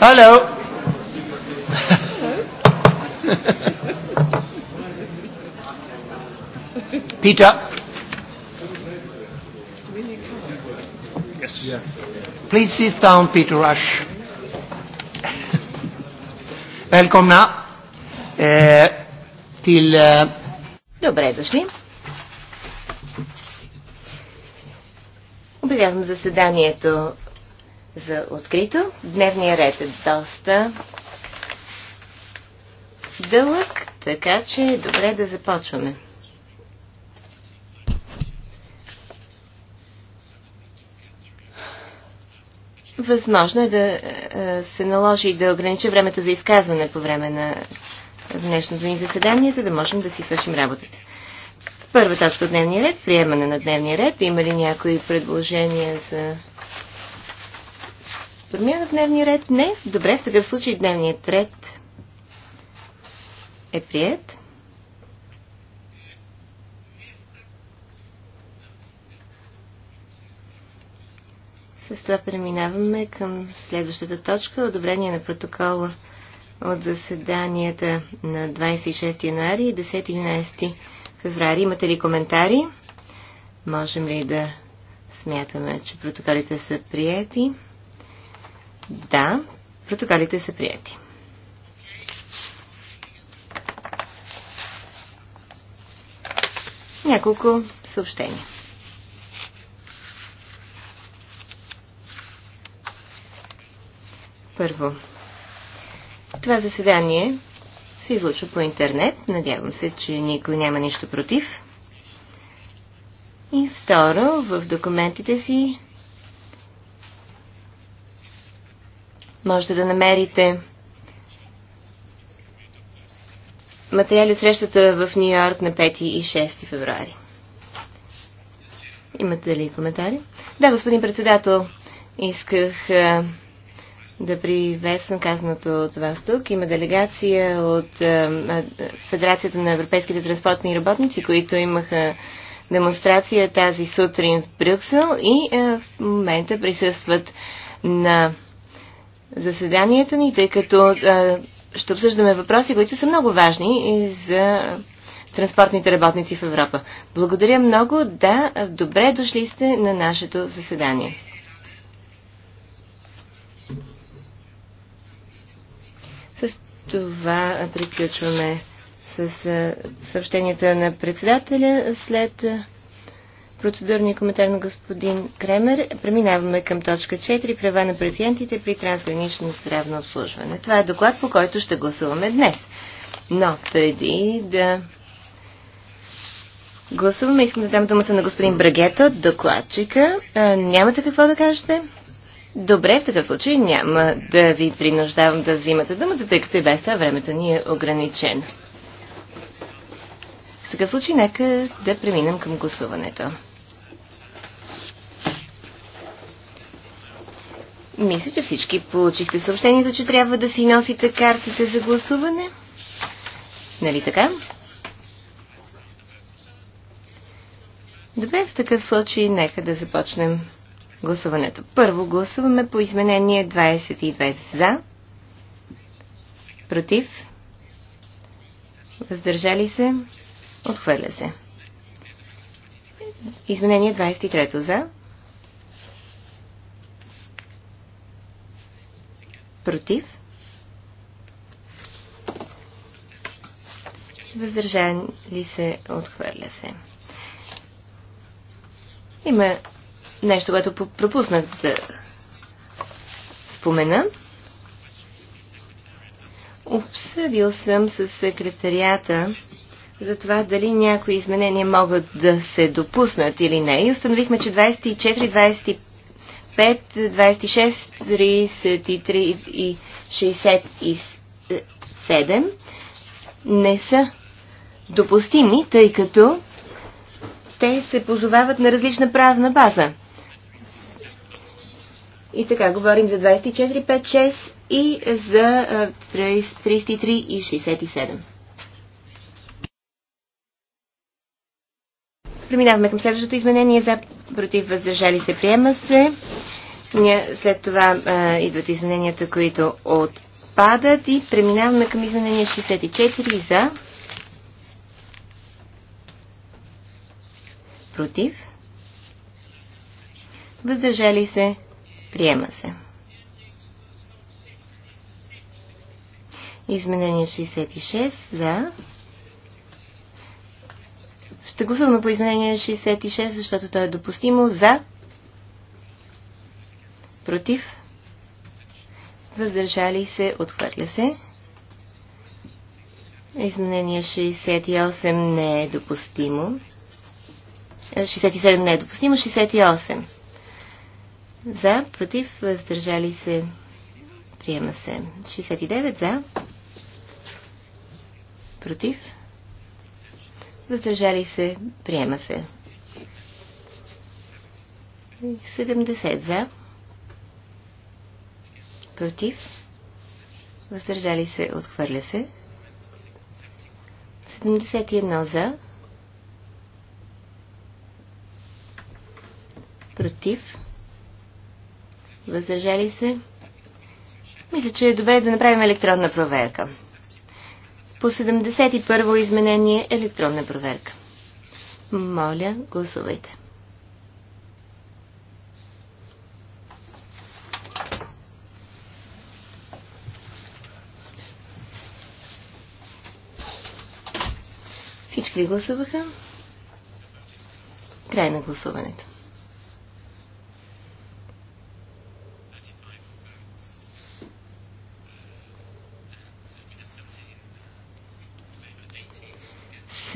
Hello. Peter. Please sit down, Peter Rush. Välkomna eh, till... Eh... Добре дошли. Обявявам заседанието за открито. Дневния ред е доста дълъг, така че е добре да започваме. Възможно е да е, се наложи и да огранича времето за изказване по време на днешното ни заседание, за да можем да си свършим работата. Първа точка от дневния ред, приемане на дневния ред. Има ли някои предложения за Промяна в дневния ред? Не. Добре, в такъв случай дневният ред е прият. С това преминаваме към следващата точка. Одобрение на протокола от заседанията на 26 януари и 10-11 феврари. Имате ли коментари? Можем ли да смятаме, че протоколите са прияти? Да, протоколите са прияти. Няколко съобщения. Първо, това заседание се излъчва по интернет. Надявам се, че никой няма нищо против. И второ, в документите си Можете да намерите материали срещата в Нью Йорк на 5 и 6 февруари. Имате ли коментари? Да, господин председател, исках а, да приветствам казаното от вас тук. Има делегация от а, Федерацията на европейските транспортни работници, които имаха демонстрация тази сутрин в Брюксел и а, в момента присъстват на заседанието ни, тъй като а, ще обсъждаме въпроси, които са много важни и за транспортните работници в Европа. Благодаря много. Да, добре дошли сте на нашето заседание. С това приключваме с съобщенията на председателя след Процедурния коментар на господин Кремер. Преминаваме към точка 4. Права на пациентите при трансгранично здравно обслужване. Това е доклад, по който ще гласуваме днес. Но преди да гласуваме, искам да дам думата на господин Брагето, докладчика. А, нямате какво да кажете? Добре, в такъв случай няма да ви принуждавам да взимате думата, тъй като и без това времето ни е ограничено. В такъв случай нека да преминем към гласуването. Мисля, че всички получихте съобщението, че трябва да си носите картите за гласуване. Нали така? Добре, в такъв случай нека да започнем гласуването. Първо гласуваме по изменение 22 за, против, въздържали се, отхвърля се. Изменение 23 за, Против? ли се? Отхвърля се. Има нещо, което пропуснах да спомена. Обсъдил съм с секретарията за това дали някои изменения могат да се допуснат или не. И установихме, че 24, 26, 33 и 67 е, не са допустими, тъй като те се позовават на различна правна база. И така, говорим за 24, 5, 6 и за 33 е, и 67. Преминаваме към следващото изменение за против въздържали се приема се. След това а, идват измененията, които отпадат и преминаваме към изменение 64 за против въздържали се приема се. Изменение 66 за да. Ще гласуваме по изменение 66, защото то е допустимо. За. Против. Въздържали се. Отхвърля се. Изменение 68 не е допустимо. 67 е, не е допустимо. 68. За. Против. Въздържали се. Приема се. 69 за. Против въздържали се, приема се. 70 за, против, въздържали се, отхвърля се. 71 за, против, въздържали се. Мисля, че е добре да направим електронна проверка. По 71-во изменение електронна проверка. Моля, гласувайте. Всички ли гласуваха? Край на гласуването.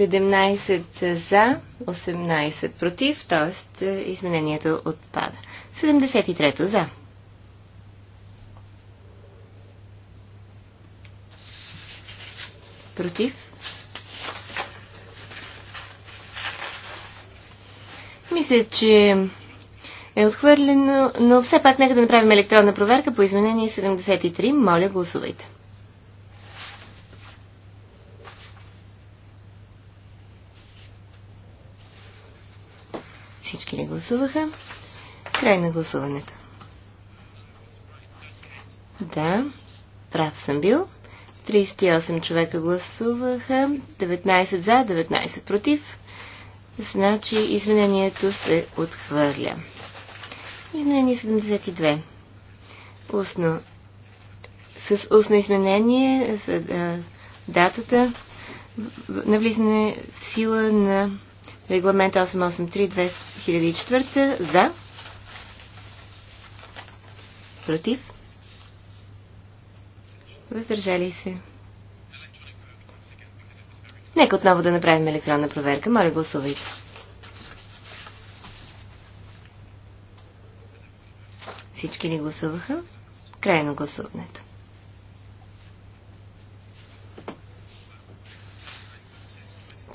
17 за, 18 против, т.е. изменението отпада. 73 за. Против. Мисля, че е отхвърлено, но все пак нека да направим електронна проверка по изменение 73. Моля, гласувайте. 73. Всички ли гласуваха? Край на гласуването. Да, прав съм бил. 38 човека гласуваха, 19 за, 19 против. Значи изменението се отхвърля. Изменение 72. Устно. С устно изменение за датата на влизане в сила на Регламент 883-2004 за. Против. Въздържали се. Нека отново да направим електронна проверка. Моля, гласувайте. Всички ли гласуваха? Край на гласуването.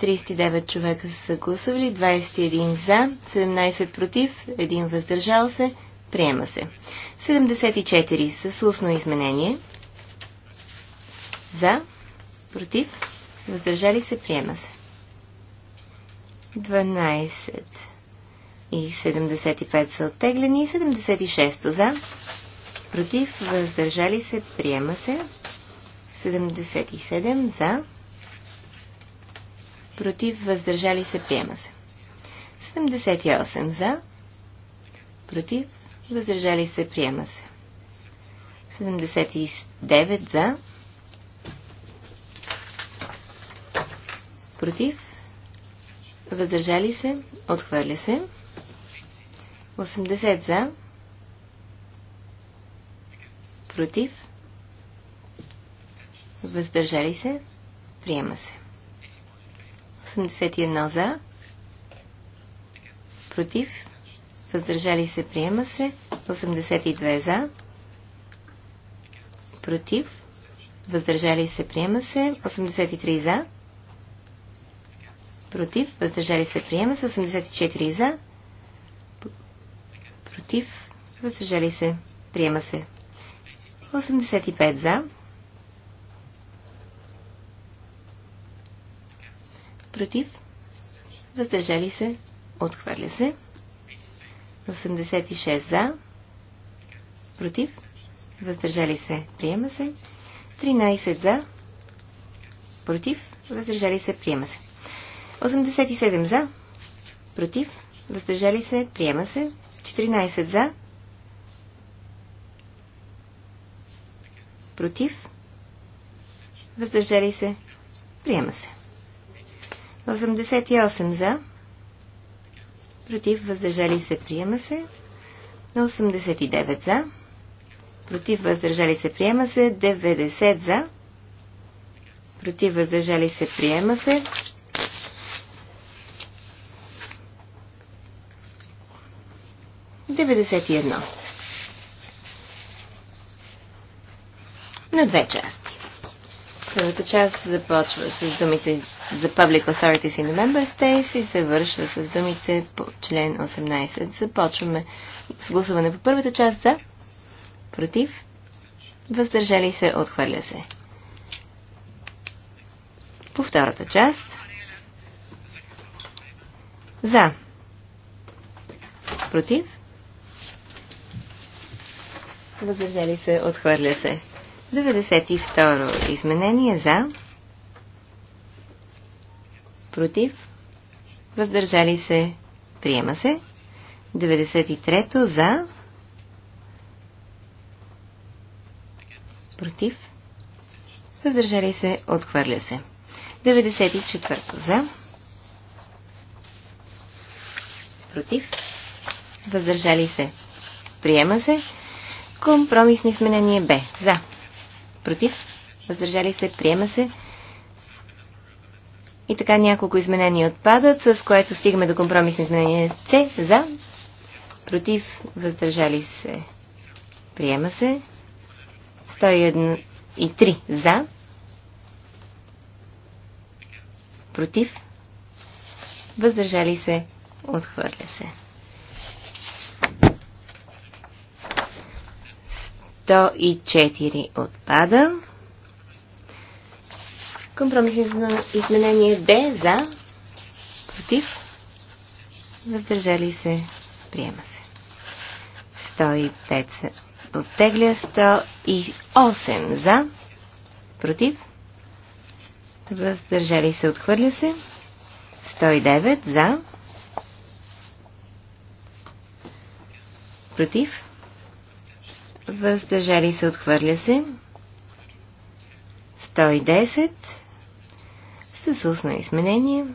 39 човека са гласували, 21 за, 17 против, 1 въздържал се. Приема се. 74 с устно изменение. За, против, въздържали се, приема се. 12 и 75 са оттеглени 76 за, против, въздържали се, приема се. 77 за, против, въздържали се, приема се. 78 за, против, въздържали се, приема се. 79 за, против, въздържали се, отхвърля се. 80 за, против, въздържали се, приема се. 81 за. Против. Въздържали се. Приема се. 82 за. Против. Въздържали се. Приема се. 83 за. Против. Въздържали се. Приема се. 84 за. Против. Въздържали се. Приема се. 85 за. против, въздържали се, отхвърля се. 86 за, против, въздържали се, приема се. 13 за, против, въздържали се, приема се. 87 за, против, въздържали се, приема се. 14 за, против, въздържали се, приема се. 88 за. Против въздържали се приема се. 89 за. Против въздържали се приема се. 90 за. Против въздържали се приема се. 91. На две части. Първата част започва с думите The Public Authorities in the Member States и завършва с думите по член 18. Започваме с гласуване по първата част за, против, въздържали се, отхвърля се. По втората част за, против, въздържали се, отхвърля се. 92 изменение за, против, въздържали се, приема се. 93 за, против, въздържали се, отхвърля се. 94 за, против, въздържали се, приема се. Компромисни изменение Б за против, въздържали се, приема се. И така няколко изменения отпадат, с което стигаме до компромисно изменение С. За, против, въздържали се, приема се. 101 и 3 за, против, въздържали се, отхвърля се. 104 отпада. Компромисно изменение Д за, против, въздържали се, приема се. 105 се оттегля, 108 за, против, въздържали се, отхвърля се, 109 за, против, въздържали се, отхвърля се. 110 с устно изменение,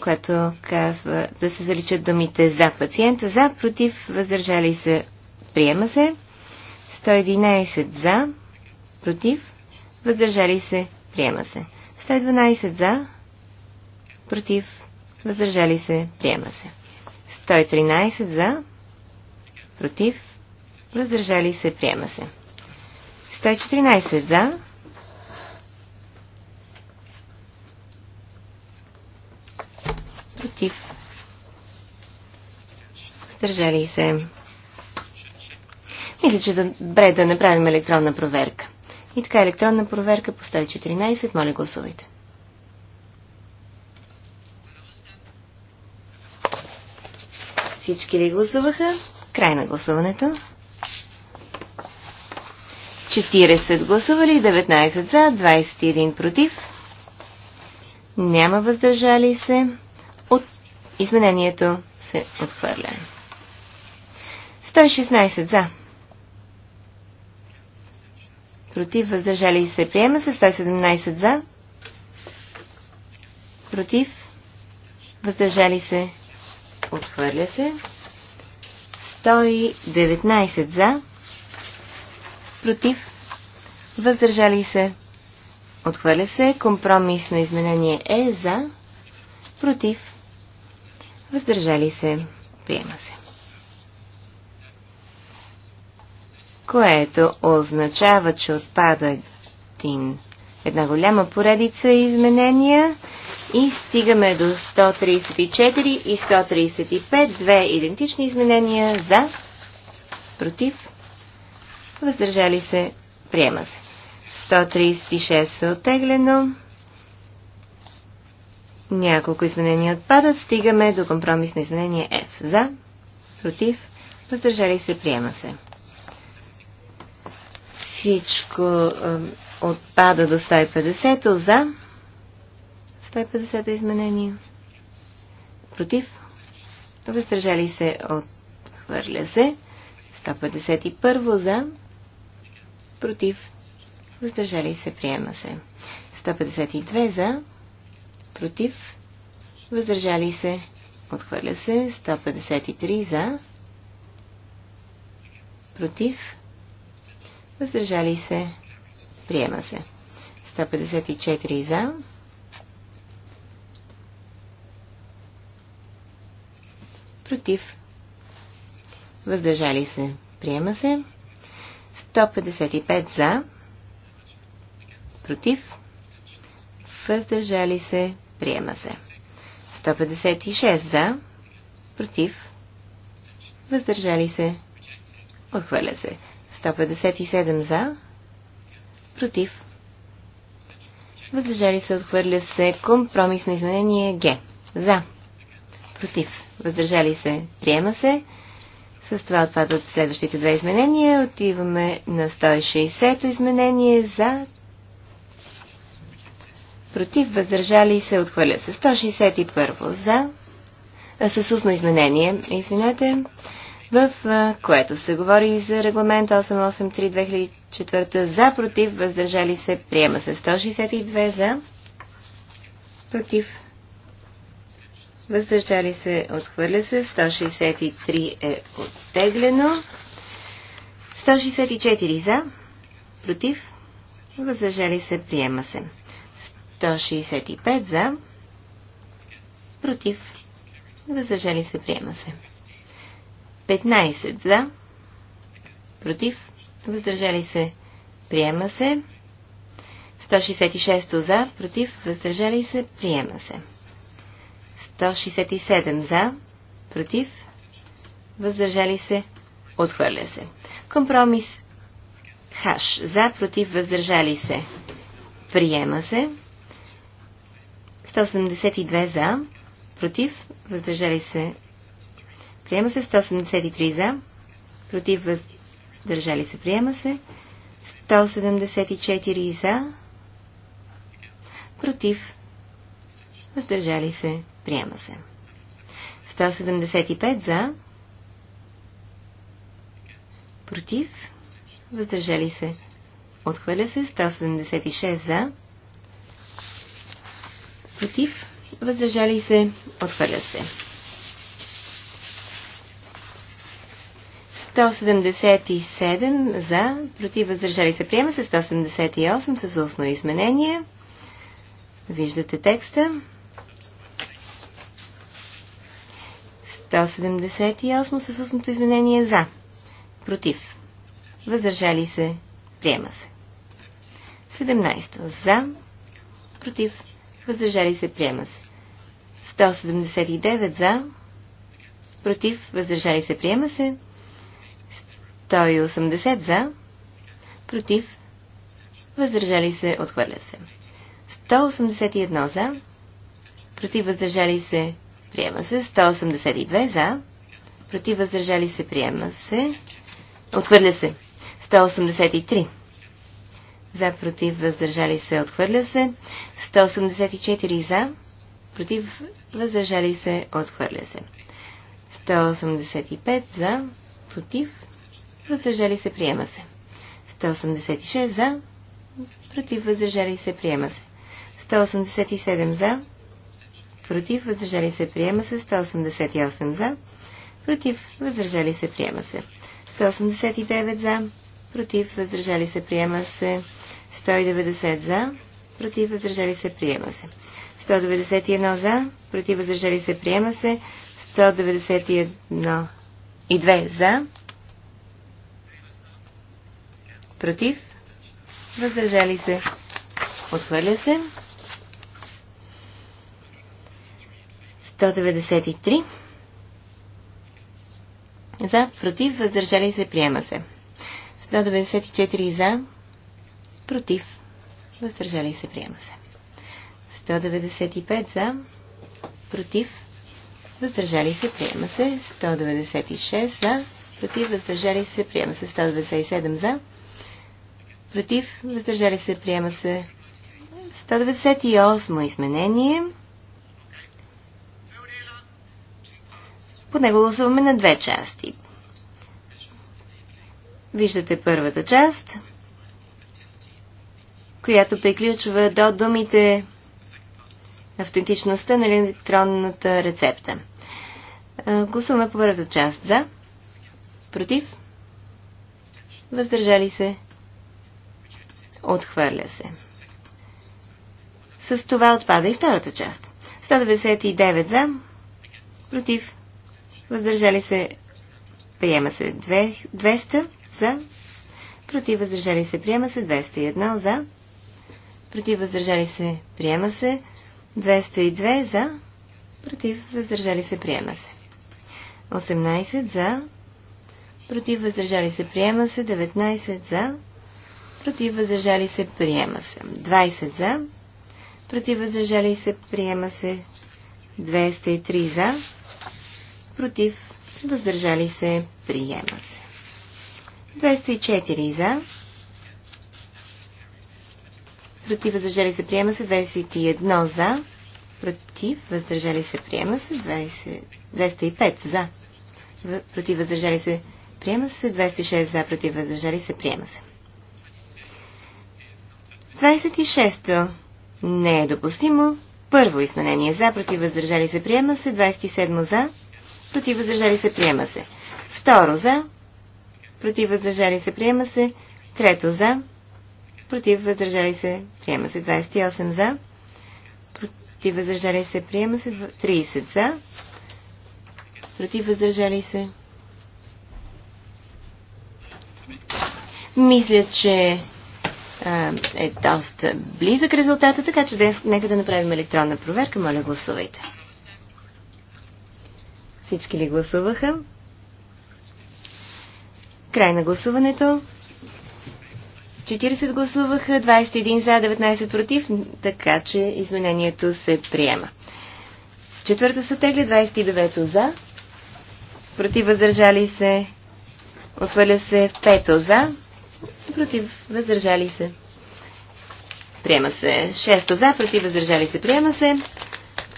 което казва да се заличат думите за пациента, за, против, въздържали се, приема се. 111 за, против, въздържали се, приема се. 112 за, против, въздържали се, приема се. 113 за, против, въздържали се, приема се. 114 за, против, въздържали се. Мисля, че добре да направим електронна проверка. И така, електронна проверка по 114, моля гласувайте. Всички ли гласуваха? Край на гласуването. 40 гласували, 19 за, 21 против. Няма въздържали се. От изменението се отхвърля. 116 за. Против въздържали се. Приема се 117 за. Против въздържали се. Отхвърля се. 119 за против, въздържали се, отхвърля се. Компромисно изменение е за, против, въздържали се, приема се. Което означава, че отпада един една голяма поредица изменения и стигаме до 134 и 135, две идентични изменения за, против, въздържали се, приема се. 136 е оттеглено. Няколко изменения отпадат. Стигаме до компромисно изменение F. За, против, въздържали се, приема се. Всичко отпада до 150 за 150 изменение. Против, въздържали се, отхвърля се. 151 за, против, въздържали се, приема се. 152 за, против, въздържали се, отхвърля се. 153 за, против, въздържали се, приема се. 154 за, против, въздържали се, приема се. 155 за, против, въздържали се, приема се. 156 за, против, въздържали се, отхвърля се. 157 за, против, въздържали се, отхвърля се, компромисно изменение Г. За, против, въздържали се, приема се. С това отпадат следващите две изменения. Отиваме на 160-то изменение за против, въздържали се, отхвърля се. 161 за а, с устно изменение, извинете, в а, което се говори за регламент 883-2004 за против, въздържали се, приема се. 162 за против, въздържали се, отхвърля се, 163 е оттеглено, 164 за, против, въздържали се, приема се, 165 за, против, въздържали се, приема се, 15 за, против, въздържали се, приема се, 166 за, против, въздържали се, приема се. 167 за, против, въздържали се, отхвърля се. Компромис Хаш. За, против, въздържали се. Приема се. 182 за, против, въздържали се. Приема се. 173 за, против, въздържали се. Приема се. 174 за, против, въздържали се, приема се. 175 за, против, въздържали се, отхвърля се, 176 за, против, въздържали се, отхвърля се. 177 за, против, въздържали се, приема се, 178 с устно изменение. Виждате текста. 178 със устното изменение за. Против. Въздържали се. Приема се. 17. За. Против. Въздържали се. Приема се. 179 за. Против. Въздържали се. Приема се. 180 за. Против. Въздържали се. Отхвърля се. 181 за. Против. Въздържали се. Приема се. 182 за. Против въздържали се. Приема се. Отхвърля се. 183. За, против, въздържали се, отхвърля се. 184 за, против, въздържали се, отхвърля се. 185 за, против, въздържали се, приема се. 186 за, против, въздържали се, приема се. 187 за, против, въздържали се, приема се. 188 за, против, въздържали се, приема се. 189 за, против, въздържали се, приема се. 190 за, против, въздържали се, приема се. 191 за, против, въздържали се, приема се. 191 и 2 за, против, въздържали се, отхвърля се. 193. За, против, въздържали се, приема се. 194 за, против, въздържали се, приема се. 195 за, против, въздържали се, приема се. 196 за, против, въздържали се, приема се. 197 за, против, въздържали се, приема се. 198 изменение. По него гласуваме на две части. Виждате първата част, която приключва до думите автентичността на електронната рецепта. Гласуваме по първата част. За? Против? Въздържали се? Отхвърля се. С това отпада и втората част. 199 за, против, въздържали се, приема се 200 за, против въздържали се, приема се 201 за, против въздържали се, приема се 202 за, против въздържали се, приема се 18 за, против въздържали се, приема се 19 за, против въздържали се, приема се 20 за, против въздържали се, приема се 203 за, против, въздържали се, приема се. 204 за, против, въздържали се, приема се, 21 за, против, въздържали се, приема се, 20, 205 за, против, въздържали се, приема се, 206 за, против, въздържали се, приема се. 26 не е допустимо. Първо изменение за, против въздържали се, приема се. 27 за, Против въздържали се, приема се. Второ за. Против въздържали се, приема се. Трето за. Против въздържали се, приема се. 28 за. Против въздържали се, приема се. 30 за. Против въздържали се. Мисля, че а, е доста близък резултата, така че днес нека да направим електронна проверка. Моля, гласувайте. Всички ли гласуваха? Край на гласуването. 40 гласуваха, 21 за, 19 против, така че изменението се приема. Четвърто се отегля, 29 за, против въздържали се, отхвърля се 5 за, против въздържали се. Приема се 6 за, против въздържали се, приема се.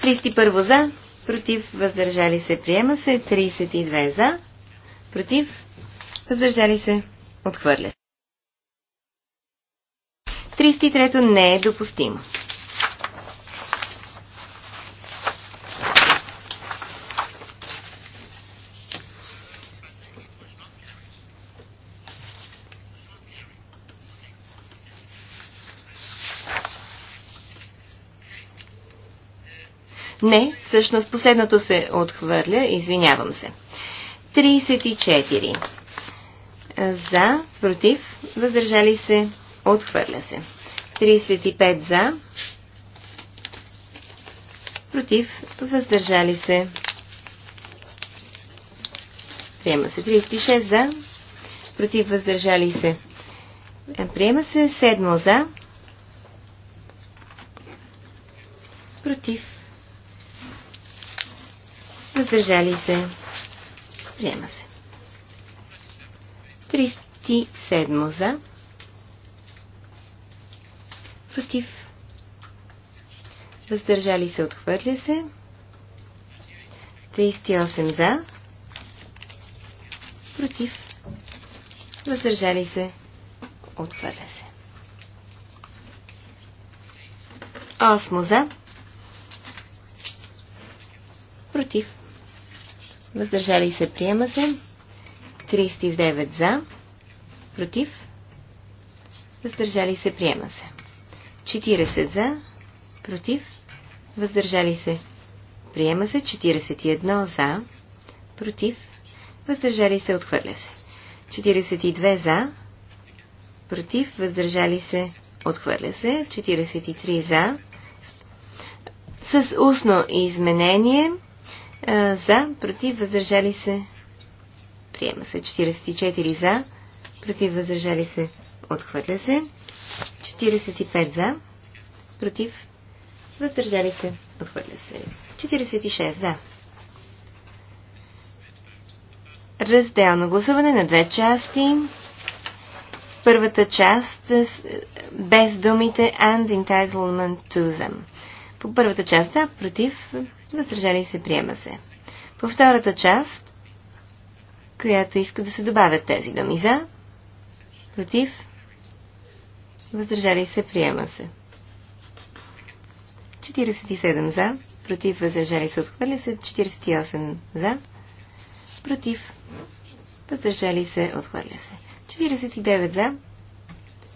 31 за, против, въздържали се, приема се, 32 за, против, въздържали се, отхвърля. 33-то не е допустимо. Не, всъщност последното се отхвърля, извинявам се. 34. За, против, въздържали се, отхвърля се. 35 за, против, въздържали се. Приема се 36 за, против, въздържали се. Приема се 7 за, против, въздържали се, приема се. 37 за, против, въздържали се, отхвърля се. 38 за, против, въздържали се, отхвърля се. 8 за, против, Въздържали се, приема се. 39 за. Против. Въздържали се, приема се. 40 за. Против. Въздържали се. Приема се. 41 за. Против. Въздържали се, отхвърля се. 42 за. Против. Въздържали се, отхвърля се. 43 за. С устно изменение е, за, против, въздържали се, приема се. 44 за, против, въздържали се, отхвърля се. 45 за, против, въздържали се, отхвърля се. 46 за. Разделно гласуване на две части. Първата част е без думите and entitlement to them. По първата част да, против, въздържали се, приема се. По втората част, която иска да се добавят тези думи за, против, въздържали се, приема се. 47 за, против, въздържали се, отхвърля се, 48 за, против, въздържали се, отхвърля се. 49 за,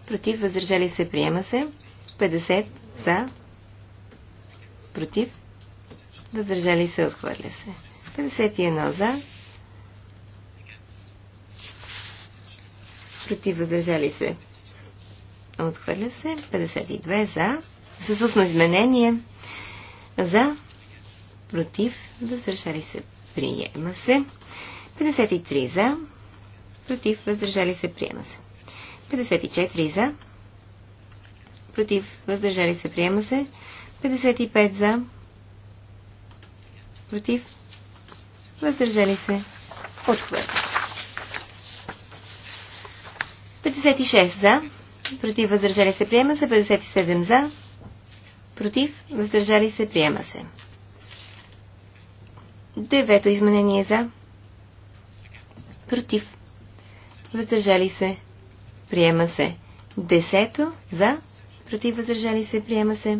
против, въздържали се, приема се, 50 за, против, Въздържали се, отхвърля се. 51 за. Против, въздържали се. Отхвърля се. 52 за. С устно изменение. За. Против, въздържали се. Приема се. 53 за. Против, въздържали се. Приема се. 54 за. Против, въздържали се. Приема се. 55 за против, въздържали се, отхвърля. 56 за, против, въздържали се, приема се, 57 за, против, въздържали се, приема се. Девето изменение за, против, въздържали се, приема се. Десето за, против, въздържали се, приема се.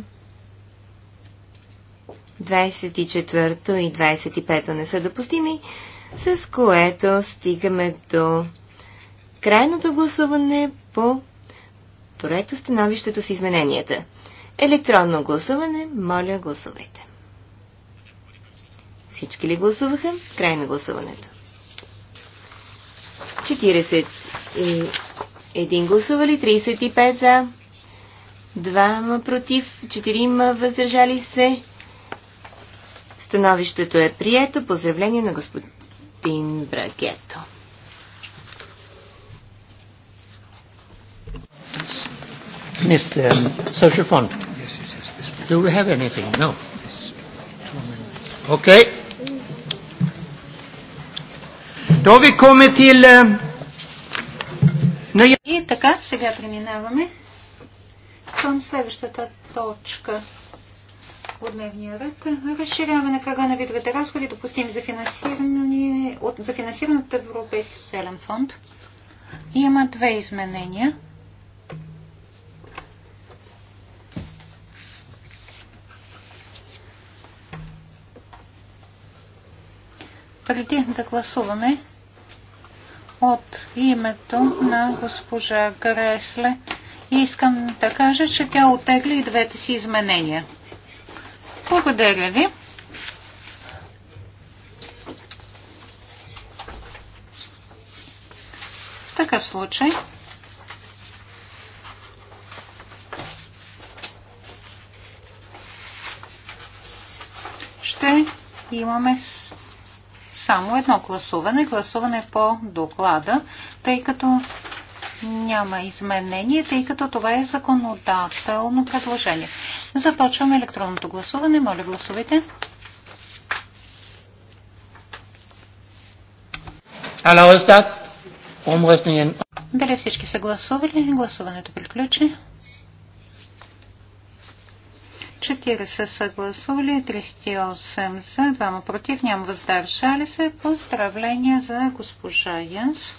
24 и 25 не са допустими, с което стигаме до крайното гласуване по проекто становището с измененията. Електронно гласуване, моля гласувайте. Всички ли гласуваха? Край на гласуването. 41 гласували, 35 за, 2 против, 4 въздържали се. Становището е прието. Поздравление на господин Брагето. Mr. Social Fund. Do we have anything? No. Okay. Då vi till... И така, сега преминаваме към следващата точка по дневния ред. Разширяваме на кръга на видовете разходи, допустим за финансиране, от, за финансиране от Европейски социален фонд. Има две изменения. Преди да гласуваме от името на госпожа Гресле, искам да кажа, че тя отегли и двете си изменения. Благодаря ви. В такъв случай ще имаме само едно гласуване. Гласуване по доклада, тъй като няма изменение, тъй като това е законодателно предложение. Започваме електронното гласуване. Моля, гласувайте. Е е. Дали всички са гласували? Гласуването приключи. 40 са гласували, 38 за, 2 против, няма въздържали се. Поздравления за госпожа Янс.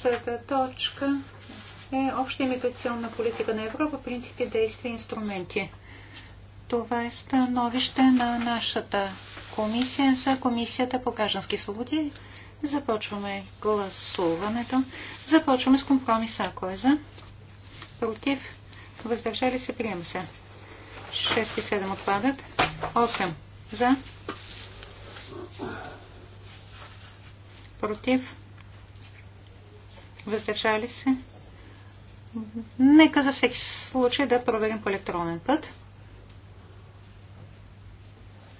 Следващата точка е обща иммиграционна политика на Европа, принципи, действия и инструменти. Това е становище на нашата комисия за Комисията по граждански свободи. Започваме гласуването. Започваме с компромиса. Ако е за? Против? Въздържали се? Приема се. 6 и 7 отпадат. 8 за? Против? въздържали се. Нека за всеки случай да проверим по електронен път.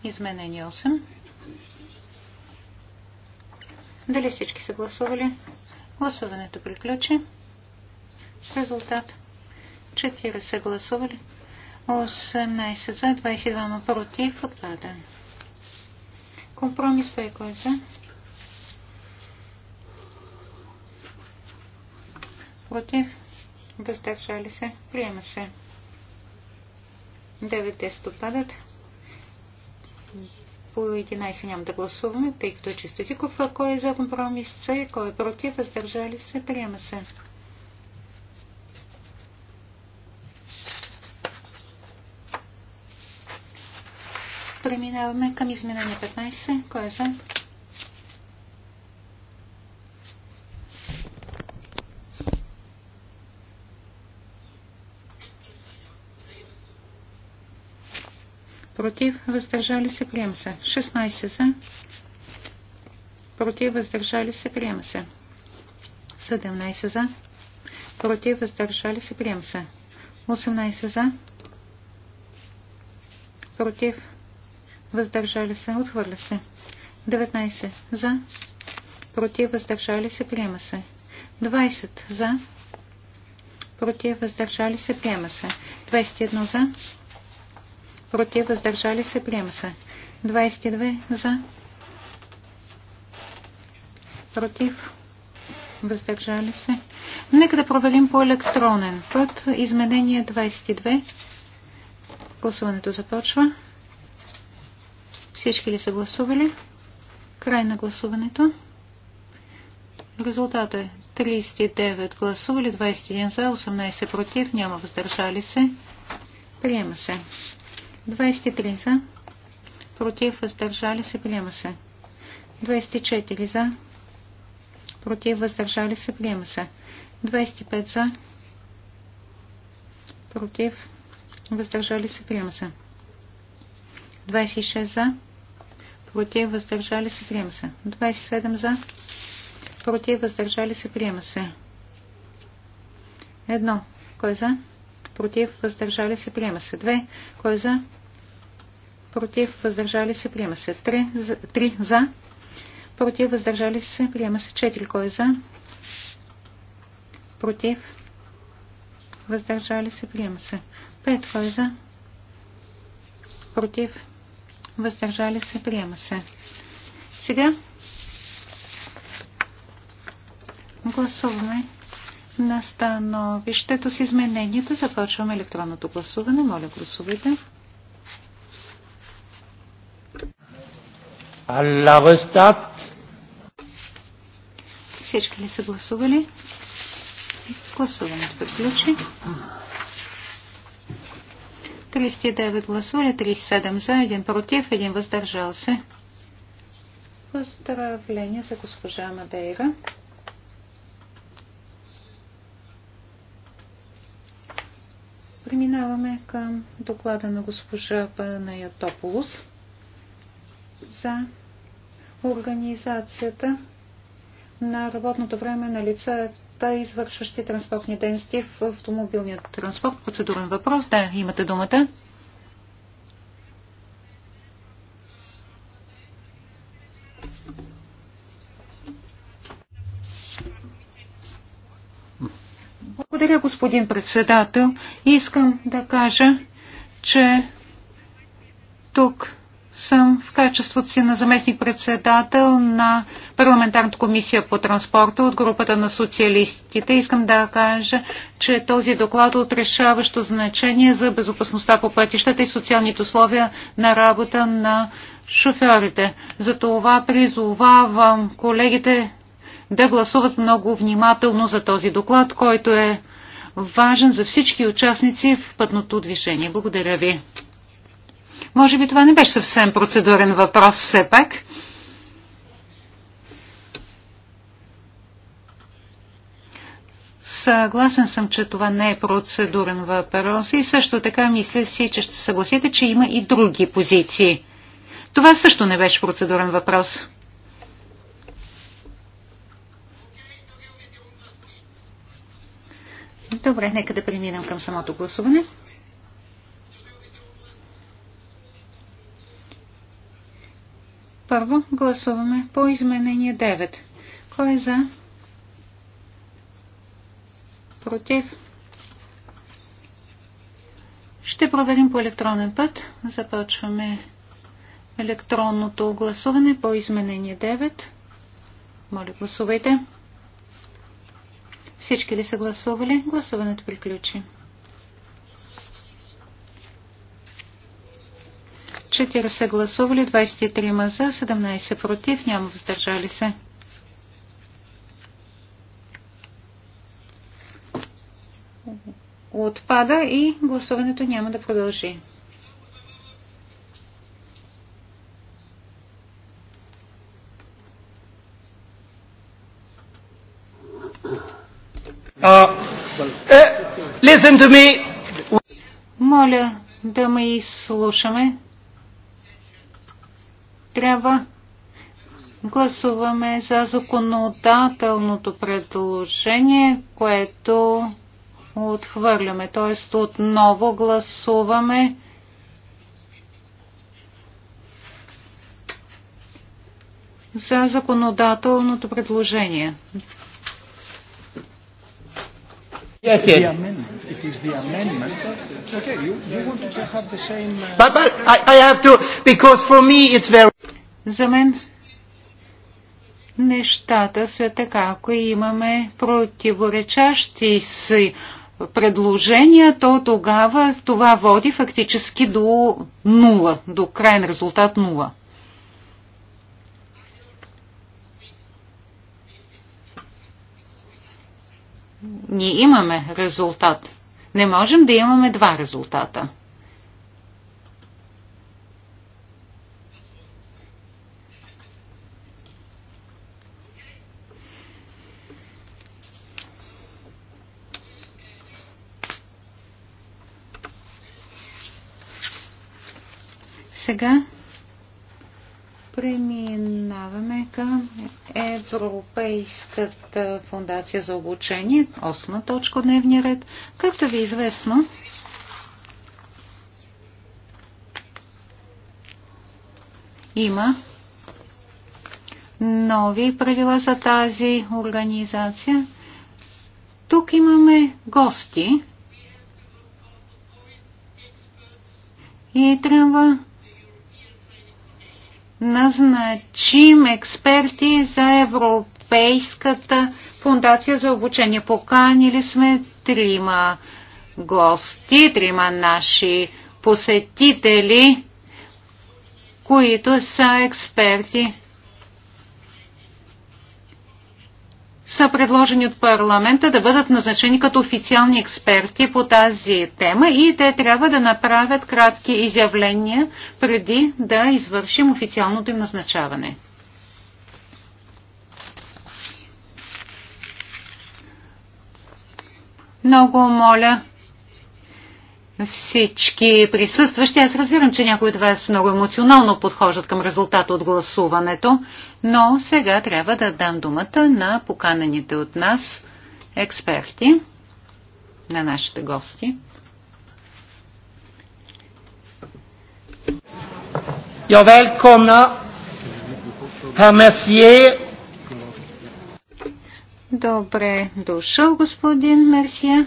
Изменени 8. Дали всички са гласували? Гласуването приключи. Резултат. 4 са гласували. 18 за, 22 против, отпаден. Компромис 2 кой е за? против, въздържали се, приема се. 9 падат. По 11 няма да гласуваме, тъй като е чисто езиков. А кой е за компромис С, кой е против, въздържали се, приема се. Преминаваме към изменение 15. Кой е за? против, въздържали се, приема се. 16 за, против, въздържали се, приема се. 17 за, против, въздържали се, приема се. 18 за, против, въздържали се, отхвърля се. 19 за, против, въздържали се, приема се. 20 за, против, въздържали се, приема се. 21 за, против, въздържали се, приема се. 22 за, против, въздържали се. Нека да проверим по електронен път. Изменение 22. Гласуването започва. Всички ли са гласували? Край на гласуването. Резултата е 39 гласували, 21 за, 18 против, няма въздържали се. Приема се. 23 за. Против. Въздържали се. Приема се. 24 за. Против. Въздържали се. Приема се. 25 за. Против. Въздържали се. Приема се. 26 за. Против. Въздържали се. Приема се. 27 за. Против. Въздържали се. Приема се. Едно. Кой е за? против, въздържали се, приема се. 2. Кой е за? Против, въздържали се, приема се. 3 за, 3 за. Против, въздържали се, приема се. 4. Кой е за? Против, въздържали се, приема се. 5. Кой е за? Против, въздържали се, приема се. Сега гласуваме на становището с измененията. Започваме електронното гласуване. Моля, гласувайте. Всички ли са гласували? Гласуването приключи. 39 гласували, 37 за, 1 против, 1 въздържал се. Поздравление за госпожа Мадейра. Преминаваме към доклада на госпожа Тополус за организацията на работното време на лицата, извършващи транспортни дейности в автомобилния транспорт. Процедурен въпрос. Да, имате думата. господин председател. Искам да кажа, че тук съм в качеството си на заместник-председател на парламентарната комисия по транспорта от групата на социалистите. Искам да кажа, че този доклад е от решаващо значение за безопасността по пътищата и социалните условия на работа на шофьорите. За това призовавам колегите да гласуват много внимателно за този доклад, който е важен за всички участници в пътното движение. Благодаря ви. Може би това не беше съвсем процедурен въпрос все пак. Съгласен съм, че това не е процедурен въпрос и също така мисля си, че ще съгласите, че има и други позиции. Това също не беше процедурен въпрос. Добре, нека да преминем към самото гласуване. Първо гласуваме по изменение 9. Кой е за? Против? Ще проверим по електронен път. Започваме електронното гласуване по изменение 9. Моля, гласувайте. Всички ли са гласували? Гласуването приключи. 4 са гласували, 23 ма за, 17 против, няма въздържали се. Отпада и гласуването няма да продължи. Uh, uh, listen to me. Моля да ме изслушаме. Трябва гласуваме за законодателното предложение, което отхвърляме. Т.е. отново гласуваме за законодателното предложение. Yes, yes. The amendment. It is the amendment. okay. You, you want to have the same. Uh... But, but I, I have to because for me it's very. За мен нещата са така. Ако имаме противоречащи си предложения, то тогава това води фактически до нула, до крайен резултат нула. ние имаме резултат. Не можем да имаме два резултата. Сега Преминаваме към Европейската фундация за обучение, осма точка от дневния ред. Както ви е известно, има нови правила за тази организация. Тук имаме гости и трябва назначим експерти за Европейската фундация за обучение. Поканили сме трима гости, трима наши посетители, които са експерти са предложени от парламента да бъдат назначени като официални експерти по тази тема и те трябва да направят кратки изявления преди да извършим официалното им назначаване. Много моля всички присъстващи. Аз разбирам, че някои от вас много емоционално подхождат към резултата от гласуването, но сега трябва да дам думата на поканените от нас експерти, на нашите гости. Я велкомна herr Добре дошъл, господин Мерсия.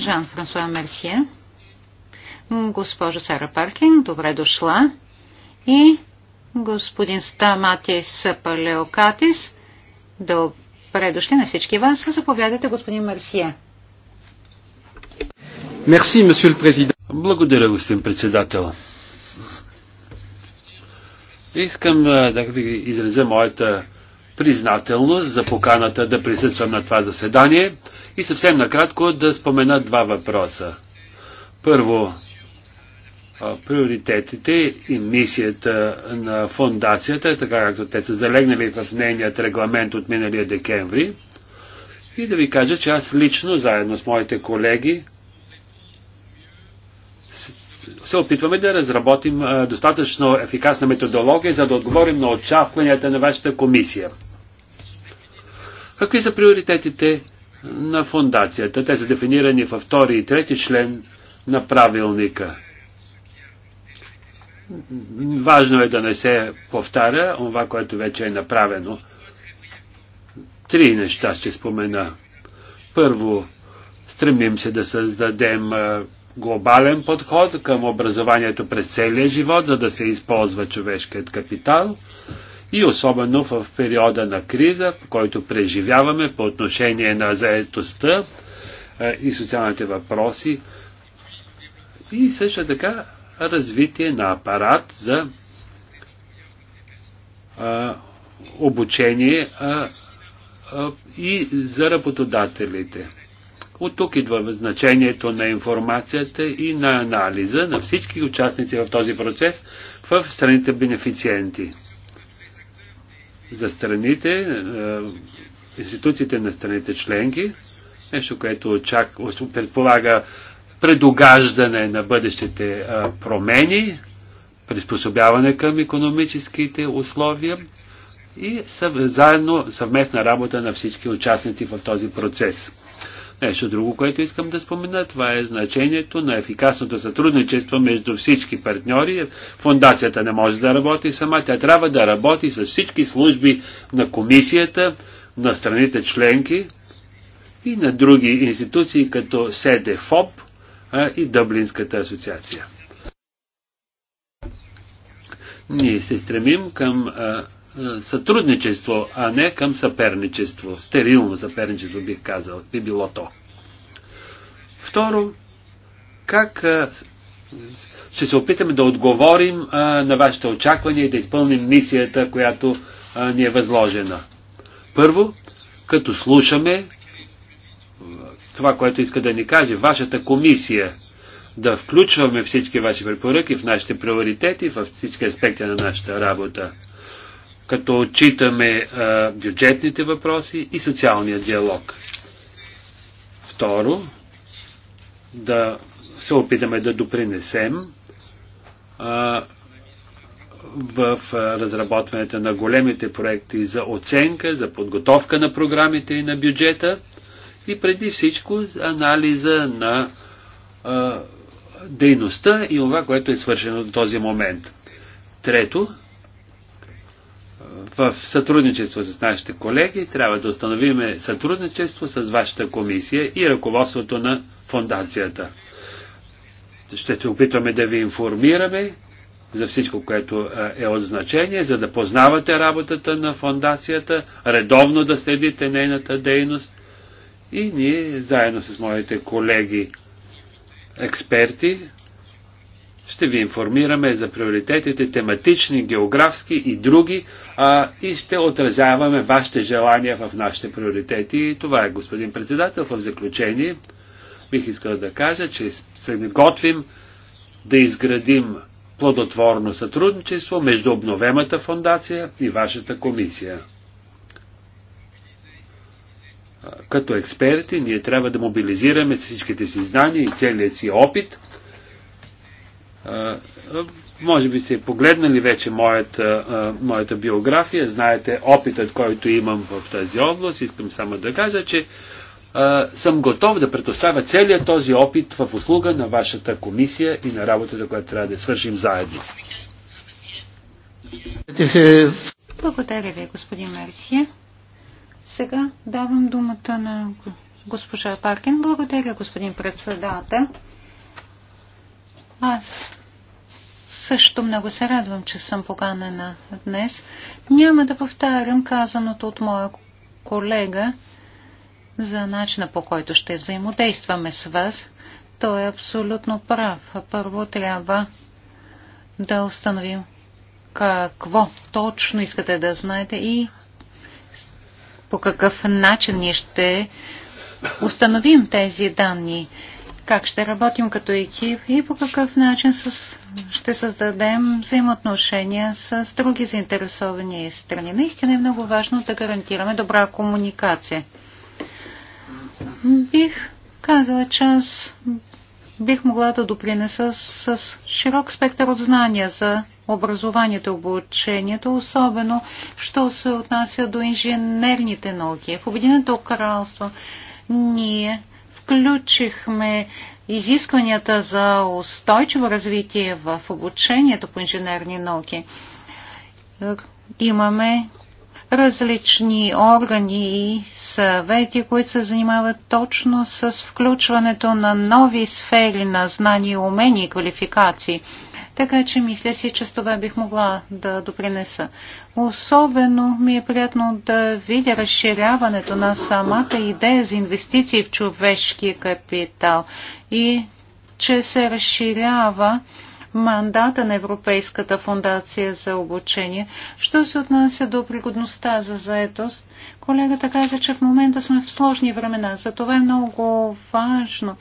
Жан-Франсуа Мерсие. Госпожа Сара Паркин, добре дошла. И господин Стаматис Палеокатис, добре дошли на всички вас. Заповядайте, господин Мерсие. Мерси, месье президент. Благодаря, господин председател. Искам да ви изразя моята признателност за поканата да присъствам на това заседание и съвсем накратко да спомена два въпроса. Първо, приоритетите и мисията на фондацията, така както те са залегнали в нейният регламент от миналия декември. И да ви кажа, че аз лично, заедно с моите колеги, се опитваме да разработим достатъчно ефикасна методология, за да отговорим на очакванията на вашата комисия. Какви са приоритетите на фундацията? Те са дефинирани във втори и трети член на правилника. Важно е да не се повтаря това, което вече е направено. Три неща ще спомена. Първо, стремим се да създадем глобален подход към образованието през целия живот, за да се използва човешкият капитал и особено в периода на криза, който преживяваме по отношение на заетостта и социалните въпроси и също така развитие на апарат за обучение и за работодателите. От тук идва значението на информацията и на анализа на всички участници в този процес в страните бенефициенти за страните, е, институциите на страните членки, нещо, което очак, предполага предогаждане на бъдещите е, промени, приспособяване към економическите условия и съв, заедно съвместна работа на всички участници в този процес. Нещо друго, което искам да спомена, това е значението на ефикасното сътрудничество между всички партньори. Фундацията не може да работи сама, тя трябва да работи с всички служби на комисията, на страните членки и на други институции, като СЕДЕФОП и Дъблинската асоциация. Ние се стремим към а, сътрудничество, а не към съперничество. Стерилно съперничество бих казал, би било то. Второ, как ще се опитаме да отговорим на вашите очаквания и да изпълним мисията, която ни е възложена. Първо, като слушаме това, което иска да ни каже вашата комисия, да включваме всички ваши препоръки в нашите приоритети, в всички аспекти на нашата работа като отчитаме бюджетните въпроси и социалния диалог. Второ, да се опитаме да допринесем а, в разработването на големите проекти за оценка, за подготовка на програмите и на бюджета и преди всичко анализа на а, дейността и това, което е свършено до този момент. Трето, в сътрудничество с нашите колеги трябва да установиме сътрудничество с вашата комисия и ръководството на фундацията. Ще се опитваме да ви информираме за всичко, което е от значение, за да познавате работата на фундацията, редовно да следите нейната дейност и ние, заедно с моите колеги експерти, ще ви информираме за приоритетите тематични, географски и други а, и ще отразяваме вашите желания в нашите приоритети. И това е, господин председател, в заключение бих искал да кажа, че се готвим да изградим плодотворно сътрудничество между обновемата фундация и вашата комисия. Като експерти ние трябва да мобилизираме всичките си знания и целият си опит, може би сте погледнали вече моята, моята биография, знаете опитът, който имам в тази област. Искам само да кажа, че съм готов да предоставя целият този опит в услуга на вашата комисия и на работата, която трябва да свършим заедно. Благодаря ви, господин Мерсия. Сега давам думата на госпожа Паркин. Благодаря, господин председател. Аз също много се радвам, че съм поканена днес. Няма да повтарям казаното от моя колега за начина по който ще взаимодействаме с вас. Той е абсолютно прав. Първо трябва да установим какво точно искате да знаете и по какъв начин ние ще установим тези данни как ще работим като екип и по какъв начин с, ще създадем взаимоотношения с други заинтересовани страни. Наистина е много важно да гарантираме добра комуникация. Бих казала, че аз бих могла да допринеса с, с широк спектър от знания за образованието, обучението, особено, що се отнася до инженерните науки. В Обединеното кралство ние включихме изискванията за устойчиво развитие в обучението по инженерни науки. Имаме различни органи и съвети, които се занимават точно с включването на нови сфери на знания, умения и квалификации. Така че мисля си, че с това бих могла да допринеса. Особено ми е приятно да видя разширяването на самата идея за инвестиции в човешки капитал и че се разширява мандата на Европейската фундация за обучение. Що се отнася до пригодността за заетост, колегата каза, че в момента сме в сложни времена. За това е много важно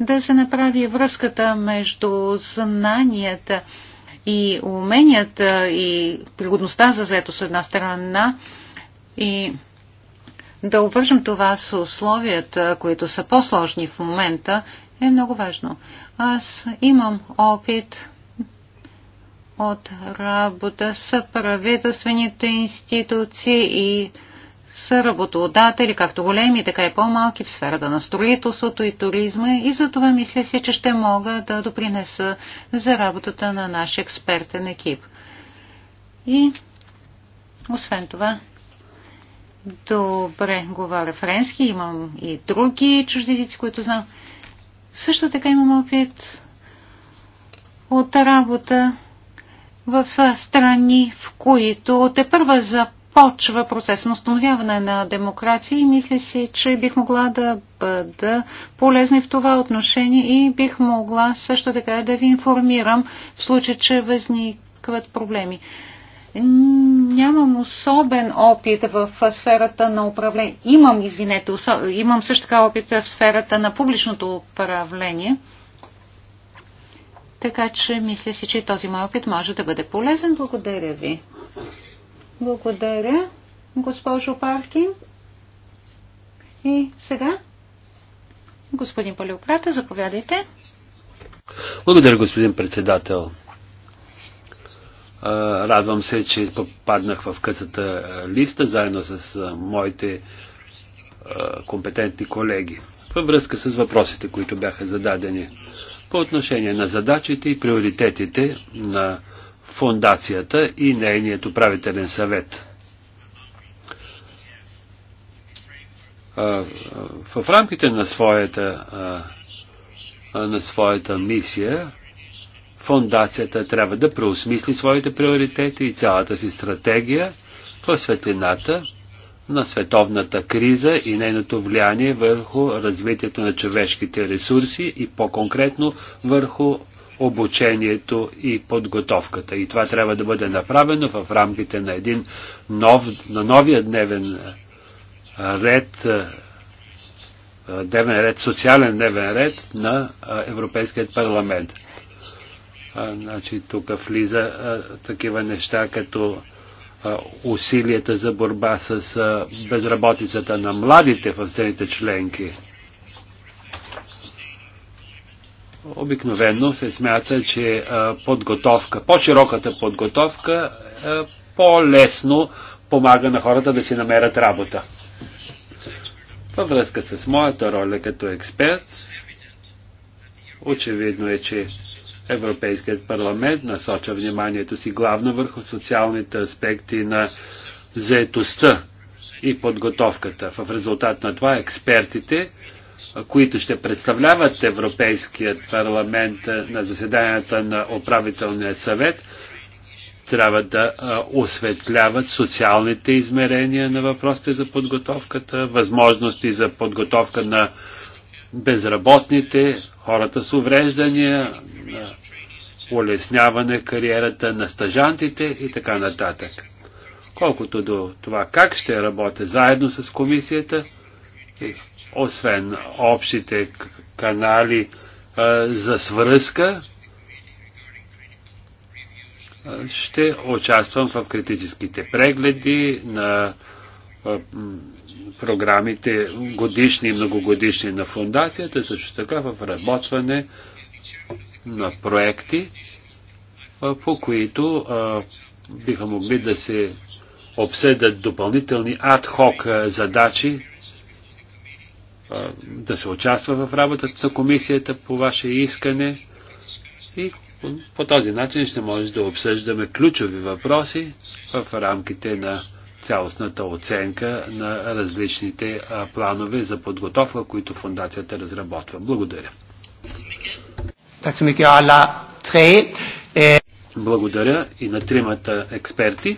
да се направи връзката между знанията и уменията и пригодността за заето с една страна и да обвържем това с условията, които са по-сложни в момента, е много важно. Аз имам опит от работа с правителствените институции и са работодатели, както големи, така и по-малки, в сферата на строителството и туризма и за това мисля си, че ще мога да допринеса за работата на нашия експертен екип. И освен това, добре говоря френски, имам и други чуждезици, които знам. Също така имам опит от работа в страни, в които те първа за започва процес на установяване на демокрация и мисля си, че бих могла да бъда полезна и в това отношение и бих могла също така да ви информирам в случай, че възникват проблеми. Нямам особен опит в сферата на управление. Имам, извинете, имам също така опит в сферата на публичното управление. Така че мисля си, че този мой опит може да бъде полезен. Благодаря ви. Благодаря, госпожо Паркин. И сега, господин Палеократа, заповядайте. Благодаря, господин председател. Радвам се, че попаднах в късата листа, заедно с моите компетентни колеги. Във връзка с въпросите, които бяха зададени по отношение на задачите и приоритетите на фундацията и нейният управителен съвет. В рамките на своята, на своята мисия, фундацията трябва да преосмисли своите приоритети и цялата си стратегия в светлината на световната криза и нейното влияние върху развитието на човешките ресурси и по-конкретно върху обучението и подготовката. И това трябва да бъде направено в рамките на един нов, на новия дневен ред, дневен ред, социален дневен ред на Европейският парламент. Значи, тук влиза а, такива неща, като а, усилията за борба с а, безработицата на младите в страните членки Обикновено се смята, че подготовка, по-широката подготовка по-лесно помага на хората да си намерят работа. Във връзка с моята роля като експерт, очевидно е, че Европейският парламент насоча вниманието си главно върху социалните аспекти на заетостта и подготовката. В резултат на това експертите които ще представляват Европейският парламент на заседанията на управителния съвет, трябва да осветляват социалните измерения на въпросите за подготовката, възможности за подготовка на безработните, хората с увреждания, улесняване кариерата на стажантите и така нататък. Колкото до това как ще работя заедно с комисията, освен общите канали за свръзка, ще участвам в критическите прегледи на програмите годишни и многогодишни на фундацията, също така в работване на проекти, по които биха могли да се обсъдят допълнителни адхок задачи да се участва в работата на комисията по ваше искане и по този начин ще може да обсъждаме ключови въпроси в рамките на цялостната оценка на различните планове за подготовка, които фундацията разработва. Благодаря. Е, Благодаря и на тримата експерти.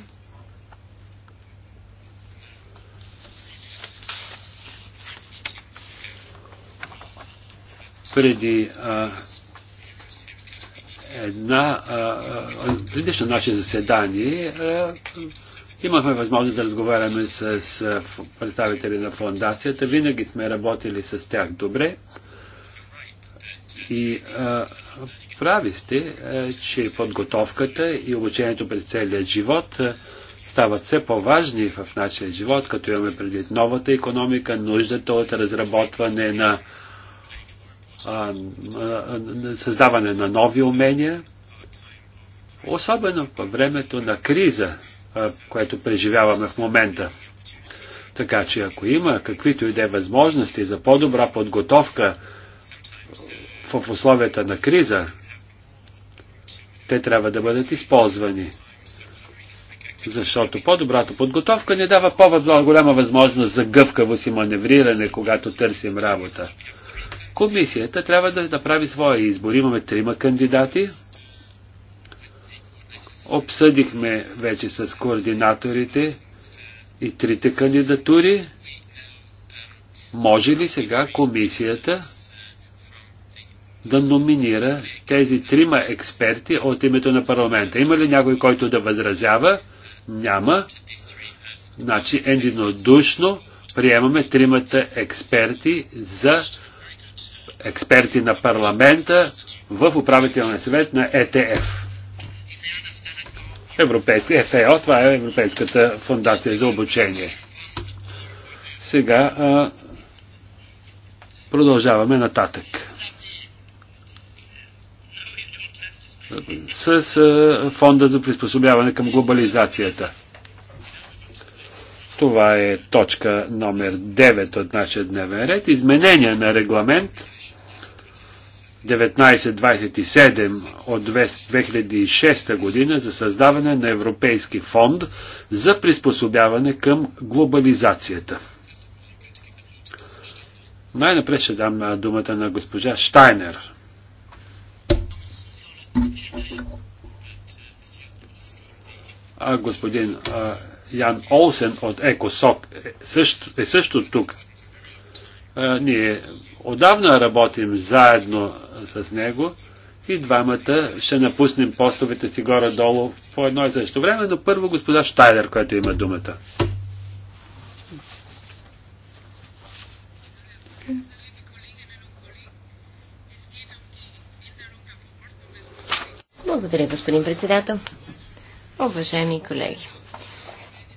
преди а, една, а, предишно наше заседание а, имахме възможност да разговаряме с, а, представители на фондацията. Винаги сме работили с тях добре. И а, прави сте, а, че подготовката и обучението през целия живот а, стават все по-важни в нашия живот, като имаме предвид новата економика, нуждата от разработване на създаване на нови умения, особено по времето на криза, което преживяваме в момента. Така че ако има каквито и да е възможности за по-добра подготовка в условията на криза, те трябва да бъдат използвани. Защото по-добрата подготовка не дава по-голяма възможност за гъвкавост и маневриране, когато търсим работа. Комисията трябва да направи своя избор. Имаме трима кандидати. Обсъдихме вече с координаторите и трите кандидатури. Може ли сега комисията да номинира тези трима експерти от името на парламента? Има ли някой, който да възразява? Няма. Значи единодушно приемаме тримата експерти за експерти на парламента в управителния съвет на ЕТФ. Европейска, е ФЕО, това е Европейската фундация за обучение. Сега а, продължаваме нататък. С а, фонда за приспособяване към глобализацията. Това е точка номер 9 от нашия дневен ред. Изменение на регламент 1927 от 2006 година за създаване на Европейски фонд за приспособяване към глобализацията. Най-напред ще дам думата на госпожа Штайнер. А господин а, Ян Олсен от ЕКОСОК е също, е също тук. А, ние Отдавна работим заедно с него и двамата ще напуснем постовете си горе-долу по едно и също време, но първо господа Штайлер, който има думата. Благодаря, господин председател. Уважаеми колеги,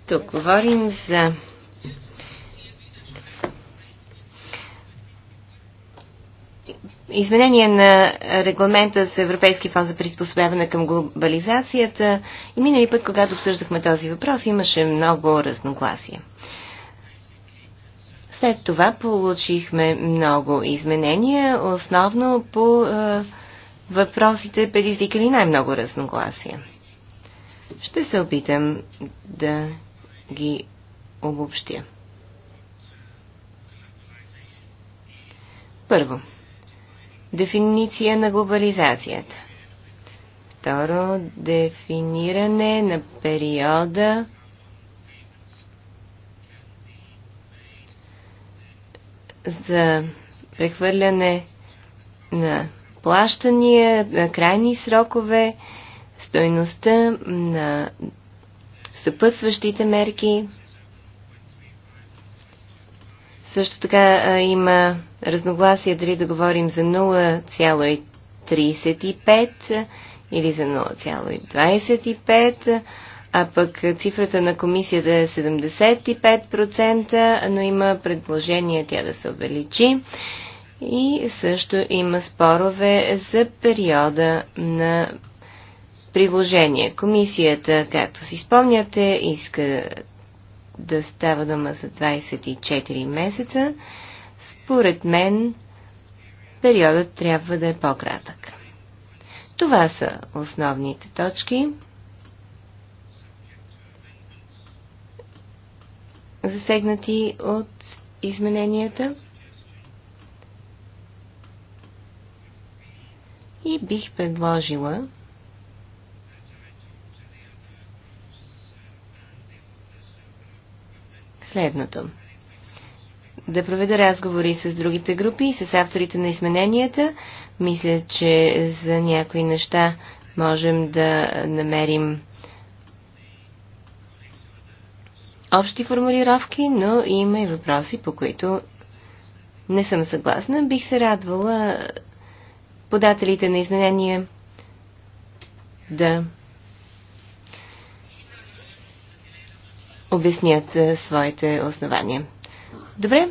тук говорим за изменение на регламента с Европейски фонд за приспособяване към глобализацията и минали път, когато обсъждахме този въпрос, имаше много разногласия. След това получихме много изменения, основно по е, въпросите предизвикали най-много разногласия. Ще се опитам да ги обобщя. Първо, Дефиниция на глобализацията. Второ, дефиниране на периода за прехвърляне на плащания, на крайни срокове, стойността на съпътстващите мерки, също така има разногласие дали да говорим за 0,35 или за 0,25, а пък цифрата на комисията е 75%, но има предложение тя да се увеличи. И също има спорове за периода на приложение. Комисията, както си спомняте, иска да става дума за 24 месеца, според мен периодът трябва да е по-кратък. Това са основните точки. засегнати от измененията. И бих предложила следното. Да проведа разговори с другите групи и с авторите на измененията. Мисля, че за някои неща можем да намерим общи формулировки, но има и въпроси, по които не съм съгласна. Бих се радвала подателите на изменения да обяснят е, своите основания. Добре.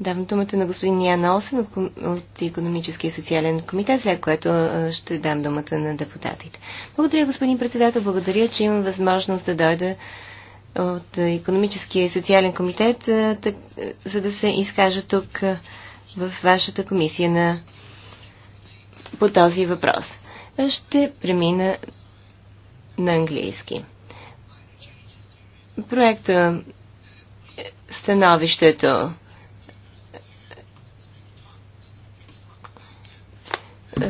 Давам думата на господин Яна Осен от, от економически и социален комитет, след което е, ще дам думата на депутатите. Благодаря, господин председател. Благодаря, че имам възможност да дойда от Економическия и социален комитет, так, е, за да се изкажа тук в вашата комисия на, по този въпрос ще премина на английски. Проекта Становището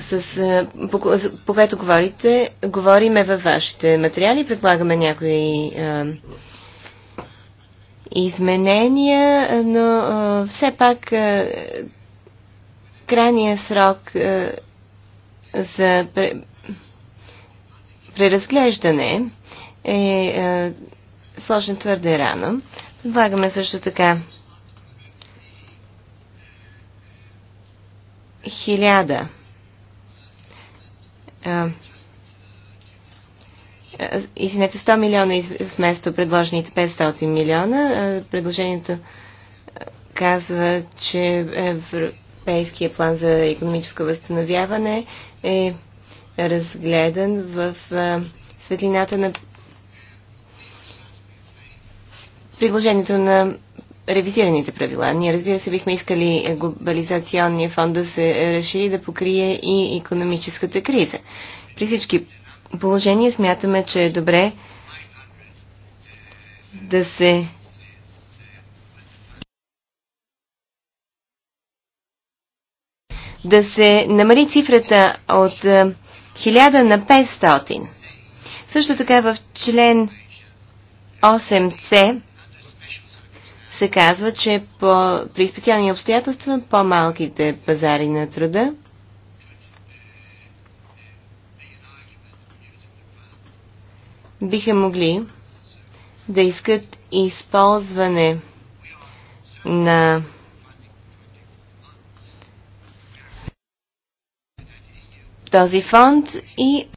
с, по, по което говорите, говориме във вашите материали, предлагаме някои а, изменения, но а, все пак крайният срок а, за преразглеждане е, е сложен твърде рано. Предлагаме също така хиляда извинете, 100 милиона вместо предложените 500 милиона. Предложението казва, че Европейския план за економическо възстановяване е разгледан в светлината на предложението на ревизираните правила. Ние, разбира се, бихме искали глобализационния фонд да се разшири да покрие и економическата криза. При всички положения смятаме, че е добре да се да се намали цифрата от 1000 е, на 500. Също така в член 8c се казва, че по, при специални обстоятелства по-малките пазари на труда биха могли да искат използване на този фонд и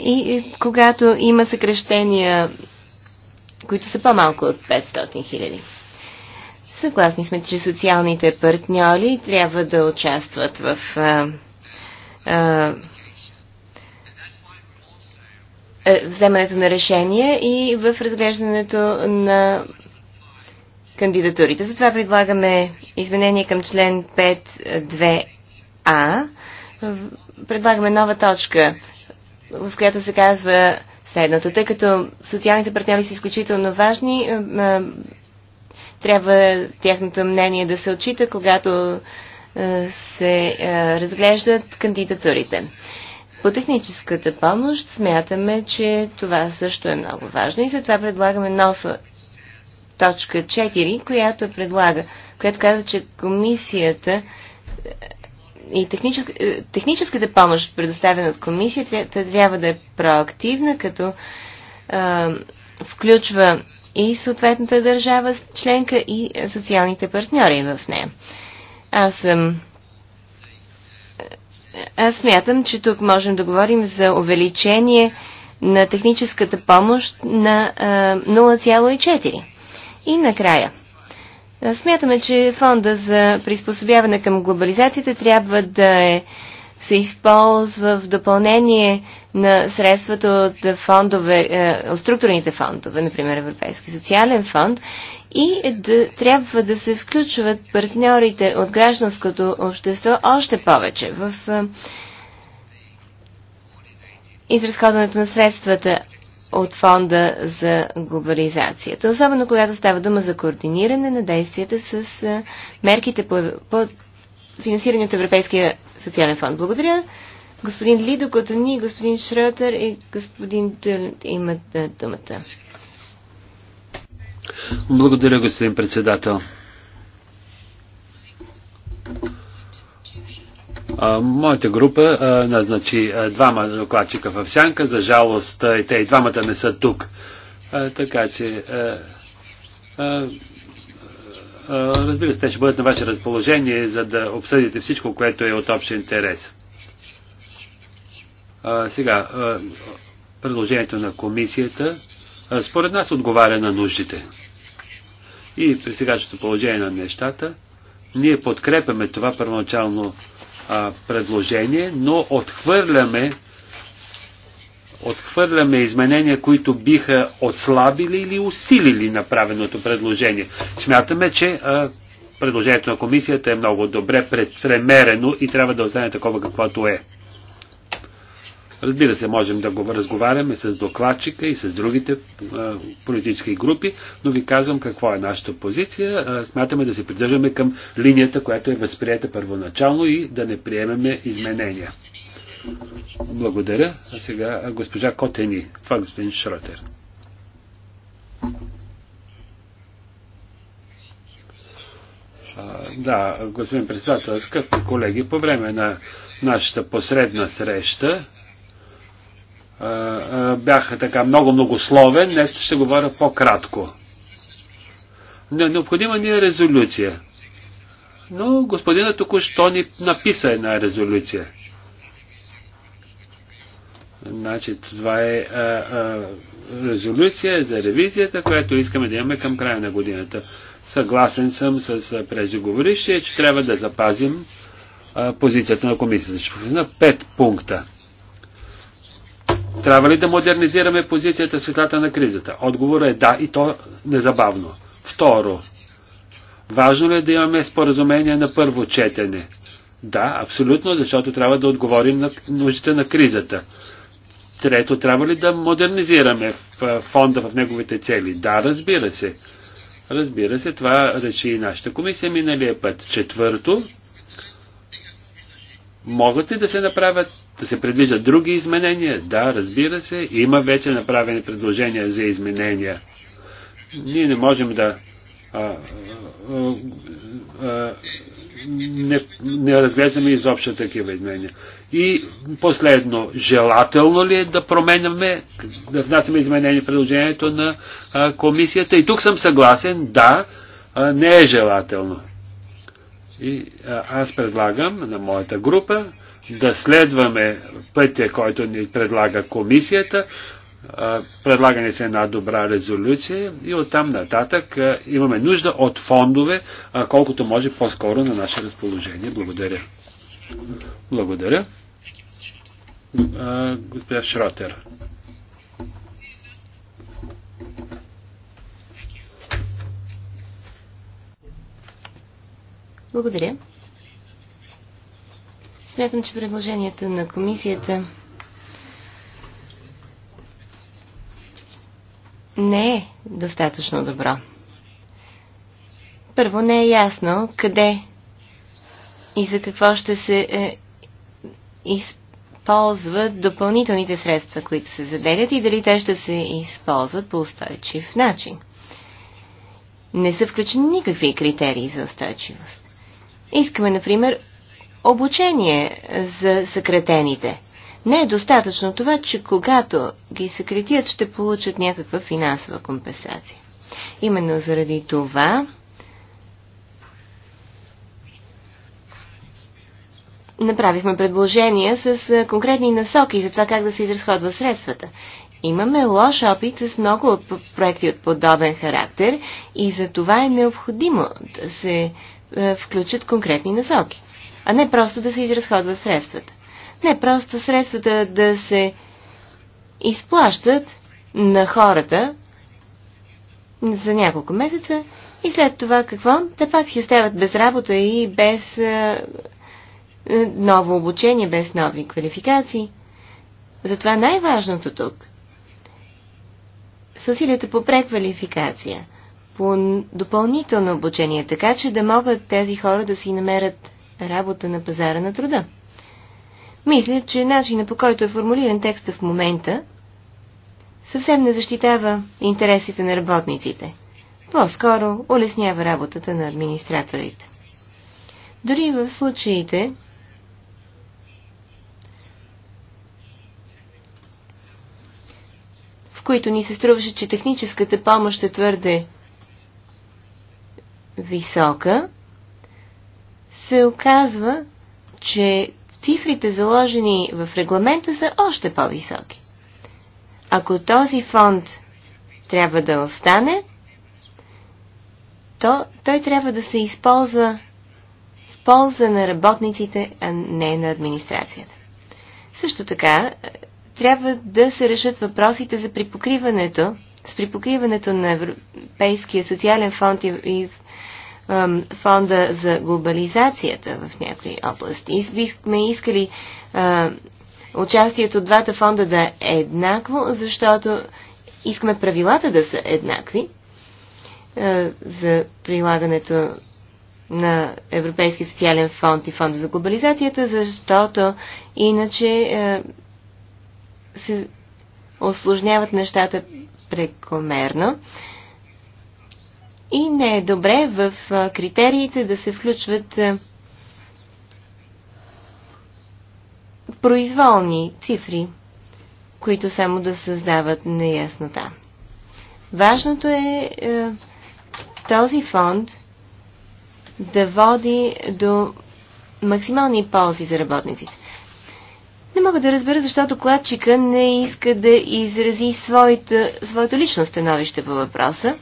И когато има съкрещения, които са по-малко от 500 хиляди. Съгласни сме, че социалните партньори трябва да участват в а, а, е, вземането на решения и в разглеждането на кандидатурите. Затова предлагаме изменение към член 5.2а. Предлагаме нова точка, в която се казва следното. Тъй като социалните партньори са изключително важни, трябва тяхното мнение да се отчита, когато е, се е, разглеждат кандидатурите. По техническата помощ смятаме, че това също е много важно и затова предлагаме нов точка 4, която предлага, която казва, че комисията и техническа, е, техническата помощ, предоставена от комисията, трябва да е проактивна, като а, включва и съответната държава членка и социалните партньори в нея. Аз съм. Аз смятам, че тук можем да говорим за увеличение на техническата помощ на 0,4. И накрая. Смятаме, че фонда за приспособяване към глобализацията трябва да е, се използва в допълнение на средствата от, фондове, е, от структурните фондове, например Европейски социален фонд, и да, трябва да се включват партньорите от гражданското общество още повече в е, изразходването на средствата от фонда за глобализацията. Особено когато става дума за координиране на действията с мерките по, по финансиране от Европейския социален фонд. Благодаря. Господин Лидо, като ни, господин Шротер и господин Дъл имат думата. Благодаря, господин председател. Моята група назначи двама докладчика в сянка, за жалост и те и двамата не са тук. Така че, разбира се, те ще бъдат на ваше разположение, за да обсъдите всичко, което е от общ интерес. Сега, предложението на комисията, според нас отговаря на нуждите. И при сегашното положение на нещата, ние подкрепяме това първоначално а, предложение, но отхвърляме отхвърляме изменения, които биха отслабили или усилили направеното предложение. Смятаме, че а, предложението на комисията е много добре премерено и трябва да остане такова каквото е. Разбира се, можем да го разговаряме с докладчика и с другите политически групи, но ви казвам какво е нашата позиция. Смятаме да се придържаме към линията, която е възприета първоначално и да не приемеме изменения. Благодаря. А сега госпожа Котени. Това е господин Шротер. Да, господин председател, скъпи колеги, по време на нашата посредна среща бях така много многословен, нещо ще говоря по-кратко. Необходима ни е резолюция. Но господина току-що ни написа една резолюция. Значи, това е а, а, резолюция за ревизията, която искаме да имаме към края на годината. Съгласен съм с преждеговорище, че трябва да запазим а, позицията на комисията. Ще на пет пункта. Трябва ли да модернизираме позицията в светлата на кризата? Отговорът е да и то незабавно. Второ, важно ли е да имаме споразумение на първо четене? Да, абсолютно, защото трябва да отговорим на нуждите на кризата. Трето, трябва ли да модернизираме фонда в неговите цели? Да, разбира се. Разбира се, това реши и нашата комисия миналия път. Четвърто, могат ли да се направят да се предвиждат други изменения? Да, разбира се. Има вече направени предложения за изменения. Ние не можем да а, а, а, не, не разглеждаме изобщо такива изменения. И последно, желателно ли е да променяме, да внасяме изменение предложението на а, комисията? И тук съм съгласен, да, а, не е желателно. И а, аз предлагам на моята група да следваме пътя, който ни предлага комисията. Предлага ни се една добра резолюция и оттам нататък имаме нужда от фондове, колкото може по-скоро на наше разположение. Благодаря. Благодаря. Господин Шротер. Благодаря. Смятам, че предложението на комисията не е достатъчно добро. Първо не е ясно къде и за какво ще се е, използват допълнителните средства, които се заделят и дали те ще се използват по устойчив начин. Не са включени никакви критерии за устойчивост. Искаме, например, Обучение за съкретените. Не е достатъчно това, че когато ги съкретият, ще получат някаква финансова компенсация. Именно заради това направихме предложения с конкретни насоки за това как да се изразходват средствата. Имаме лош опит с много от проекти от подобен характер и за това е необходимо да се включат конкретни насоки а не просто да се изразходват средствата. Не просто средствата да се изплащат на хората за няколко месеца и след това какво? Те пак си остават без работа и без е, е ново обучение, без нови квалификации. Затова най-важното тук са усилията по преквалификация, по допълнително обучение, така че да могат тези хора да си намерят работа на пазара на труда. Мисля, че начинът по който е формулиран текста в момента съвсем не защитава интересите на работниците. По-скоро улеснява работата на администраторите. Дори в случаите, в които ни се струваше, че техническата помощ е твърде висока, се оказва, че цифрите заложени в регламента са още по-високи. Ако този фонд трябва да остане, то той трябва да се използва в полза на работниците, а не на администрацията. Също така, е, трябва да се решат въпросите за припокриването с припокриването на Европейския социален фонд и фонда за глобализацията в някои области. Бихме искали участието от двата фонда да е еднакво, защото искаме правилата да са еднакви за прилагането на Европейския социален фонд и фонда за глобализацията, защото иначе се осложняват нещата прекомерно. И не е добре в критериите да се включват произволни цифри, които само да създават неяснота. Важното е, този фонд да води до максимални ползи за работниците. Не мога да разбера защото докладчика не иска да изрази своето лично становище по въпроса.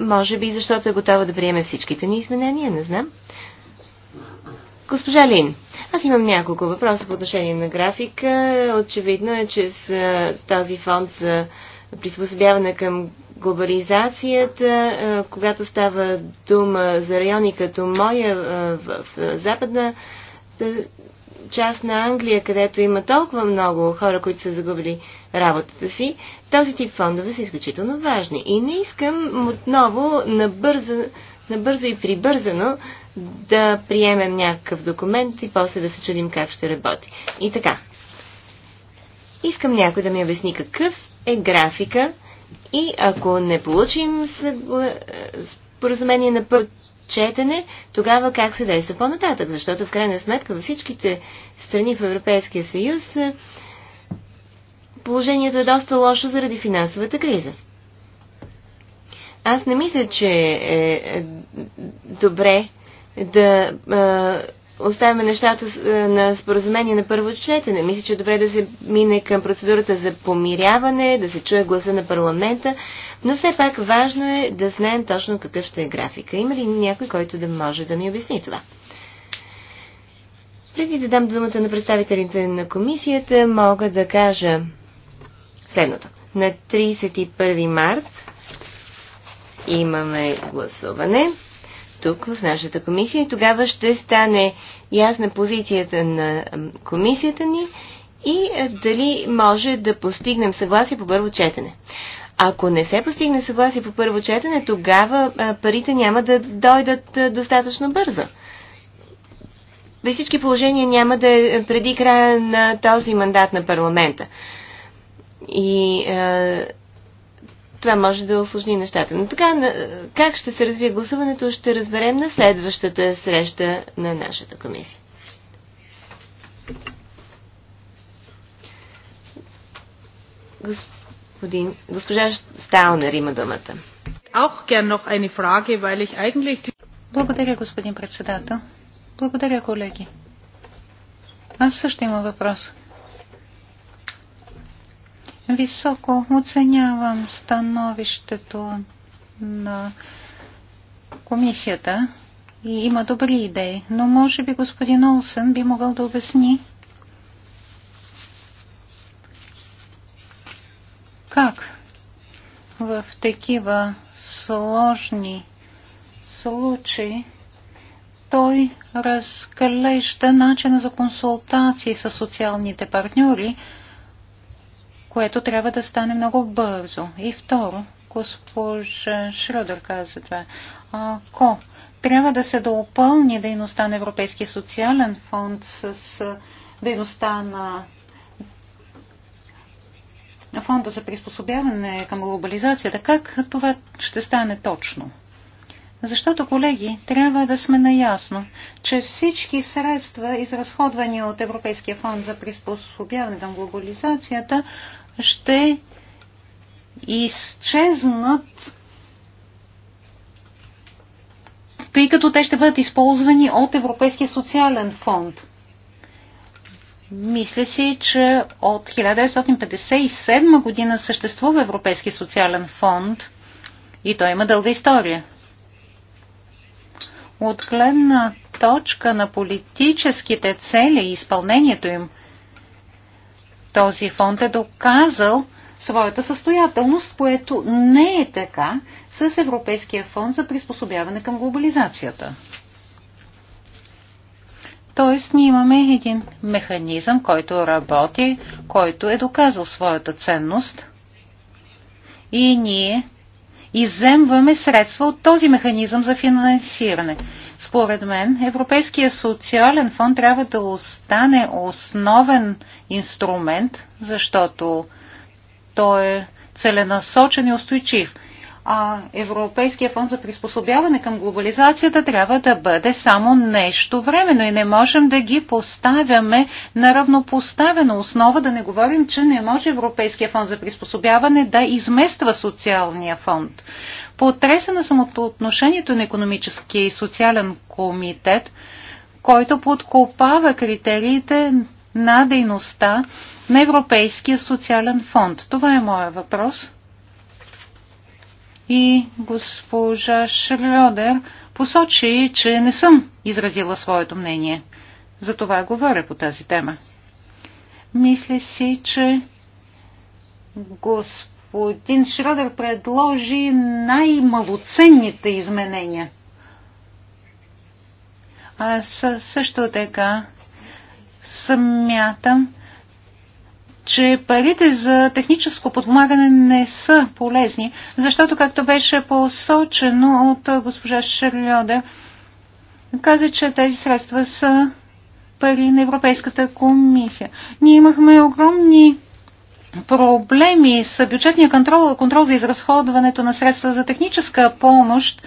Може би, защото е готова да приеме всичките ни изменения, не знам. Госпожа Лин, аз имам няколко въпроса по отношение на графика. Очевидно е, че с този фонд за приспособяване към глобализацията, когато става дума за райони като моя в западна част на Англия, където има толкова много хора, които са загубили работата си, този тип фондове са изключително важни. И не искам отново набързо, набързо и прибързано да приемем някакъв документ и после да се чудим как ще работи. И така. Искам някой да ми обясни какъв е графика и ако не получим споразумение на първо четене, тогава как се действа по-нататък, защото в крайна сметка във всичките страни в Европейския съюз е, положението е доста лошо заради финансовата криза. Аз не мисля, че е, е добре да е, оставяме нещата е, на споразумение на първо четене. Мисля, че е добре да се мине към процедурата за помиряване, да се чуе гласа на парламента, но все пак важно е да знаем точно какъв ще е графика. Има ли някой, който да може да ми обясни това? Преди да дам думата на представителите на комисията, мога да кажа следното. На 31 март имаме гласуване тук в нашата комисия и тогава ще стане ясна позицията на комисията ни и е, дали може да постигнем съгласие по първо четене. Ако не се постигне съгласие по първо четене, тогава е, парите няма да дойдат е, достатъчно бързо. При всички положения няма да е преди края на този мандат на парламента. И е, това може да осложни нещата. Но така, как ще се развие гласуването, ще разберем на следващата среща на нашата комисия. Господин, госпожа Сталнер има думата. Благодаря, господин председател. Благодаря, колеги. Аз също имам въпрос. Високо оценявам становището на комисията и има добри идеи, но може би господин Олсен би могъл да обясни как в такива сложни случаи той разкалеща начина за консултации с социалните партньори, което трябва да стане много бързо. И второ, госпожа Шродър каза това, ако трябва да се допълни дейността на Европейския социален фонд с дейността на фонда за приспособяване към глобализацията, как това ще стане точно? Защото, колеги, трябва да сме наясно, че всички средства, изразходвани от Европейския фонд за приспособяване към глобализацията, ще изчезнат, тъй като те ще бъдат използвани от Европейския социален фонд. Мисля си, че от 1957 година съществува Европейски социален фонд и той има дълга история. От гледна точка на политическите цели и изпълнението им – този фонд е доказал своята състоятелност, което не е така с Европейския фонд за приспособяване към глобализацията. Тоест, ние имаме един механизъм, който работи, който е доказал своята ценност и ние иземваме средства от този механизъм за финансиране. Според мен Европейския социален фонд трябва да остане основен инструмент, защото той е целенасочен и устойчив. А Европейския фонд за приспособяване към глобализацията трябва да бъде само нещо времено и не можем да ги поставяме на равнопоставена основа, да не говорим, че не може Европейския фонд за приспособяване да измества социалния фонд потресена съм от отношението на економически и социален комитет, който подкопава критериите на дейността на Европейския социален фонд. Това е моя въпрос. И госпожа Шрёдер посочи, че не съм изразила своето мнение. За това говоря по тази тема. Мисля си, че госпожа господин Шродер предложи най-малоценните изменения. Аз също така смятам, че парите за техническо подмагане не са полезни, защото, както беше посочено от госпожа Шерльода, каза, че тези средства са пари на Европейската комисия. Ние имахме огромни проблеми са бюджетния контрол, контрол за изразходването на средства за техническа помощ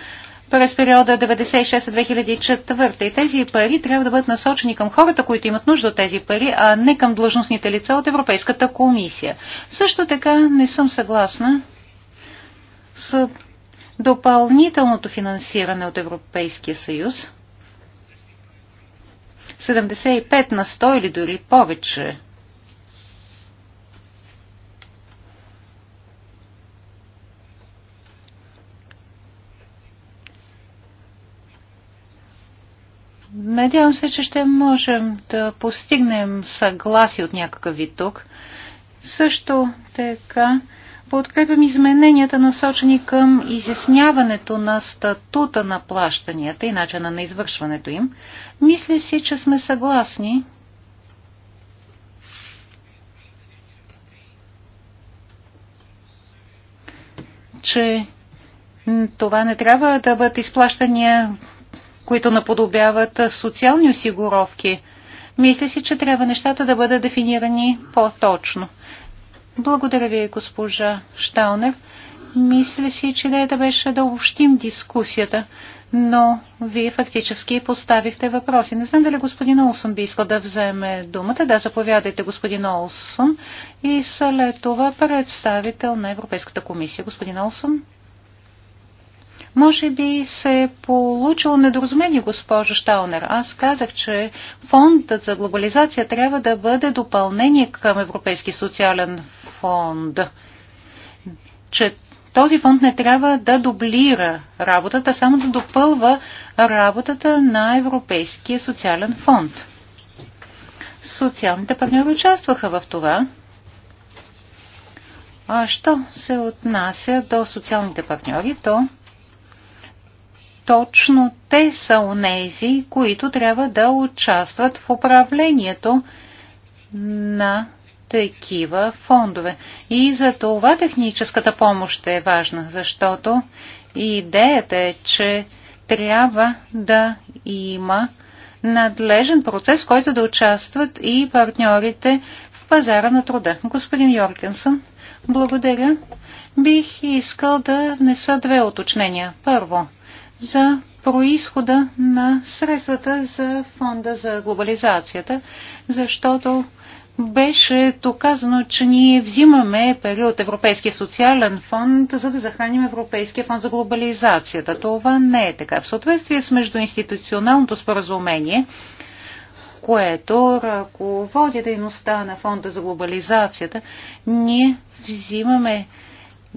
през периода 96-2004 и тези пари трябва да бъдат насочени към хората, които имат нужда от тези пари, а не към длъжностните лица от Европейската комисия. Също така не съм съгласна с допълнителното финансиране от Европейския съюз. 75 на 100 или дори повече Надявам се, че ще можем да постигнем съгласие от някакъв вид тук. Също така подкрепям измененията насочени към изясняването на статута на плащанията и начина на извършването им. Мисля си, че сме съгласни, че това не трябва да бъдат изплащания които наподобяват социални осигуровки. Мисля си, че трябва нещата да бъдат дефинирани по-точно. Благодаря ви, госпожа Штаунев. Мисля си, че идеята беше да общим дискусията, но вие фактически поставихте въпроси. Не знам дали господин Олсън би искал да вземе думата. Да, заповядайте господин Олсън и след това представител на Европейската комисия. Господин Олсън. Може би се е получило недоразумение, госпожо Штаунер. Аз казах, че фондът за глобализация трябва да бъде допълнение към Европейски социален фонд. Че този фонд не трябва да дублира работата, само да допълва работата на Европейския социален фонд. Социалните партньори участваха в това. А що се отнася до социалните партньори, то точно те са онези, които трябва да участват в управлението на такива фондове. И за това техническата помощ е важна, защото идеята е, че трябва да има надлежен процес, в който да участват и партньорите в пазара на труда. Господин Йоркенсън, благодаря. Бих искал да внеса две уточнения. Първо, за происхода на средствата за фонда за глобализацията, защото беше доказано, че ние взимаме пари от Европейския социален фонд, за да захраним Европейския фонд за глобализацията. Това не е така. В съответствие с междуинституционалното споразумение, което ръководи дейността на фонда за глобализацията, ние взимаме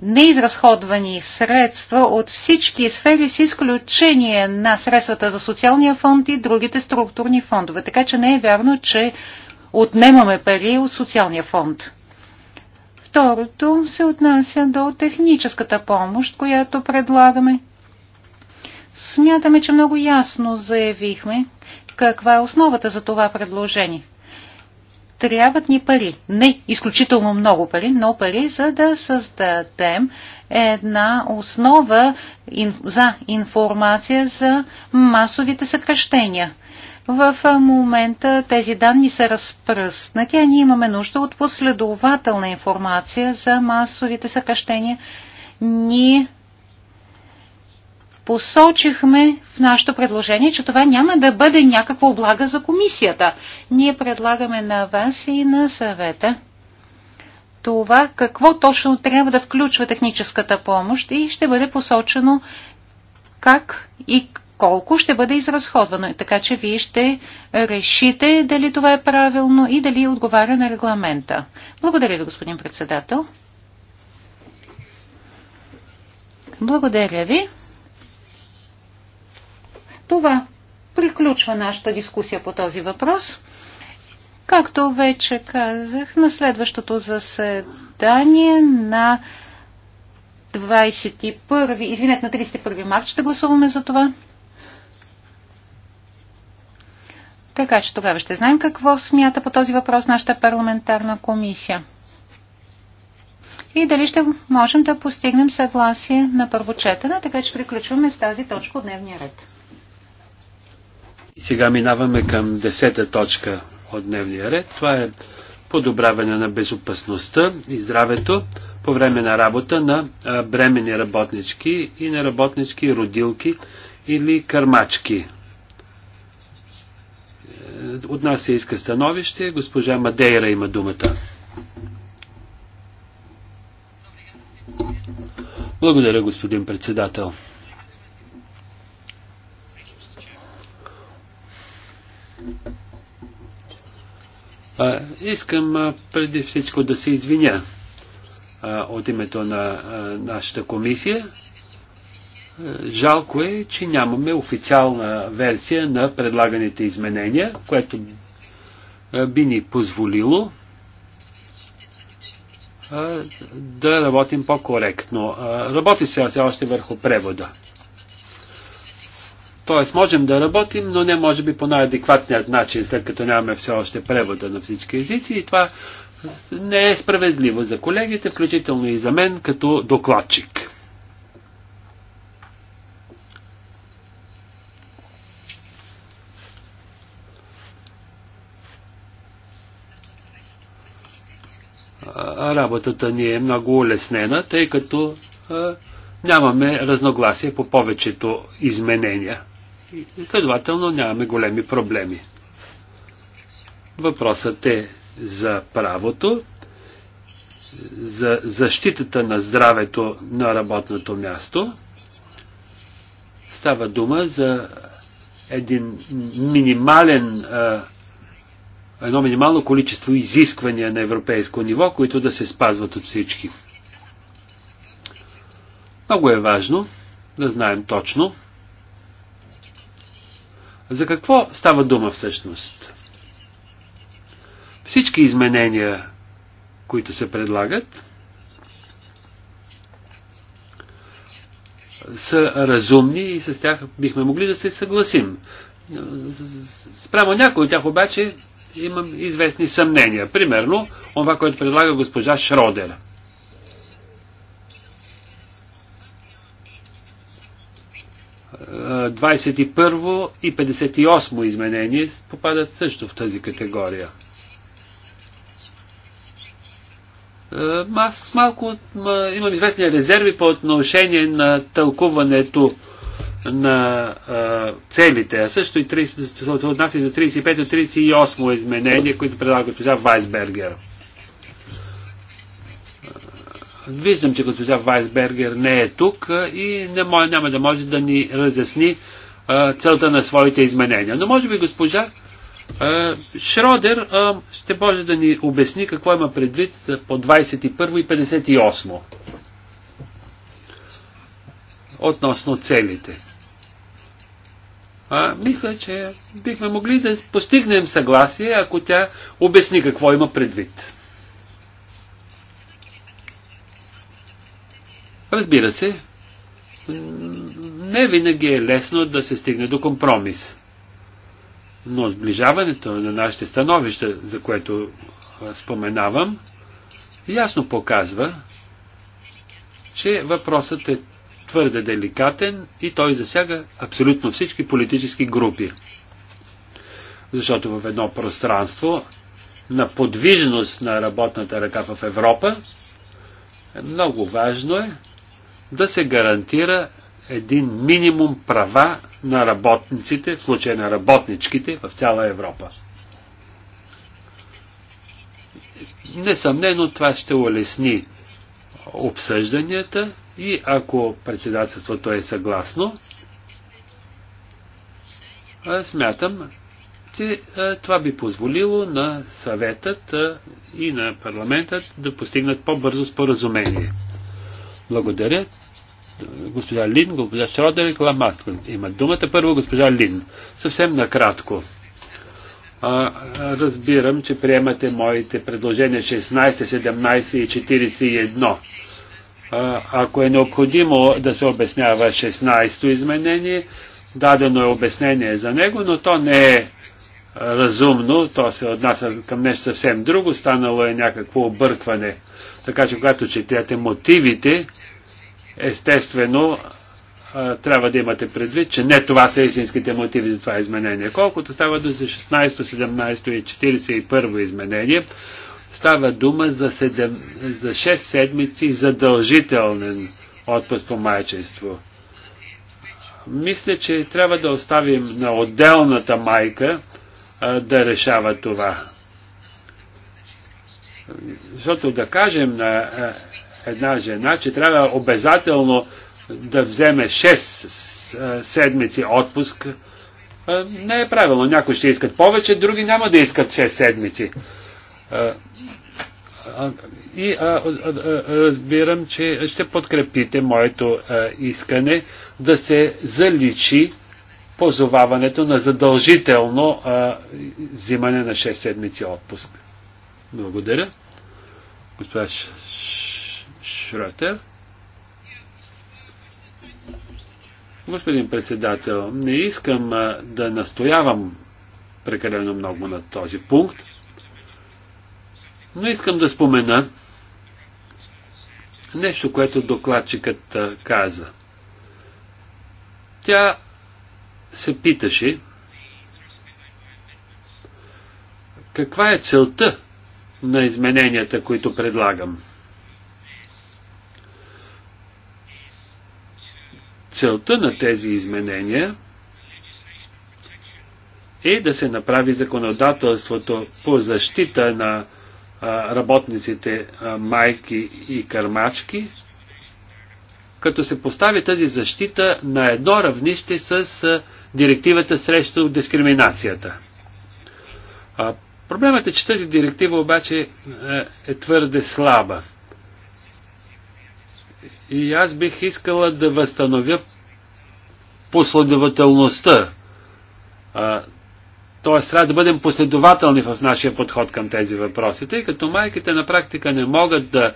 неизразходвани средства от всички сфери с изключение на средствата за социалния фонд и другите структурни фондове. Така че не е вярно, че отнемаме пари от социалния фонд. Второто се отнася до техническата помощ, която предлагаме. Смятаме, че много ясно заявихме каква е основата за това предложение – трябват ни пари. Не изключително много пари, но пари, за да създадем една основа за информация за масовите съкръщения. В момента тези данни са разпръснати, а ние имаме нужда от последователна информация за масовите съкръщения. Ние посочихме в нашето предложение, че това няма да бъде някаква облага за комисията. Ние предлагаме на вас и на съвета това какво точно трябва да включва техническата помощ и ще бъде посочено как и колко ще бъде изразходвано. Така че вие ще решите дали това е правилно и дали отговаря на регламента. Благодаря ви, господин председател. Благодаря ви. Това приключва нашата дискусия по този въпрос. Както вече казах, на следващото заседание на 21, извинете, на 31 март ще гласуваме за това. Така че тогава ще знаем какво смята по този въпрос нашата парламентарна комисия. И дали ще можем да постигнем съгласие на първо четене, така че приключваме с тази точка от дневния ред. И сега минаваме към десета точка от дневния ред. Това е подобряване на безопасността и здравето по време на работа на бремени работнички и на работнички родилки или кърмачки. Е, от нас се иска становище. Госпожа Мадейра има думата. Благодаря, господин председател. А, искам а, преди всичко да се извиня а, от името на а, нашата комисия. Жалко е, че нямаме официална версия на предлаганите изменения, което би ни позволило да работим по-коректно. Работи се още върху превода. Тоест, можем да работим, но не може би по най-адекватният начин, след като нямаме все още превода на всички езици и това не е справедливо за колегите, включително и за мен като докладчик. Работата ни е много улеснена, тъй като нямаме разногласие по повечето изменения. Следователно нямаме големи проблеми. Въпросът е за правото, за защитата на здравето на работното място. Става дума за един минимален, едно минимално количество изисквания на европейско ниво, които да се спазват от всички. Много е важно да знаем точно за какво става дума всъщност? Всички изменения, които се предлагат, са разумни и с тях бихме могли да се съгласим. Спрямо някои от тях обаче имам известни съмнения. Примерно, това, което предлага госпожа Шродер – 21 и 58 изменение попадат също в тази категория. Е, аз малко имам известни резерви по отношение на тълкуването на е, целите, а също и 30, се отнася до 35 38 изменение, които предлага госпожа Вайсбергер. Виждам, че госпожа Вайсбергер не е тук и не, няма да може да ни разясни а, целта на своите изменения. Но може би госпожа а, Шродер а, ще може да ни обясни какво има предвид по 21 и 58 относно целите. А, мисля, че бихме могли да постигнем съгласие, ако тя обясни какво има предвид. Разбира се, не винаги е лесно да се стигне до компромис. Но сближаването на нашите становища, за което споменавам, ясно показва, че въпросът е твърде деликатен и той засяга абсолютно всички политически групи. Защото в едно пространство на подвижност на работната ръка в Европа, много важно е да се гарантира един минимум права на работниците, в случая на работничките в цяла Европа. Несъмнено това ще улесни обсъжданията и ако председателството е съгласно, смятам, че това би позволило на съветът и на парламентът да постигнат по-бързо споразумение. Благодаря. Госпожа Лин, госпожа Шродер и Кламатко Има думата. Първо госпожа Лин. Съвсем накратко. А, разбирам, че приемате моите предложения 16, 17 и 41. А, ако е необходимо да се обяснява 16-то изменение, дадено е обяснение за него, но то не е разумно, то се отнася към нещо съвсем друго, станало е някакво объркване. Така че когато четете мотивите, естествено трябва да имате предвид, че не това са истинските мотиви за това изменение. Колкото става до 16, 17 и 41 изменение, става дума за, 7, за 6 седмици задължителен отпуск по майчество. Мисля, че трябва да оставим на отделната майка а, да решава това. Защото да кажем на е, една жена, че трябва обязателно да вземе 6 е, седмици отпуск, е, не е правилно. Някои ще искат повече, други няма да искат 6 седмици. И разбирам, че ще подкрепите моето искане да се заличи позоваването на задължително взимане на 6 седмици отпуск. Благодаря. Госпожа Шротер. Господин председател, не искам а, да настоявам прекалено много на този пункт, но искам да спомена нещо, което докладчикът а, каза. Тя се питаше каква е целта на измененията, които предлагам. Целта на тези изменения е да се направи законодателството по защита на работниците майки и кърмачки, като се постави тази защита на едно равнище с директивата срещу дискриминацията. Проблемът е, че тази директива обаче е, е твърде слаба. И аз бих искала да възстановя последователността. Тоест, трябва да бъдем последователни в нашия подход към тези въпроси, тъй като майките на практика не могат да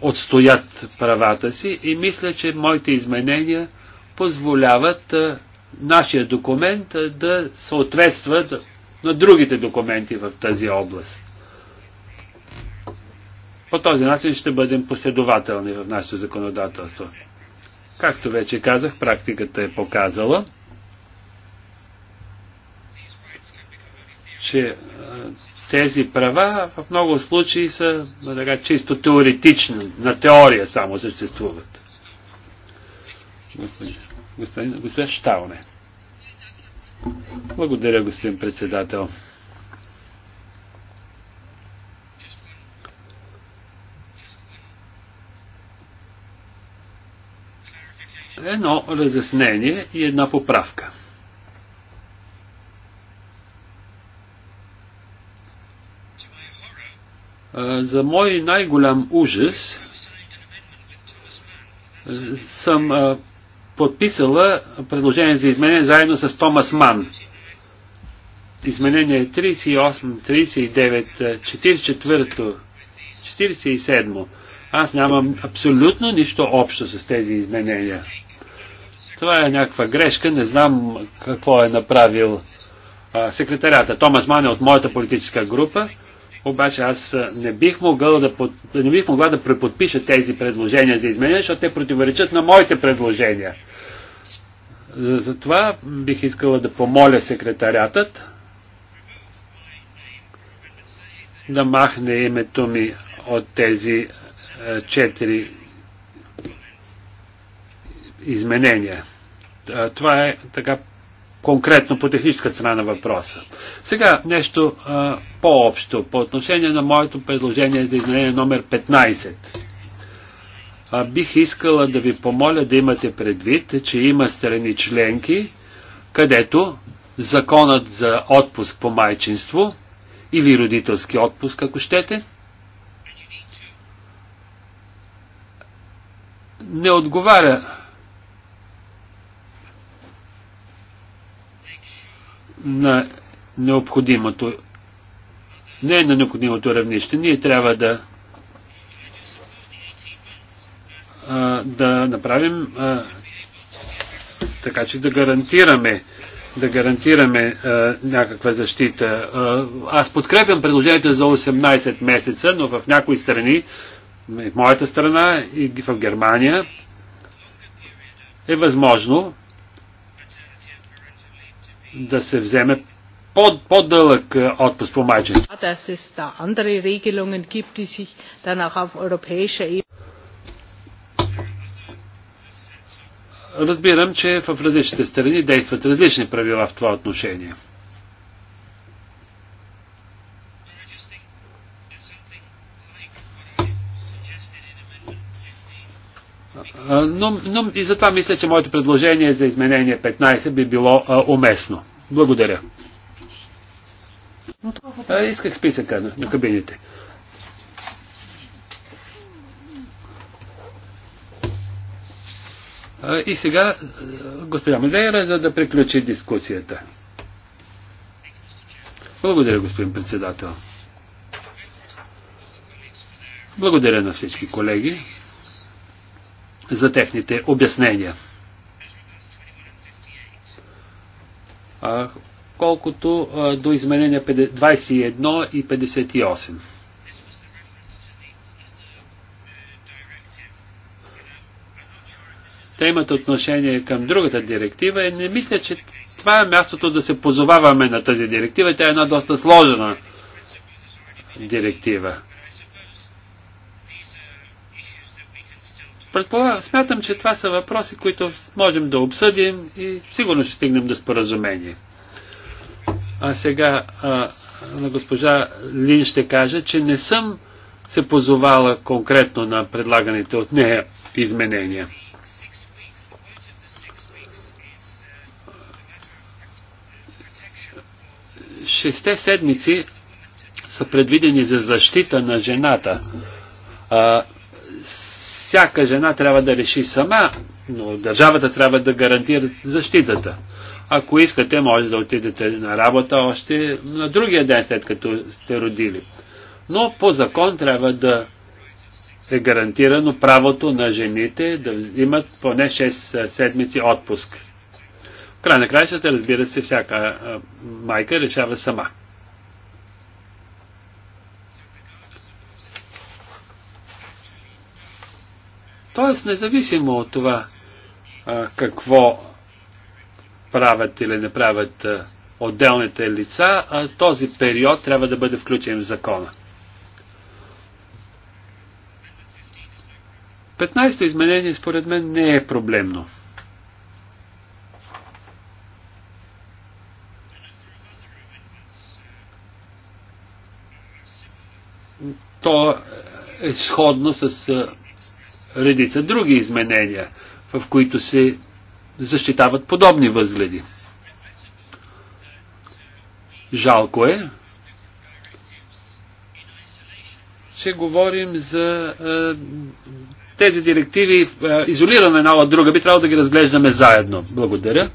отстоят правата си и мисля, че моите изменения позволяват нашия документ да съответства на другите документи в тази област. По този начин ще бъдем последователни в нашето законодателство. Както вече казах, практиката е показала, че тези права в много случаи са така, чисто теоретични, на теория само съществуват. Господин, господин, господин Штауне. Благодаря, господин председател. Едно разяснение и една поправка. За мой най-голям ужас съм подписала предложение за изменение заедно с Томас Ман. Изменение 38, 39, 44, 47. Аз нямам абсолютно нищо общо с тези изменения. Това е някаква грешка, не знам какво е направил а, секретарята. Томас Ман е от моята политическа група, обаче аз не бих, могъл да под... не бих могла да преподпиша тези предложения за изменения, защото те противоречат на моите предложения. Затова бих искала да помоля секретарятът да махне името ми от тези е, четири изменения. Е, това е така конкретно по техническа цена на въпроса. Сега нещо е, по-общо по отношение на моето предложение за изменение номер 15 а, бих искала да ви помоля да имате предвид, че има страни членки, където законът за отпуск по майчинство или родителски отпуск, ако щете, не отговаря на необходимото, не е на необходимото равнище. Ние трябва да да направим а, така, че да гарантираме да гарантираме а, някаква защита. А, аз подкрепям предложението за 18 месеца, но в някои страни, в моята страна и в Германия, е възможно да се вземе под, по-дълъг отпуск по майчинство. разбирам, че в различните страни действат различни правила в това отношение. Но, но и затова мисля, че моето предложение за изменение 15 би било а, уместно. Благодаря. А, исках списъка на, на кабините. И сега госпожа Медейра, за да приключи дискусията. Благодаря, господин председател. Благодаря на всички колеги за техните обяснения. А, колкото а, до изменения 21 и 58. те имат отношение към другата директива и не мисля, че това е мястото да се позоваваме на тази директива. Тя е една доста сложена директива. Предполага, смятам, че това са въпроси, които можем да обсъдим и сигурно ще стигнем до споразумение. А сега а, на госпожа Лин ще кажа, че не съм се позовала конкретно на предлаганите от нея изменения. шесте седмици са предвидени за защита на жената. А, всяка жена трябва да реши сама, но държавата трябва да гарантира защитата. Ако искате, може да отидете на работа още на другия ден, след като сте родили. Но по закон трябва да е гарантирано правото на жените да имат поне 6 седмици отпуск. Край на краищата, разбира се, всяка майка решава сама. Тоест, независимо от това какво правят или не правят отделните лица, този период трябва да бъде включен в закона. 15-то изменение според мен не е проблемно. е сходно с редица други изменения, в които се защитават подобни възгледи. Жалко е, че говорим за тези директиви а, изолирана една от друга. Би трябвало да ги разглеждаме заедно. Благодаря.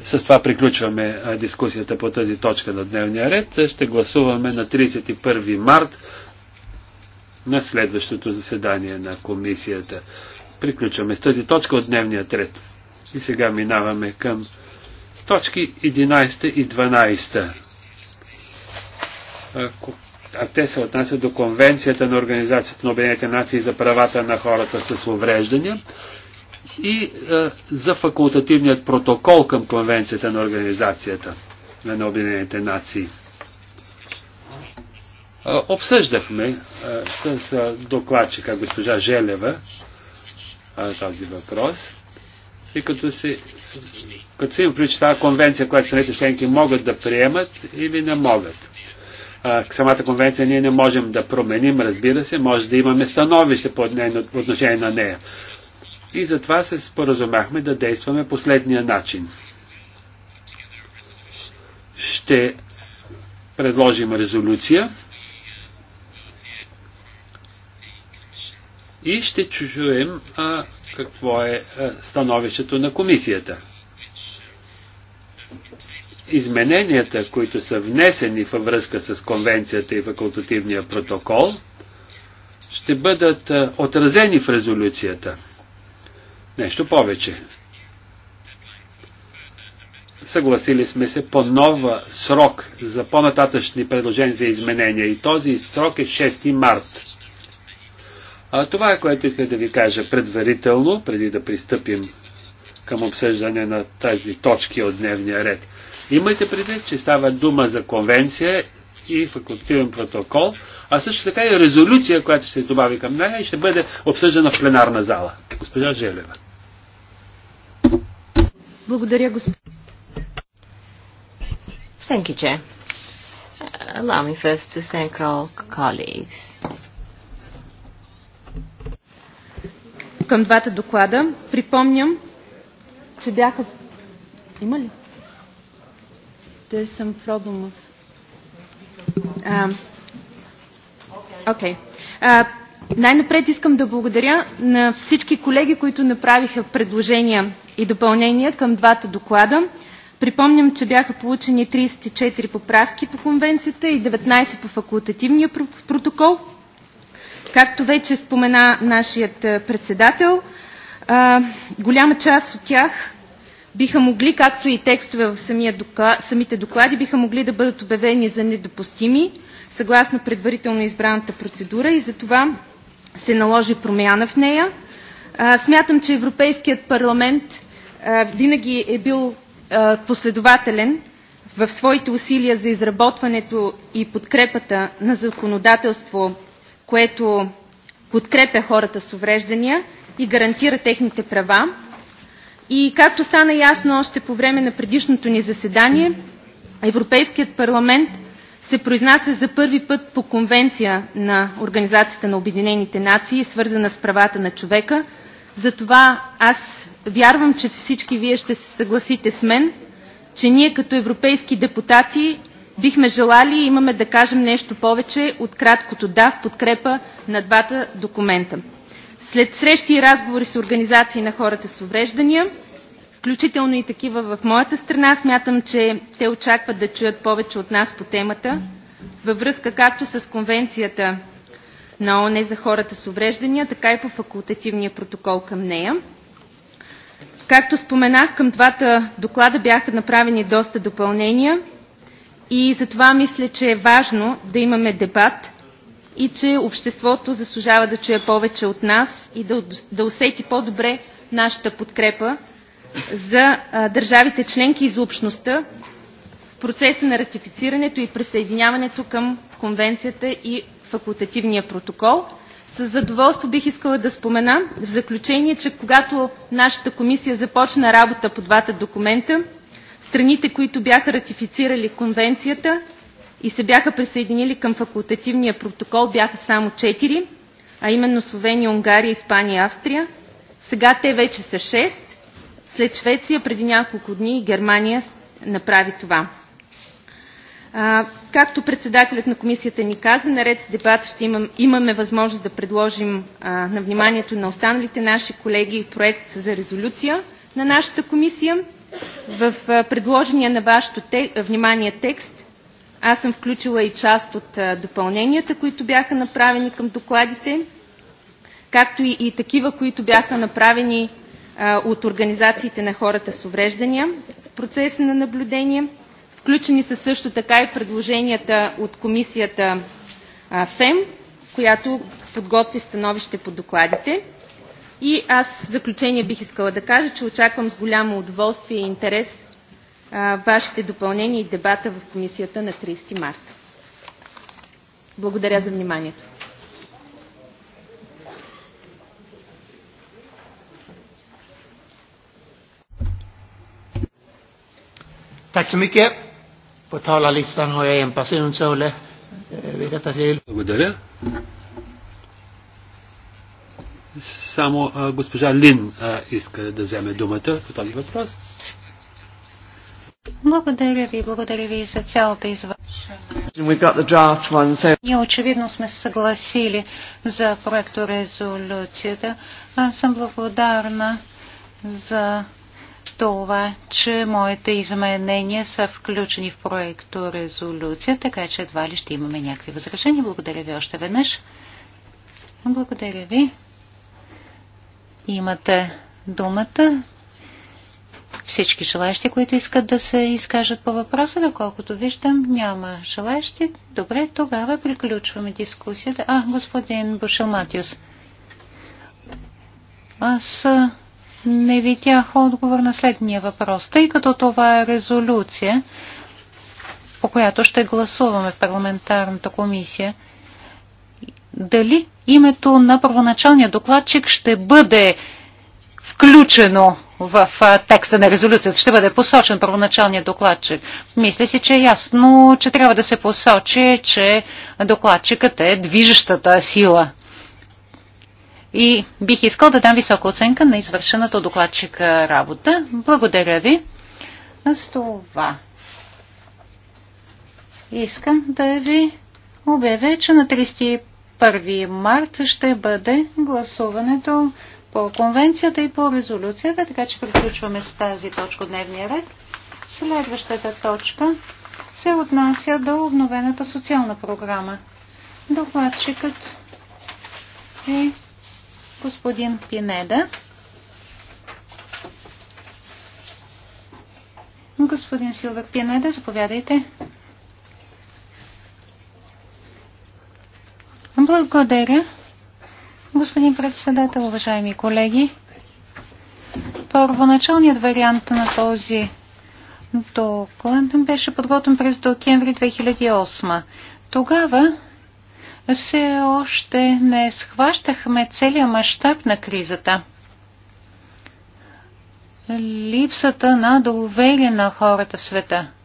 С това приключваме дискусията по тази точка на дневния ред. Ще гласуваме на 31 март на следващото заседание на комисията. Приключваме с тази точка от дневния ред. И сега минаваме към точки 11 и 12. А те се отнасят до Конвенцията на Организацията на Обединените нации за правата на хората с увреждания и а, е, за факултативният протокол към Конвенцията на Организацията на Обединените нации. Обсъждахме с докладчика госпожа Желева този въпрос и като се, като се им включи тази конвенция, която страните членки могат да приемат или не могат. самата конвенция ние не можем да променим, разбира се, може да имаме становище по отношение на нея. И затова се споразумяхме да действаме последния начин. Ще предложим резолюция, и ще чуем а, какво е а, становището на комисията. Измененията, които са внесени във връзка с конвенцията и факултативния протокол, ще бъдат а, отразени в резолюцията. Нещо повече. Съгласили сме се по нова срок за по-нататъчни предложения за изменения и този срок е 6 март. А, това е което исках да ви кажа предварително, преди да пристъпим към обсъждане на тази точки от дневния ред. Имайте предвид, че става дума за конвенция и факультивен протокол, а също така и резолюция, която ще се добави към нея и ще бъде обсъждана в пленарна зала. Госпожа Желева. Благодаря, господин. Thank you, Allow me first to thank colleagues към двата доклада. Припомням, че бяха... Има ли? Те some problem with... Uh, okay. Uh, най-напред искам да благодаря на всички колеги, които направиха предложения и допълнения към двата доклада. Припомням, че бяха получени 34 поправки по конвенцията и 19 по факултативния протокол – Както вече спомена нашият председател, а, голяма част от тях биха могли, както и текстове в доклад, самите доклади, биха могли да бъдат обявени за недопустими, съгласно предварително избраната процедура и затова се наложи промяна в нея. А, смятам, че Европейският парламент а, винаги е бил а, последователен в своите усилия за изработването и подкрепата на законодателство което подкрепя хората с увреждания и гарантира техните права. И както стана ясно още по време на предишното ни заседание, Европейският парламент се произнася за първи път по конвенция на Организацията на Обединените нации, свързана с правата на човека. Затова аз вярвам, че всички вие ще се съгласите с мен, че ние като европейски депутати Бихме желали и имаме да кажем нещо повече от краткото да в подкрепа на двата документа. След срещи и разговори с организации на хората с увреждания, включително и такива в моята страна, смятам, че те очакват да чуят повече от нас по темата, във връзка както с Конвенцията на ОНЕ за хората с увреждания, така и по факултативния протокол към нея. Както споменах, към двата доклада бяха направени доста допълнения – и затова мисля, че е важно да имаме дебат и че обществото заслужава да чуе повече от нас и да, да усети по-добре нашата подкрепа за а, държавите членки и за общността в процеса на ратифицирането и присъединяването към конвенцията и факултативния протокол. С задоволство бих искала да спомена в заключение, че когато нашата комисия започна работа по двата документа, страните, които бяха ратифицирали конвенцията и се бяха присъединили към факултативния протокол, бяха само четири, а именно Словения, Унгария, Испания и Австрия. Сега те вече са шест. След Швеция преди няколко дни Германия направи това. А, както председателят на комисията ни каза, наред с дебата ще имам, имаме възможност да предложим а, на вниманието на останалите наши колеги проект за резолюция на нашата комисия. В предложения на вашето те, внимание текст аз съм включила и част от допълненията, които бяха направени към докладите, както и, и такива, които бяха направени а, от организациите на хората с увреждания в процеса на наблюдение. Включени са също така и предложенията от комисията а, ФЕМ, която подготви становище по докладите. И аз в заключение бих искала да кажа, че очаквам с голямо удоволствие и интерес а, вашите допълнения и дебата в комисията на 30 марта. Благодаря за вниманието. Tack så mycket. På talarlistan har jag en person, Sole. Eh, Vid detta till. Само а, госпожа Лин а, иска да вземе думата по този въпрос. Благодаря ви, благодаря ви за цялата извършена. Ние очевидно сме съгласили за проекторезолюцията. Аз съм благодарна за това, че моите изменения са включени в проекто резолюция, така че едва ли ще имаме някакви възражения. Благодаря ви още веднъж. Благодаря ви. Имате думата. Всички желащи, които искат да се изкажат по въпроса, доколкото виждам, няма желащи. Добре, тогава приключваме дискусията. А, господин Бушил Матиус. Аз не видях отговор на следния въпрос, тъй като това е резолюция, по която ще гласуваме в парламентарната комисия. Дали името на първоначалния докладчик ще бъде включено в текста на резолюцията. Ще бъде посочен първоначалният докладчик. Мисля си, че е ясно, че трябва да се посочи, че докладчикът е движещата сила. И бих искал да дам висока оценка на извършената докладчика работа. Благодаря ви. С това искам да ви обявя, че на 1 март ще бъде гласуването по конвенцията и по резолюцията, така че приключваме с тази точка дневния ред. Следващата точка се отнася до обновената социална програма. Докладчикът е господин Пинеда. Господин Силвър Пинеда, заповядайте. Благодаря. Господин председател, уважаеми колеги, първоначалният вариант на този доклад беше подготвен през декември 2008. Тогава все още не схващахме целият мащаб на кризата. Липсата на доверие на хората в света –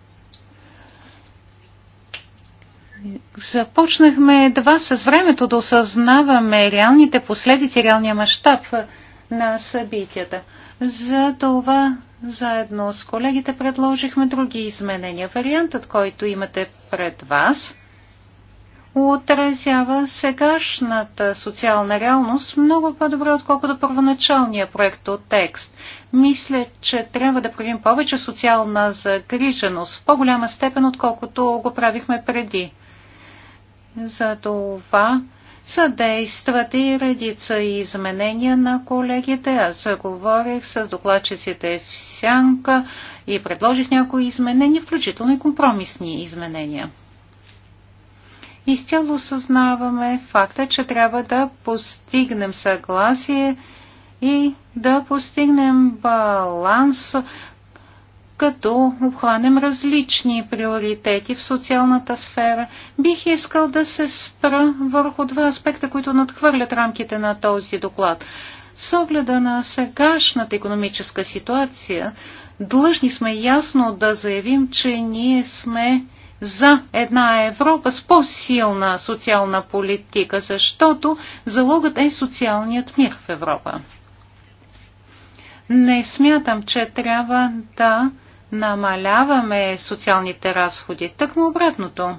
започнахме едва с времето да осъзнаваме реалните последици, реалния мащаб на събитията. За това заедно с колегите предложихме други изменения. Вариантът, който имате пред вас, отразява сегашната социална реалност много по-добре, отколкото първоначалния проект от текст. Мисля, че трябва да правим повече социална загриженост в по-голяма степен, отколкото го правихме преди. За това съдействат и редица изменения на колегите. Аз заговорих с докладчиците в сянка и предложих някои изменения, включително и компромисни изменения. Изцяло съзнаваме факта, че трябва да постигнем съгласие и да постигнем баланс като обхванем различни приоритети в социалната сфера. Бих искал да се спра върху два аспекта, които надхвърлят рамките на този доклад. С огледа на сегашната економическа ситуация, длъжни сме ясно да заявим, че ние сме за една Европа с по-силна социална политика, защото залогът е социалният мир в Европа. Не смятам, че трябва да намаляваме социалните разходи. Тъкмо обратното.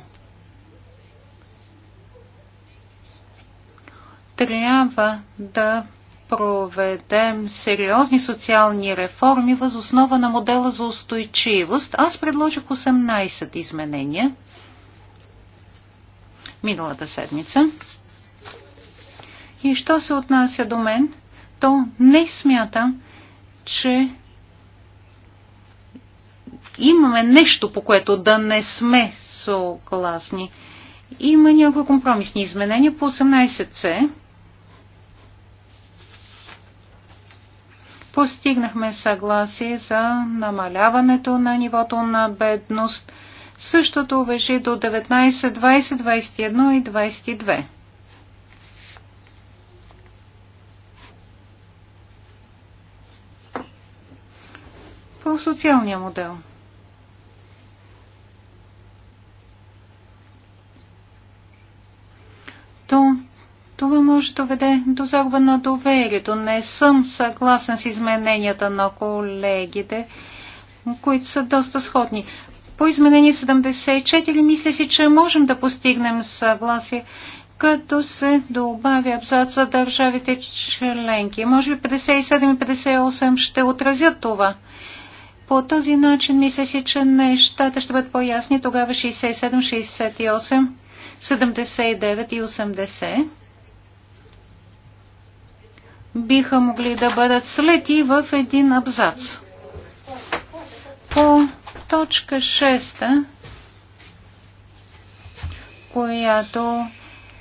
Трябва да проведем сериозни социални реформи въз основа на модела за устойчивост. Аз предложих 18 изменения миналата седмица. И що се отнася до мен, то не смятам, че имаме нещо, по което да не сме съгласни. Има някои компромисни изменения по 18c. Постигнахме съгласие за намаляването на нивото на бедност. Същото вежи до 19, 20, 21 и 22. по социалния модел – то това може да веде до загуба на доверието. Не съм съгласен с измененията на колегите, които са доста сходни. По изменение 74 мисля си, че можем да постигнем съгласие, като се добави абзац за държавите членки. Може би 57 и 58 ще отразят това. По този начин мисля си, че нещата ще бъдат по-ясни. Тогава 67-68 79 и 80 биха могли да бъдат слети в един абзац. По точка 6, която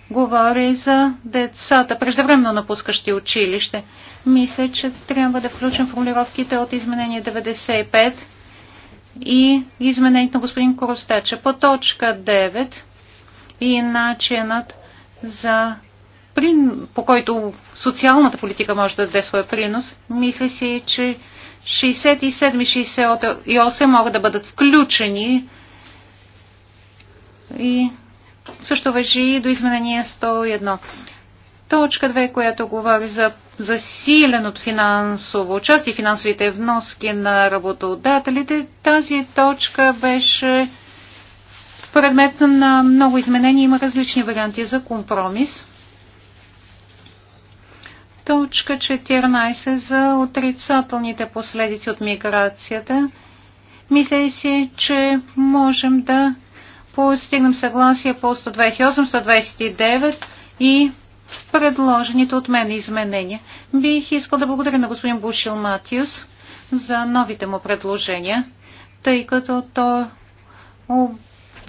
говори за децата, преждевременно напускащи училище, мисля, че трябва да включим формулировките от изменение 95 и изменението на господин Коростача. По точка 9 и начинът за прин. по който социалната политика може да даде своя принос, мисля си, че 67 и 68 могат да бъдат включени и също въжи и до изменение 101. Точка 2, която говори за от финансово участие, финансовите вноски на работодателите, тази точка беше предмет на много изменения. Има различни варианти за компромис. Точка 14 за отрицателните последици от миграцията. Мисля си, че можем да постигнем съгласие по 128, 129 и предложените от мен изменения. Бих искал да благодаря на господин Бушил Матиус за новите му предложения, тъй като то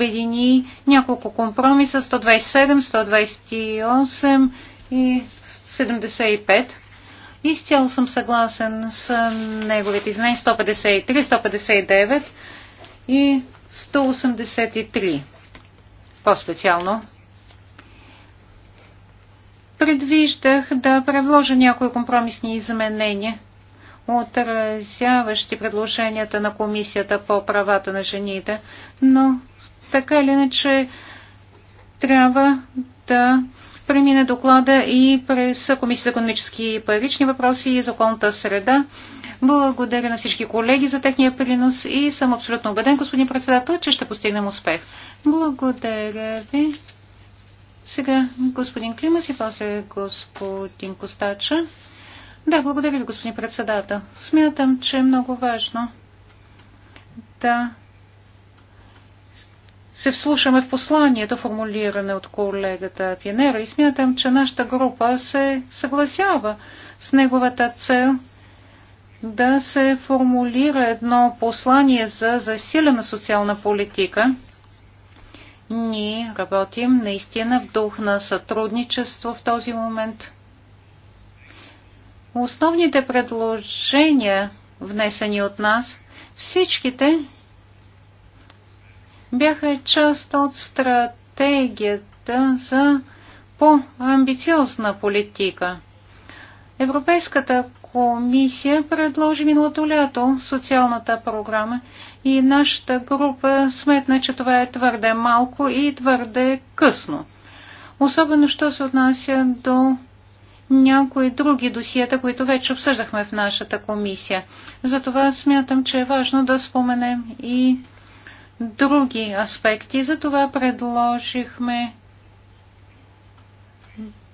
обедини няколко компромиса 127, 128 и 75. Изцяло съм съгласен с неговите изменения 153, 159 и 183. По-специално предвиждах да предложа някои компромисни изменения, отразяващи предложенията на Комисията по правата на жените, но така или иначе трябва да премине доклада и през Комисията за економически и парични въпроси и за околната среда. Благодаря на всички колеги за техния принос и съм абсолютно убеден, господин председател, че ще постигнем успех. Благодаря ви. Сега господин Климас и после господин Костача. Да, благодаря ви, господин председател. Смятам, че е много важно да се вслушаме в посланието, формулиране от колегата Пьенера и смятам, че нашата група се съгласява с неговата цел да се формулира едно послание за засилена социална политика. Ние работим наистина в дух на сътрудничество в този момент. Основните предложения, внесени от нас, всичките бяха част от стратегията за по-амбициозна политика. Европейската комисия предложи миналото лято социалната програма и нашата група сметна, че това е твърде малко и твърде късно. Особено, що се отнася до някои други досиета, които вече обсъждахме в нашата комисия. Затова смятам, че е важно да споменем и други аспекти. за това предложихме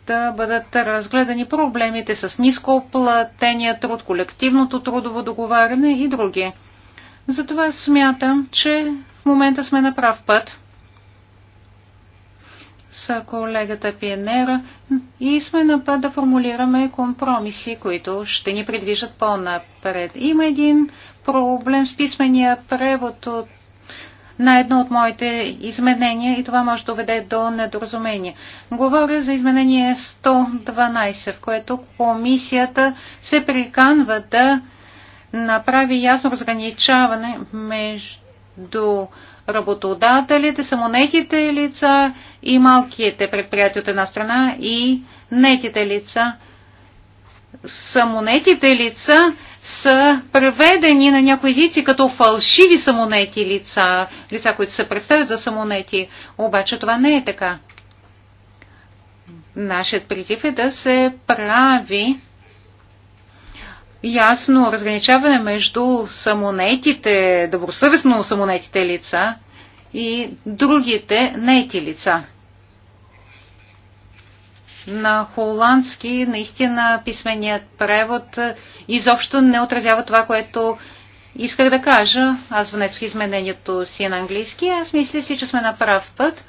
да бъдат разгледани проблемите с нископлатения труд, колективното трудово договаряне и други. Затова смятам, че в момента сме на прав път с колегата Пиенера и сме на път да формулираме компромиси, които ще ни придвижат по-напред. Има един проблем с писмения превод от на едно от моите изменения и това може да доведе до недоразумение. Говоря за изменение 112, в което комисията се приканва да направи ясно разграничаване между работодателите, самонетите лица и малките предприятия от една страна и нетите лица. Самонетите лица са преведени на някои езици като фалшиви самонети лица, лица, които се представят за самонети. Обаче това не е така. Нашият призив е да се прави ясно разграничаване между самонетите, добросъвестно самонетите лица и другите нети лица. На холандски наистина писменият превод изобщо не отразява това, което исках да кажа. Аз внесох изменението си на английски. Аз мисля си, че сме на прав път.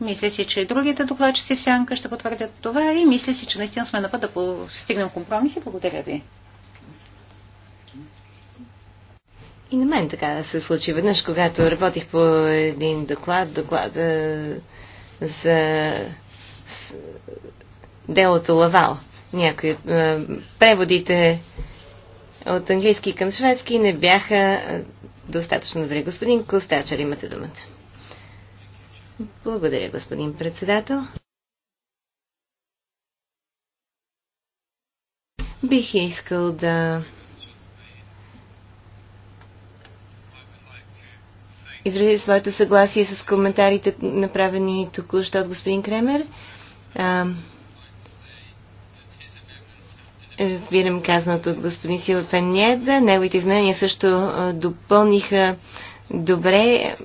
Мисля си, че и другите докладчици в сянка ще потвърдят това и мисля си, че наистина сме на път да постигнем компромиси. Благодаря ви. И на мен така се случи. Веднъж, когато работих по един доклад, доклада за делото Лавал някои от е, преводите от английски към шведски не бяха е, достатъчно добри. Господин Костачер, имате думата. Благодаря, господин председател. Бих искал да изрази своето съгласие с коментарите, направени току-що от господин Кремер разбирам казаното от господин Сила Пенеда. Неговите изменения също допълниха добре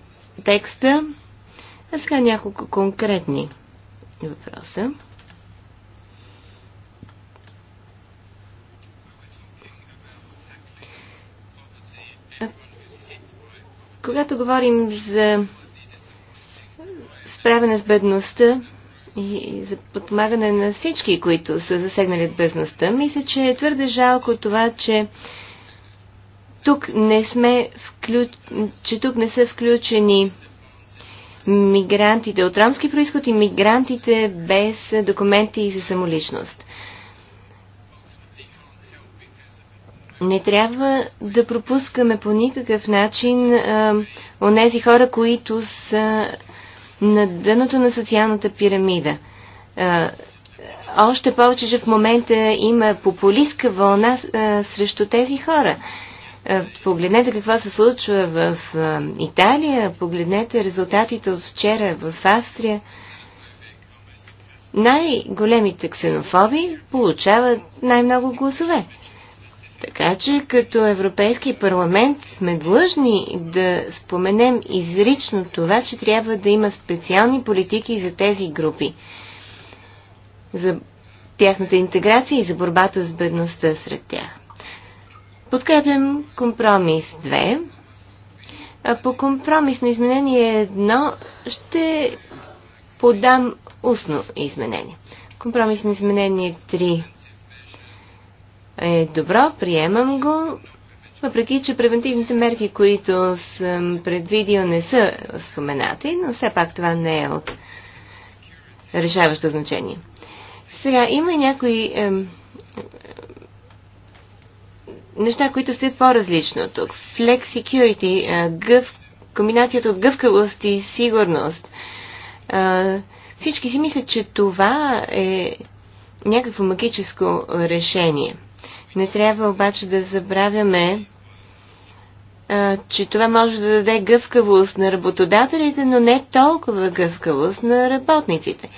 текста. А сега няколко конкретни въпроса. Когато говорим за справяне с бедността, и за подпомагане на всички, които са засегнали от бедността. Мисля, че е твърде жалко това, че тук не, сме вклю... че тук не са включени мигрантите от ромски происход и мигрантите без документи и за самоличност. Не трябва да пропускаме по никакъв начин а, онези хора, които са на дъното на социалната пирамида. Още повече, че в момента има популистка вълна срещу тези хора. Погледнете какво се случва в Италия, погледнете резултатите от вчера в Австрия. Най-големите ксенофоби получават най-много гласове. Така че като Европейски парламент сме длъжни да споменем изрично това, че трябва да има специални политики за тези групи. За тяхната интеграция и за борбата с бедността сред тях. Подкрепям компромис 2. А по компромис на изменение 1 ще подам устно изменение. Компромис на изменение е добро, приемам го, въпреки, че превентивните мерки, които съм предвидил, не са споменати, но все пак това не е от решаващо значение. Сега, има и някои е, неща, които стоят по-различно тук. Flex security, е, гъв, комбинацията от гъвкавост и сигурност. Е, всички си мислят, че това е някакво магическо решение – не трябва обаче да забравяме, а, че това може да даде гъвкавост на работодателите, но не толкова гъвкавост на работниците.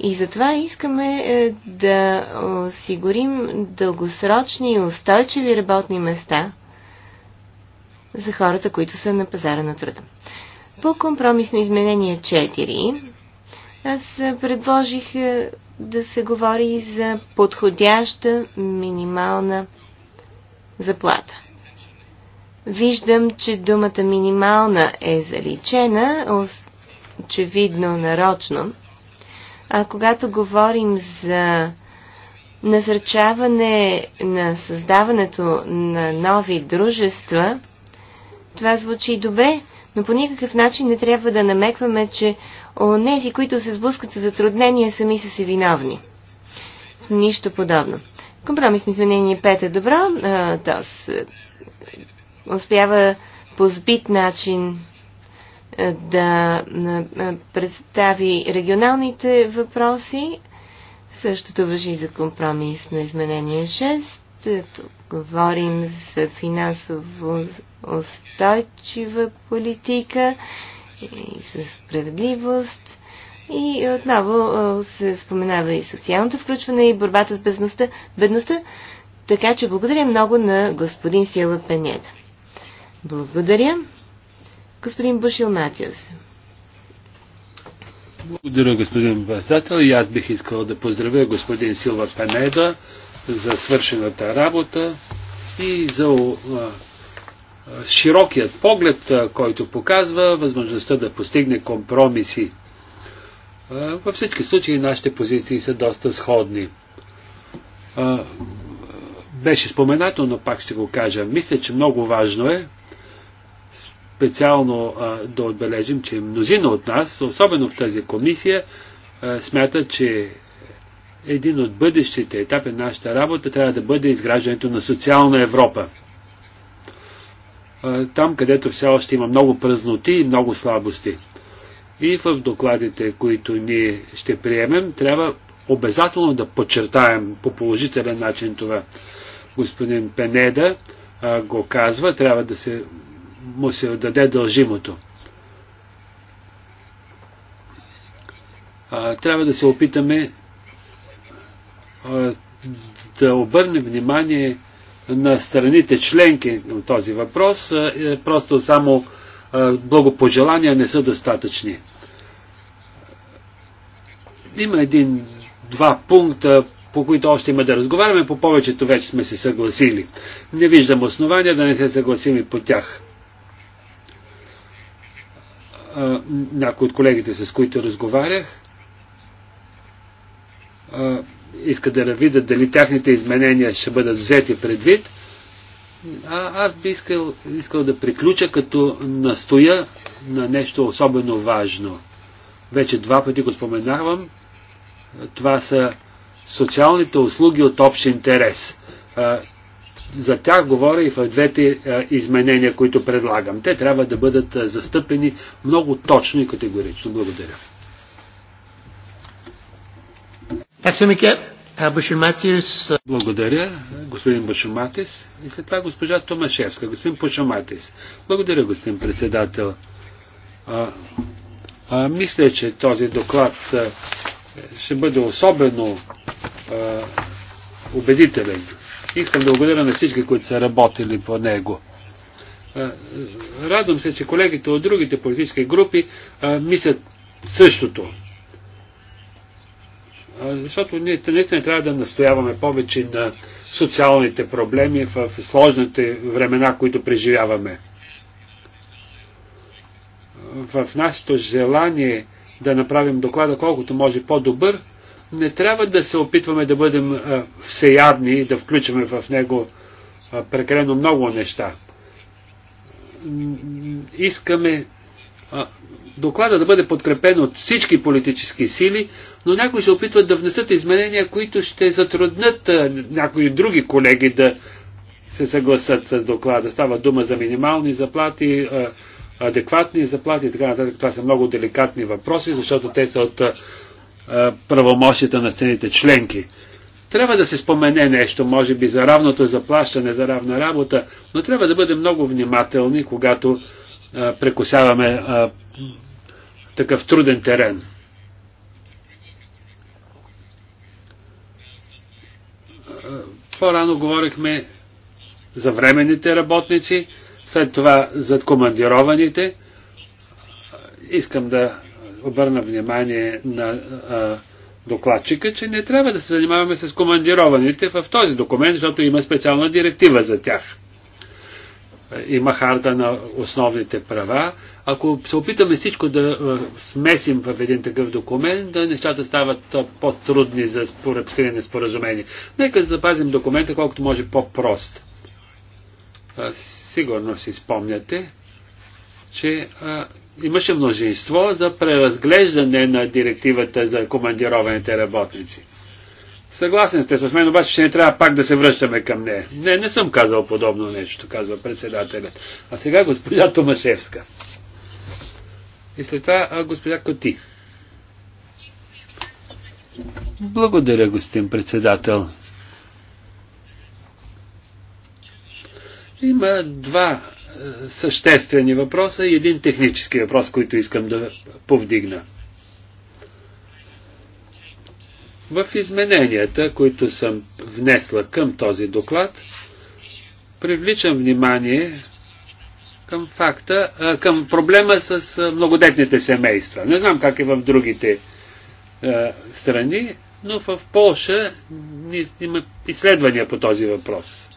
И затова искаме е, да осигурим дългосрочни и устойчиви работни места за хората, които са на пазара на труда. По компромисно изменение 4 аз предложих е, да се говори и за подходяща минимална заплата. Виждам, че думата минимална е заличена, очевидно нарочно. А когато говорим за насърчаване на създаването на нови дружества, това звучи добре, но по никакъв начин не трябва да намекваме, че онези, които се сблъскат с затруднения, сами са се виновни. Нищо подобно. Компромисно изменение 5 е добро. То успява по сбит начин да представи регионалните въпроси. Същото въжи за компромис на изменение 6. Е, тук говорим за финансово устойчива политика и за справедливост. И отново се споменава и социалното включване и борбата с бедността. бедността така че благодаря много на господин Сила Пенеда. Благодаря. Господин Бушил Матиус. Благодаря, господин председател. И аз бих искал да поздравя господин Силва Пенеда за свършената работа и за широкият поглед, който показва възможността да постигне компромиси. Във всички случаи нашите позиции са доста сходни. Беше споменато, но пак ще го кажа. Мисля, че много важно е специално да отбележим, че мнозина от нас, особено в тази комисия, смята, че един от бъдещите етапи на нашата работа трябва да бъде изграждането на социална Европа там, където все още има много празноти и много слабости. И в докладите, които ние ще приемем, трябва обязателно да подчертаем по положителен начин това. Господин Пенеда а, го казва, трябва да се, му се даде дължимото. А, трябва да се опитаме а, да обърнем внимание на страните членки на този въпрос, е, просто само благопожелания не са достатъчни. Има един-два пункта, по които още има да разговаряме, по повечето вече сме се съгласили. Не виждам основания да не се съгласим и по тях. Някои от колегите, с които разговарях, искат да видят дали тяхните изменения ще бъдат взети предвид. А аз би искал, искал да приключа, като настоя на нещо особено важно. Вече два пъти го споменавам. Това са социалните услуги от общ интерес. За тях говоря и в двете изменения, които предлагам. Те трябва да бъдат застъпени много точно и категорично. Благодаря. Uh, uh, благодаря, господин Бушуматис. И след това госпожа Томашевска. Господин Бушуматис. Благодаря, господин председател. А, а, мисля, че този доклад а, ще бъде особено а, убедителен. Искам да благодаря на всички, които са работили по него. А, радвам се, че колегите от другите политически групи а, мислят същото. Защото ние наистина трябва да настояваме повече на социалните проблеми в сложните времена, които преживяваме. В нашето желание да направим доклада колкото може по-добър, не трябва да се опитваме да бъдем всеядни и да включваме в него прекалено много неща. Искаме доклада да бъде подкрепен от всички политически сили, но някои се опитват да внесат изменения, които ще затруднат някои други колеги да се съгласат с доклада. Става дума за минимални заплати, адекватни заплати и така нататък. Това са много деликатни въпроси, защото те са от правомощите на страните членки. Трябва да се спомене нещо, може би, за равното заплащане, за равна работа, но трябва да бъдем много внимателни, когато прекусяваме такъв труден терен. По-рано говорихме за временните работници, след това за командированите. Искам да обърна внимание на а, докладчика, че не трябва да се занимаваме с командированите в този документ, защото има специална директива за тях. Е, има махарда на основните права. Ако се опитаме всичко да е, смесим в един такъв документ, да нещата стават е, по-трудни за постигане споразумение. Нека запазим документа колкото може по-прост. Сигурно си спомняте, че а, имаше множество за преразглеждане на директивата за командированите работници. Съгласен сте с мен, обаче ще не трябва пак да се връщаме към нея. Не, не съм казал подобно нещо, казва председателят. А сега госпожа Томашевска. И след това госпожа Коти. Благодаря, господин председател. Има два е, съществени въпроса и един технически въпрос, който искам да повдигна. В измененията, които съм внесла към този доклад, привличам внимание към факта, към проблема с многодетните семейства. Не знам как е в другите страни, но в Польша има изследвания по този въпрос.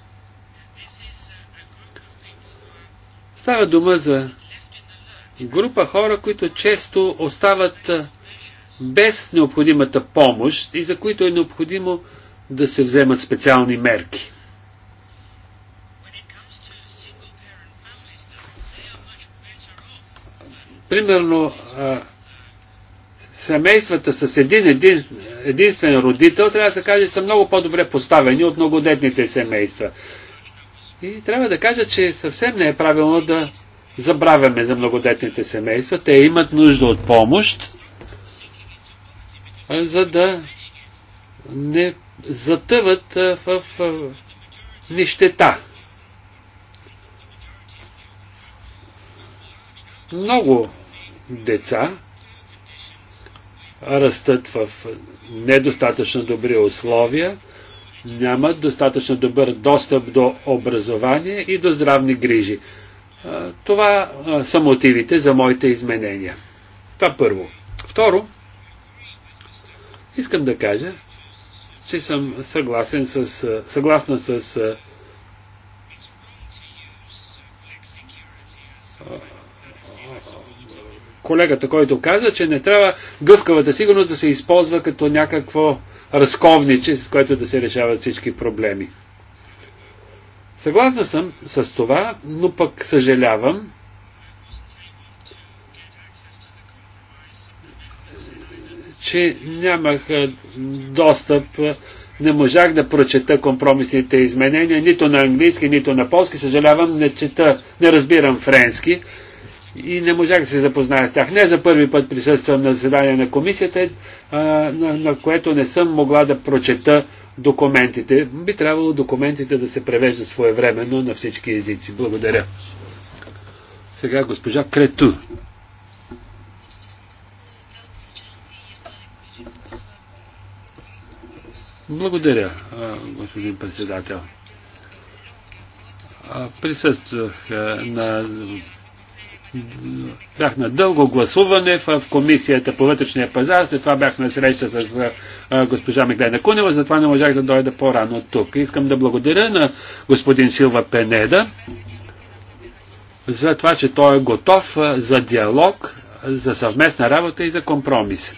Става дума за група хора, които често остават без необходимата помощ и за които е необходимо да се вземат специални мерки. Примерно, семействата с един, един единствен родител, трябва да се каже, са много по-добре поставени от многодетните семейства. И трябва да кажа, че съвсем не е правилно да забравяме за многодетните семейства. Те имат нужда от помощ за да не затъват в нищета. Много деца растат в недостатъчно добри условия, нямат достатъчно добър достъп до образование и до здравни грижи. Това са мотивите за моите изменения. Това първо. Второ, Искам да кажа, че съм съгласен с, съгласна с колегата, който каза, че не трябва гъвкавата сигурност да се използва като някакво разковниче, с което да се решават всички проблеми. Съгласна съм с това, но пък съжалявам, че нямах е, достъп, е, не можах да прочета компромисните изменения, нито на английски, нито на полски. Съжалявам, не чета, не разбирам френски и не можах да се запозная с тях. Не за първи път присъствам на заседание на комисията, е, на, на което не съм могла да прочета документите. Би трябвало документите да се превеждат своевременно на всички езици. Благодаря. Сега госпожа Крету. Благодаря, господин председател. Присъствах на бях на дълго гласуване в комисията по вътрешния пазар, след това бях на среща с госпожа Миглена Кунева, затова не можах да дойда по-рано тук. Искам да благодаря на господин Силва Пенеда за това, че той е готов за диалог, за съвместна работа и за компромис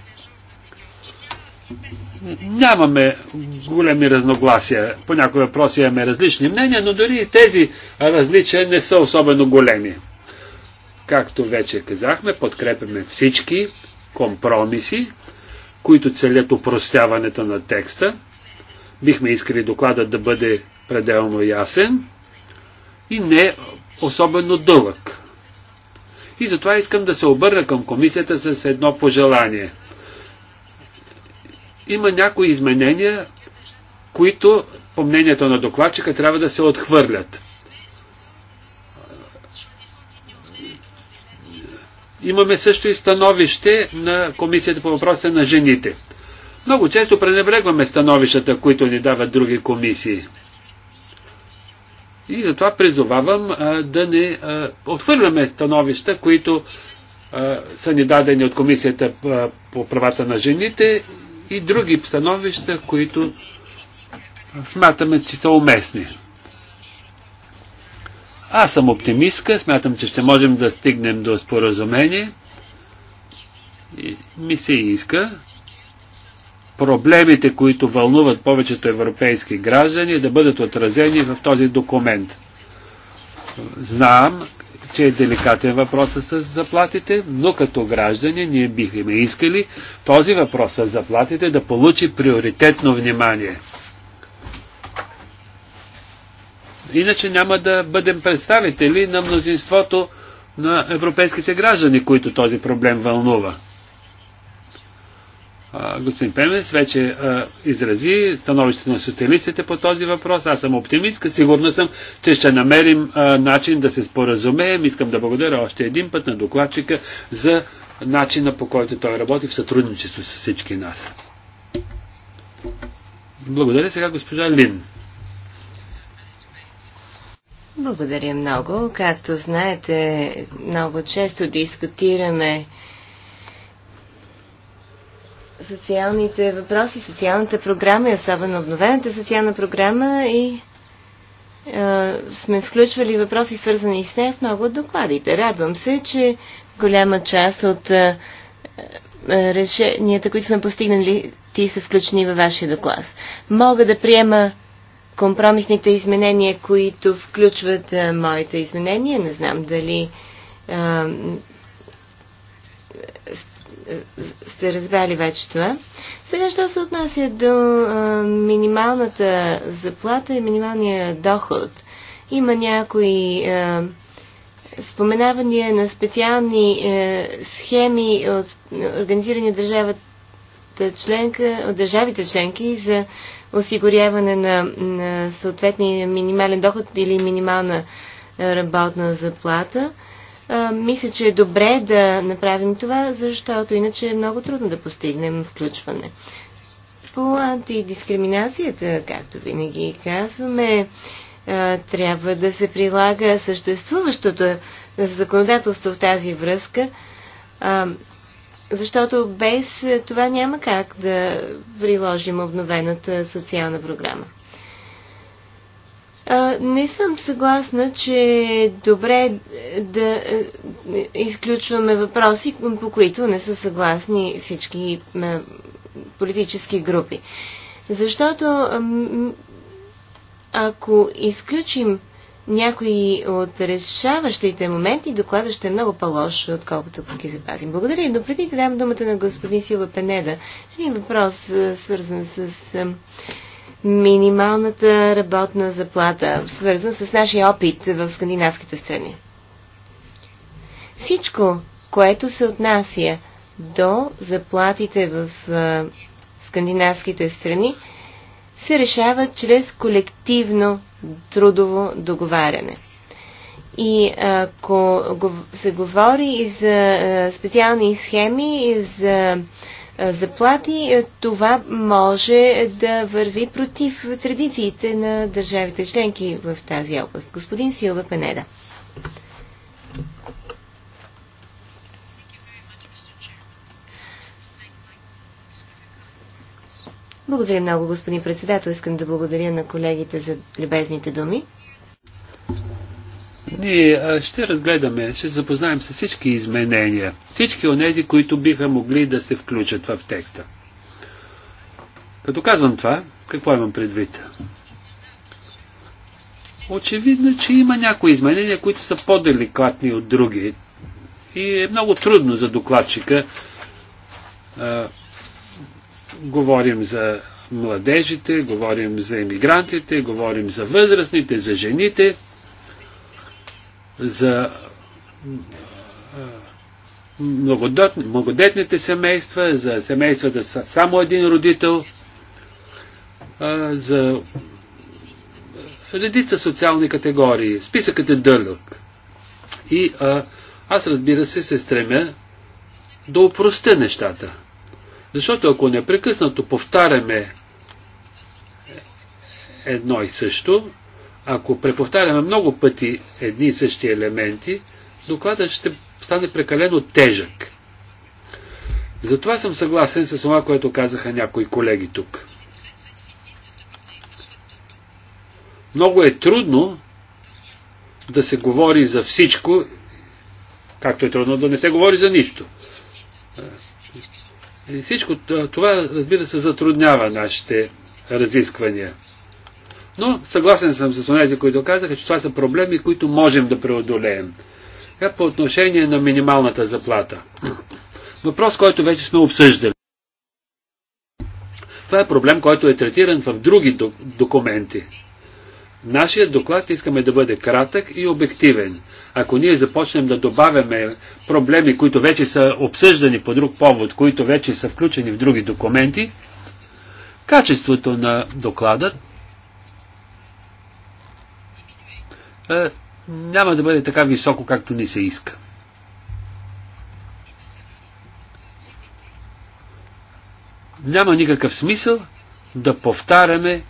нямаме големи разногласия. По някои въпроси имаме различни мнения, но дори и тези различия не са особено големи. Както вече казахме, подкрепяме всички компромиси, които целят упростяването на текста. Бихме искали докладът да бъде пределно ясен и не особено дълъг. И затова искам да се обърна към комисията с едно пожелание – има някои изменения, които, по мнението на докладчика, трябва да се отхвърлят. Имаме също и становище на Комисията по въпросите на жените. Много често пренебрегваме становищата, които ни дават други комисии. И затова призовавам а, да не отхвърляме становища, които а, са ни дадени от Комисията по правата на жените и други становища, които смятаме, че са уместни. Аз съм оптимистка, смятам, че ще можем да стигнем до споразумение. И ми се иска проблемите, които вълнуват повечето европейски граждани, да бъдат отразени в този документ. Знам, че е деликатен въпрос с заплатите, но като граждани ние бихме искали този въпрос с заплатите да получи приоритетно внимание. Иначе няма да бъдем представители на мнозинството на европейските граждани, които този проблем вълнува господин Пемес вече а, изрази становището на социалистите по този въпрос. Аз съм оптимистка, сигурна съм, че ще намерим а, начин да се споразумеем. Искам да благодаря още един път на докладчика за начина по който той работи в сътрудничество с всички нас. Благодаря сега госпожа Лин. Благодаря много. Както знаете, много често дискутираме социалните въпроси, социалната програма и особено обновената социална програма и е, сме включвали въпроси свързани с нея в много от докладите. Радвам се, че голяма част от е, решенията, които сме постигнали, ти са включени във вашия доклад. Мога да приема компромисните изменения, които включват е, моите изменения. Не знам дали е, сте разбрали вече това. Сега, що се отнася до а, минималната заплата и минималния доход? Има някои а, споменавания на специални а, схеми от организирани държавата членка, от държавите членки за осигуряване на, на съответния минимален доход или минимална работна заплата. А, а, мисля, че е добре да направим това, защото иначе е много трудно да постигнем включване. По антидискриминацията, както винаги казваме, а, трябва да се прилага съществуващото законодателство в тази връзка. А, защото без това няма как да приложим обновената социална програма. Не съм съгласна, че е добре да е, изключваме въпроси, по които не са съгласни всички е, политически групи. Защото ако изключим някои от решаващите моменти, докладът ще е много по-лош, отколкото пък ги запазим. Благодаря и допреди да дам думата на господин Силва Пенеда. Един въпрос, е, свързан с минималната работна заплата, свързана с нашия опит в скандинавските страни. Всичко, което се отнася до заплатите в скандинавските страни, се решава чрез колективно трудово договаряне. И ако се говори и за специални схеми и за е, заплати, е, това може да върви против традициите на държавите членки в тази област. Господин Силва Пенеда. Благодаря много, господин председател. Искам да благодаря на колегите за любезните думи. Ние ще разгледаме, ще запознаем с всички изменения, всички онези, които биха могли да се включат в текста. Като казвам това, какво имам предвид? Очевидно, че има някои изменения, които са по-деликатни от други. И е много трудно за докладчика. А, говорим за младежите, говорим за емигрантите, говорим за възрастните, за жените за многодетните семейства, за семействата с само един родител, за редица социални категории. Списъкът е дълъг. И а, аз разбира се се стремя да упростя нещата. Защото ако непрекъснато повтаряме едно и също, ако преповтаряме много пъти едни и същи елементи, докладът ще стане прекалено тежък. Затова съм съгласен с това, което казаха някои колеги тук. Много е трудно да се говори за всичко, както е трудно да не се говори за нищо. И всичко това, разбира се, затруднява нашите разисквания. Но съгласен съм с тези, които казаха, че това са проблеми, които можем да преодолеем. Е по отношение на минималната заплата. Въпрос, който вече сме обсъждали. Това е проблем, който е третиран в други документи. Нашият доклад искаме да бъде кратък и обективен. Ако ние започнем да добавяме проблеми, които вече са обсъждани по друг повод, които вече са включени в други документи, качеството на докладът Е, няма да бъде така високо, както ни се иска. Няма никакъв смисъл да повтаряме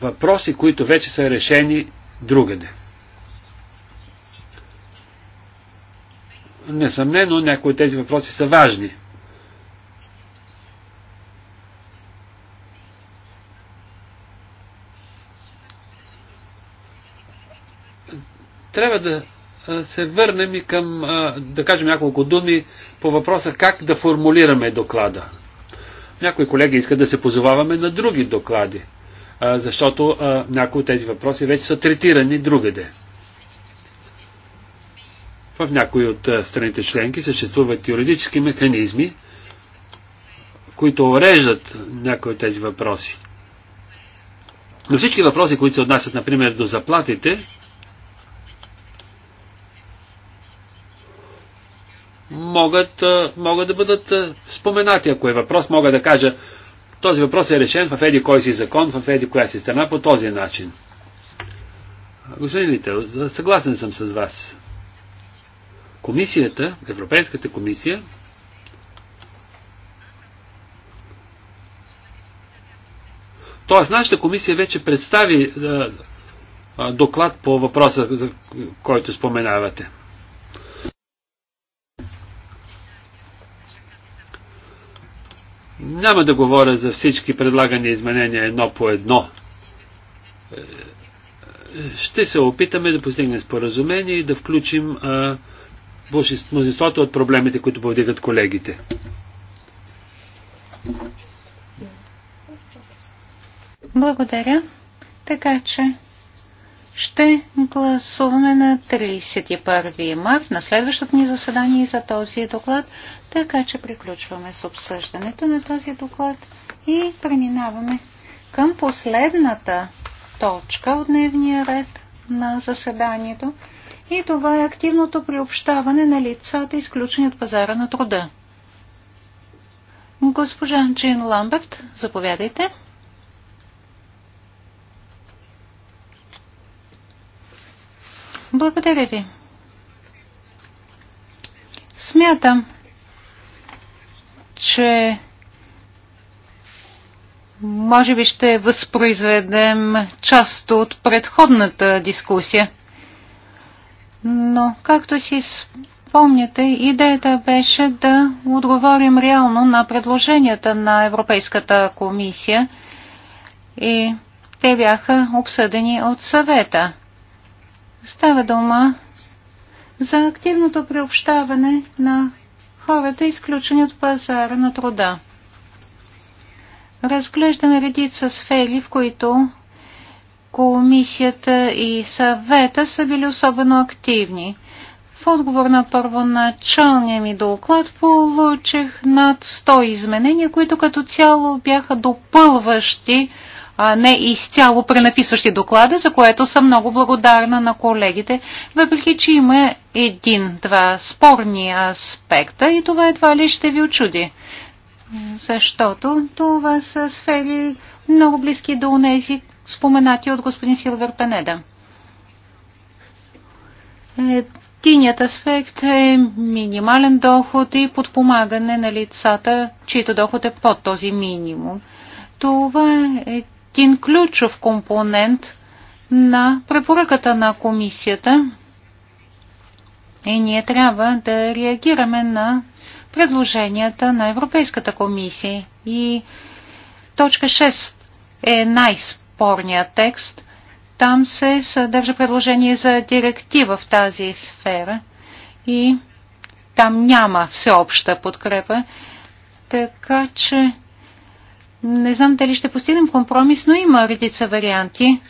въпроси, които вече са решени другаде. Несъмнено, някои от тези въпроси са важни – Трябва да се върнем и към, да кажем няколко думи по въпроса как да формулираме доклада. Някои колеги искат да се позоваваме на други доклади, защото някои от тези въпроси вече са третирани другаде. В някои от страните членки съществуват юридически механизми, които уреждат някои от тези въпроси. Но всички въпроси, които се отнасят, например, до заплатите, могат, могат да бъдат споменати. Ако е въпрос, мога да кажа, този въпрос е решен в еди кой си закон, в еди коя си страна по този начин. Господин Лител, съгласен съм с вас. Комисията, Европейската комисия, т.е. нашата комисия вече представи доклад по въпроса, за който споменавате. Няма да говоря за всички предлагани изменения едно по едно. Е, ще се опитаме да постигнем споразумение и да включим мнозинството от проблемите, които повдигат колегите. Благодаря. Така че ще гласуваме на 31 март на следващото ни заседание за този доклад, така че приключваме с обсъждането на този доклад и преминаваме към последната точка от дневния ред на заседанието и това е активното приобщаване на лицата, изключени от пазара на труда. Госпожа Джин Ламберт, заповядайте. Благодаря ви. Смятам, че може би ще възпроизведем част от предходната дискусия. Но, както си спомняте, идеята беше да отговорим реално на предложенията на Европейската комисия и те бяха обсъдени от съвета. Става дума за активното приобщаване на хората, изключени от пазара на труда. Разглеждаме редица сфери, в които комисията и съвета са били особено активни. В отговор на първоначалния ми доклад получих над 100 изменения, които като цяло бяха допълващи а не изцяло пренаписващи доклада, за което съм много благодарна на колегите, въпреки че има един-два спорни аспекта и това едва ли ще ви очуди. Защото това са сфери много близки до нези, споменати от господин Силвер Пенеда. Единият аспект е минимален доход и подпомагане на лицата, чието доход е под този минимум. Това е един ключов компонент на препоръката на комисията и ние трябва да реагираме на предложенията на Европейската комисия. И точка 6 е най-спорният текст. Там се съдържа предложение за директива в тази сфера и там няма всеобща подкрепа. Така че не знам дали ще постигнем компромис, но има редица варианти.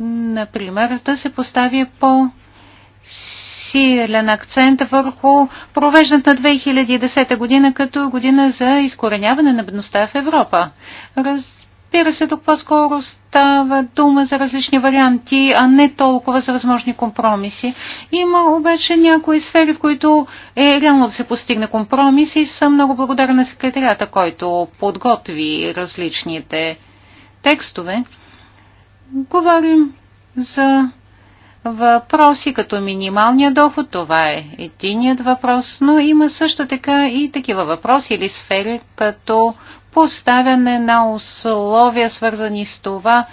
Например, да се постави по силен акцент върху провеждат на 2010 година като година за изкореняване на бедността в Европа. Раз... Разбира се, тук по-скоро става дума за различни варианти, а не толкова за възможни компромиси. Има обаче някои сфери, в които е реално да се постигне компромис и съм много благодарна на секретарията, който подготви различните текстове. Говорим за въпроси, като минималния доход, това е единият въпрос, но има също така и такива въпроси или сфери, като поставяне на условия, свързани с това,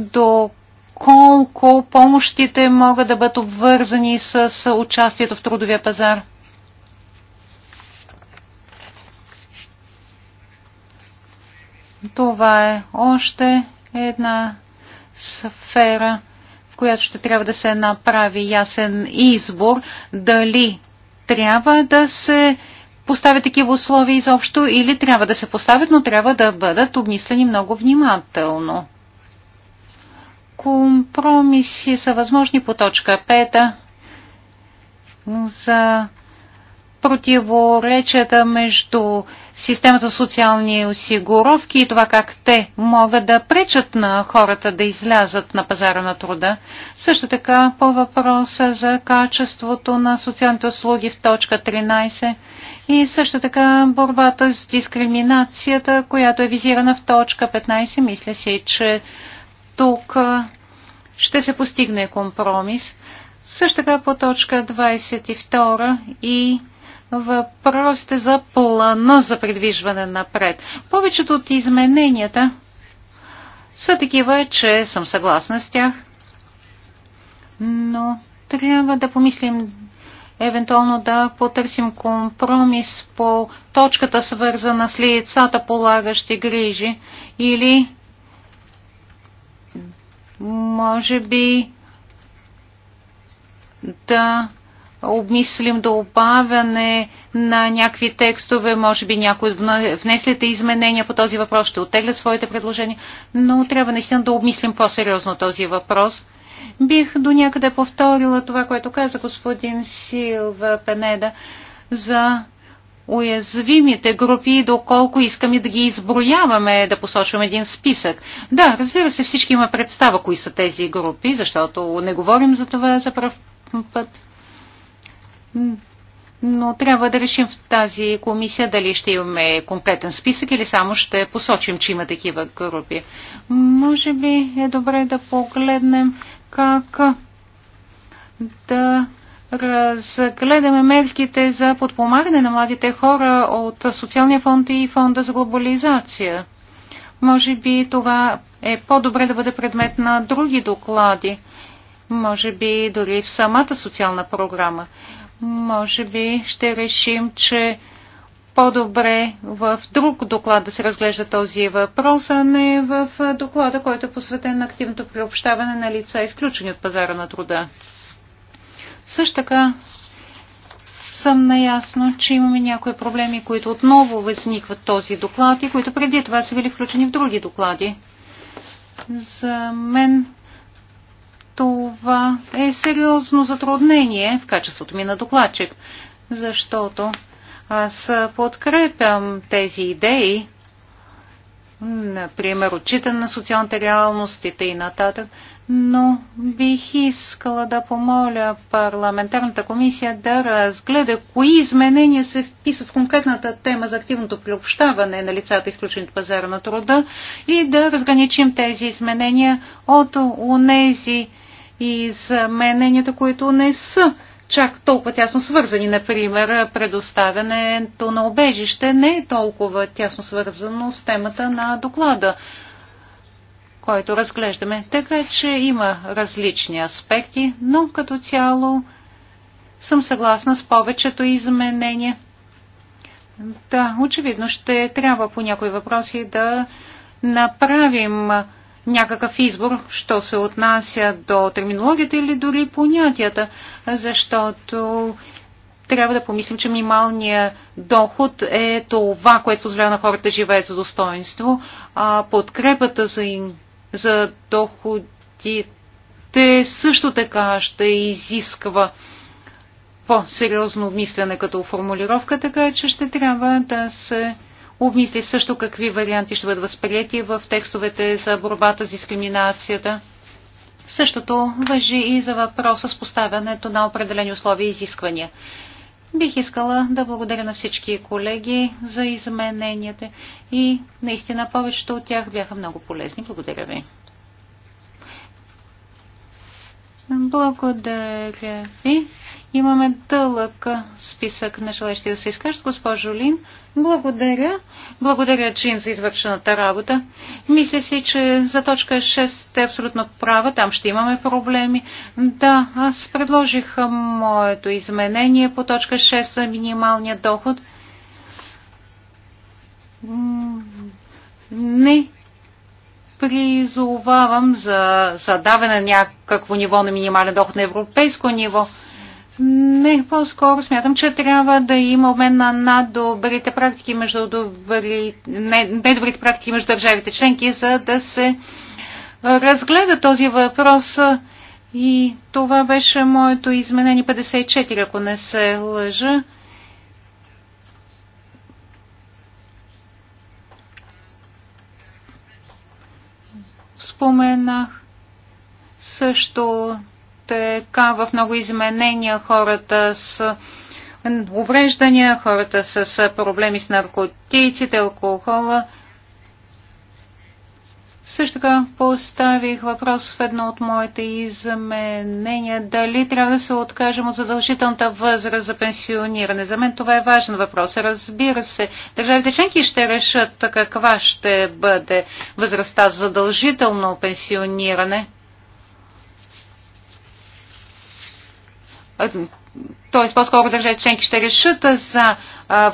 до колко помощите могат да бъдат обвързани с участието в трудовия пазар. Това е още една сфера, в която ще трябва да се направи ясен избор дали трябва да се поставя такива условия изобщо или трябва да се поставят, но трябва да бъдат обмислени много внимателно. Компромиси са възможни по точка 5 за противоречията между система за социални осигуровки и това как те могат да пречат на хората да излязат на пазара на труда. Също така по въпроса за качеството на социалните услуги в точка 13 и също така борбата с дискриминацията, която е визирана в точка 15. Мисля си, че тук ще се постигне компромис. Също така по точка 22 и въпросите за плана за придвижване напред. Повечето от измененията са такива, че съм съгласна с тях, но трябва да помислим евентуално да потърсим компромис по точката свързана с лицата полагащи грижи или може би да обмислим добавяне на някакви текстове, може би някои внеслите изменения по този въпрос ще оттеглят своите предложения, но трябва наистина да обмислим по-сериозно този въпрос. Бих до някъде повторила това, което каза господин Силва Пенеда за уязвимите групи, доколко искаме да ги изброяваме, да посочваме един списък. Да, разбира се, всички има представа кои са тези групи, защото не говорим за това за пръв път. Но трябва да решим в тази комисия дали ще имаме конкретен списък или само ще посочим, че има такива групи. Може би е добре да погледнем как да разгледаме мерките за подпомагане на младите хора от Социалния фонд и фонда за глобализация. Може би това е по-добре да бъде предмет на други доклади, може би дори в самата социална програма. Може би ще решим, че по-добре в друг доклад да се разглежда този въпрос, а не в доклада, който е посветен на активното приобщаване на лица, изключени от пазара на труда. Също така съм наясно, че имаме някои проблеми, които отново възникват този доклад и които преди това са били включени в други доклади. За мен това е сериозно затруднение в качеството ми на докладчик, защото аз подкрепям тези идеи, например, отчитане на социалните реалности и нататък, но бих искала да помоля парламентарната комисия да разгледа кои изменения се вписват в конкретната тема за активното приобщаване на лицата, изключени от пазара на труда, и да разграничим тези изменения от унези измененията, които не са чак толкова тясно свързани. Например, предоставянето на обежище не е толкова тясно свързано с темата на доклада, който разглеждаме. Така че има различни аспекти, но като цяло съм съгласна с повечето изменения. Да, очевидно ще трябва по някои въпроси да направим някакъв избор, що се отнася до терминологията или дори понятията, защото трябва да помислим, че минималният доход е това, което позволява на хората да живеят за достоинство, а подкрепата за, им, за доходите също така ще изисква по-сериозно мислене като формулировка, така че ще трябва да се обмисли също какви варианти ще бъдат възприяти в текстовете за борбата с дискриминацията. Същото въжи и за въпроса с поставянето на определени условия и изисквания. Бих искала да благодаря на всички колеги за измененията и наистина повечето от тях бяха много полезни. Благодаря ви. Благодаря ви. Имаме дълъг списък на желащи да се изкажат. Госпожо Лин, благодаря. Благодаря, Джин за извършената работа. Мисля си, че за точка 6 сте абсолютно права, там ще имаме проблеми. Да, аз предложих моето изменение по точка 6 за минималния доход. Не призовавам за задаване на някакво ниво на минимален доход на европейско ниво – не, по-скоро смятам, че трябва да има обмен на, добрите практики между добри, не, не добрите практики между държавите членки, за да се разгледа този въпрос. И това беше моето изменение 54, ако не се лъжа. Споменах също така е в много изменения хората с увреждания, хората с проблеми с наркотиците, алкохола. Също така поставих въпрос в едно от моите изменения. Дали трябва да се откажем от задължителната възраст за пенсиониране? За мен това е важен въпрос. Разбира се, държавите членки ще решат каква ще бъде възрастта за задължително пенсиониране. т.е. по-скоро държавите членки ще решат за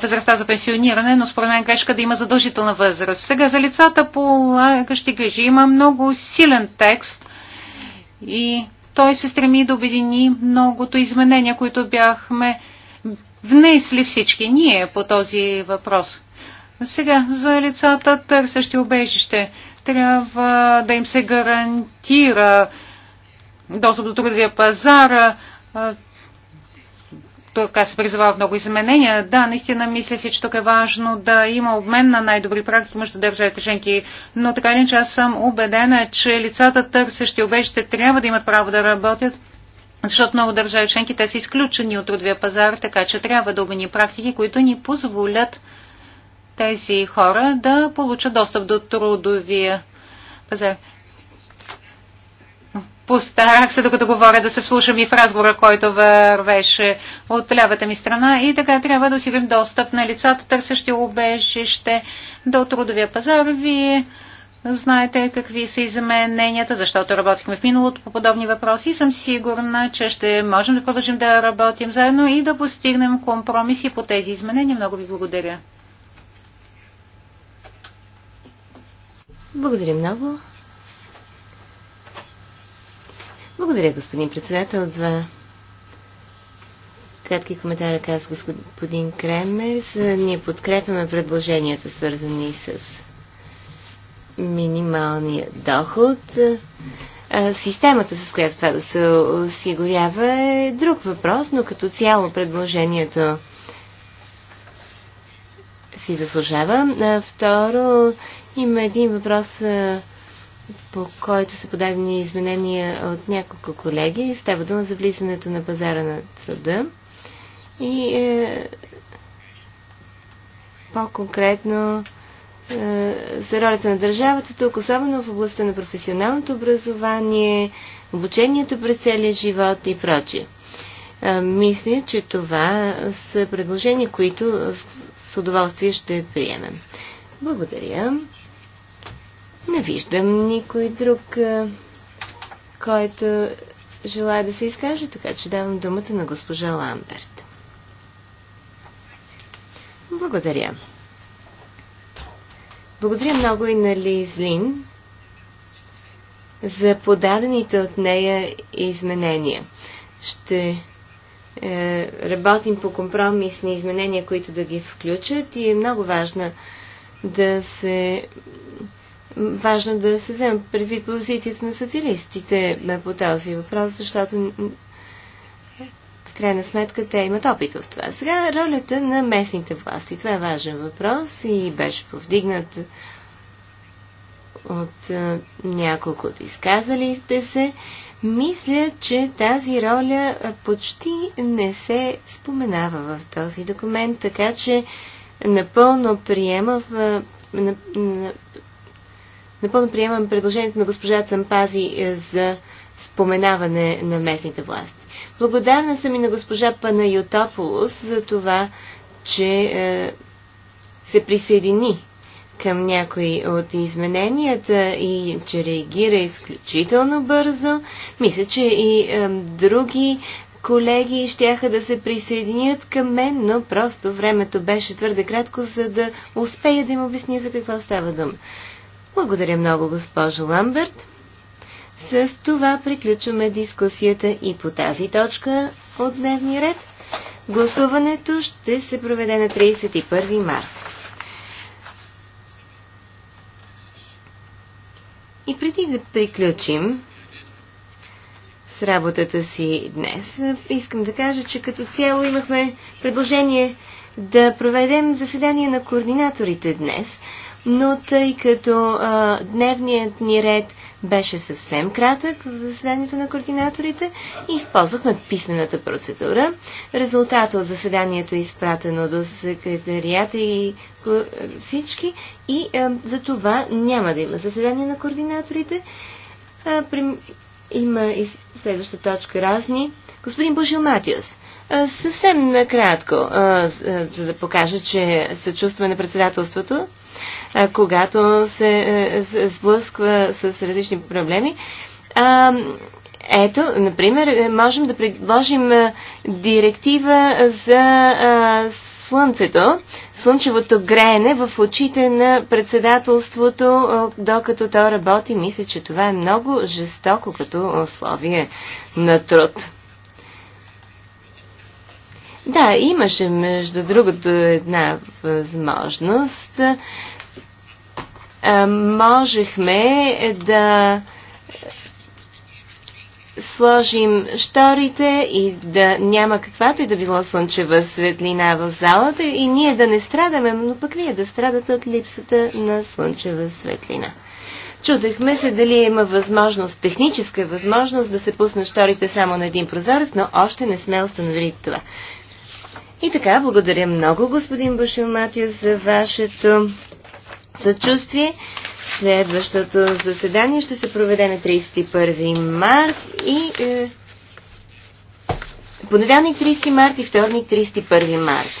възрастта за пенсиониране, но според мен грешка да има задължителна възраст. Сега за лицата по лагащи грижи има много силен текст и той се стреми да обедини многото изменения, които бяхме внесли всички ние по този въпрос. Сега за лицата търсещи обежище трябва да им се гарантира достъп до трудовия пазар, така се призвава в много изменения. Да, наистина мисля си, че тук е важно да има обмен на най-добри практики между държавите членки, но така или че аз съм убедена, че лицата търсещи обещите трябва да имат право да работят защото много държави членки те са изключени от трудовия пазар, така че трябва да обмени практики, които ни позволят тези хора да получат достъп до трудовия пазар. Постарах се, докато говоря, да се вслушам и в разговора, който вървеше от лявата ми страна. И така трябва да осигурим достъп на лицата, търсещи убежище до трудовия пазар. Вие знаете какви са измененията, защото работихме в миналото по подобни въпроси и съм сигурна, че ще можем да продължим да работим заедно и да постигнем компромиси по тези изменения. Много ви благодаря. Благодаря много. Благодаря, господин председател, за кратки коментари каза господин Кремер. Ние подкрепяме предложенията, свързани с минималния доход. Системата, с която това да се осигурява, е друг въпрос, но като цяло предложението си заслужава. Второ, има един въпрос, по който са подадени изменения от няколко колеги. Става дума за влизането на пазара на труда и е, по-конкретно е, за ролята на държавата, тук особено в областта на професионалното образование, обучението през целия живот и прочие. Е, мисля, че това са предложения, които с удоволствие ще приемем. Благодаря. Не виждам никой друг, който желая да се изкаже, така че давам думата на госпожа Ламберт. Благодаря. Благодаря много и на Лизлин за подадените от нея изменения. Ще е, работим по компромисни изменения, които да ги включат и е много важно да се важно да се вземе предвид позицията на социалистите е, по този въпрос, защото в крайна сметка те имат опит в това. Сега ролята на местните власти. Това е важен въпрос и беше повдигнат от е, няколко от изказалите се. Мисля, че тази роля е, почти не се споменава в този документ, така че напълно приема в, на, на, Напълно приемам предложението на госпожа Цампази е, за споменаване на местните власти. Благодарна съм и на госпожа Панайотополос за това, че е, се присъедини към някои от измененията и че реагира изключително бързо. Мисля, че и е, други колеги щяха да се присъединят към мен, но просто времето беше твърде кратко, за да успея да им обясня за какво става дума. Благодаря много, госпожо Ламберт. С това приключваме дискусията и по тази точка от дневния ред. Гласуването ще се проведе на 31 март. И преди да приключим с работата си днес, искам да кажа, че като цяло имахме предложение да проведем заседание на координаторите днес – но тъй като а, дневният ни ред беше съвсем кратък в заседанието на координаторите, използвахме писмената процедура. Резултатът от заседанието е изпратено до секретарията и всички и а, за това няма да има заседание на координаторите. А, при... Има и следваща точка разни. Господин Бушил Матиус, Съвсем накратко, за да покажа, че се чувства на председателството, когато се сблъсква с различни проблеми. Ето, например, можем да предложим директива за слънцето, слънчевото греене в очите на председателството, докато то работи. Мисля, че това е много жестоко като условие на труд. Да, имаше между другото една възможност. Можехме да сложим шторите и да няма каквато и да било слънчева светлина в залата и ние да не страдаме, но пък вие да страдате от липсата на слънчева светлина. Чудехме се дали има възможност, техническа възможност да се пусне шторите само на един прозорец, но още не сме установили това. И така, благодаря много, господин Башил Матио, за вашето съчувствие. Следващото заседание ще се проведе на 31 март и е, понеделник 30 март и вторник 31 март.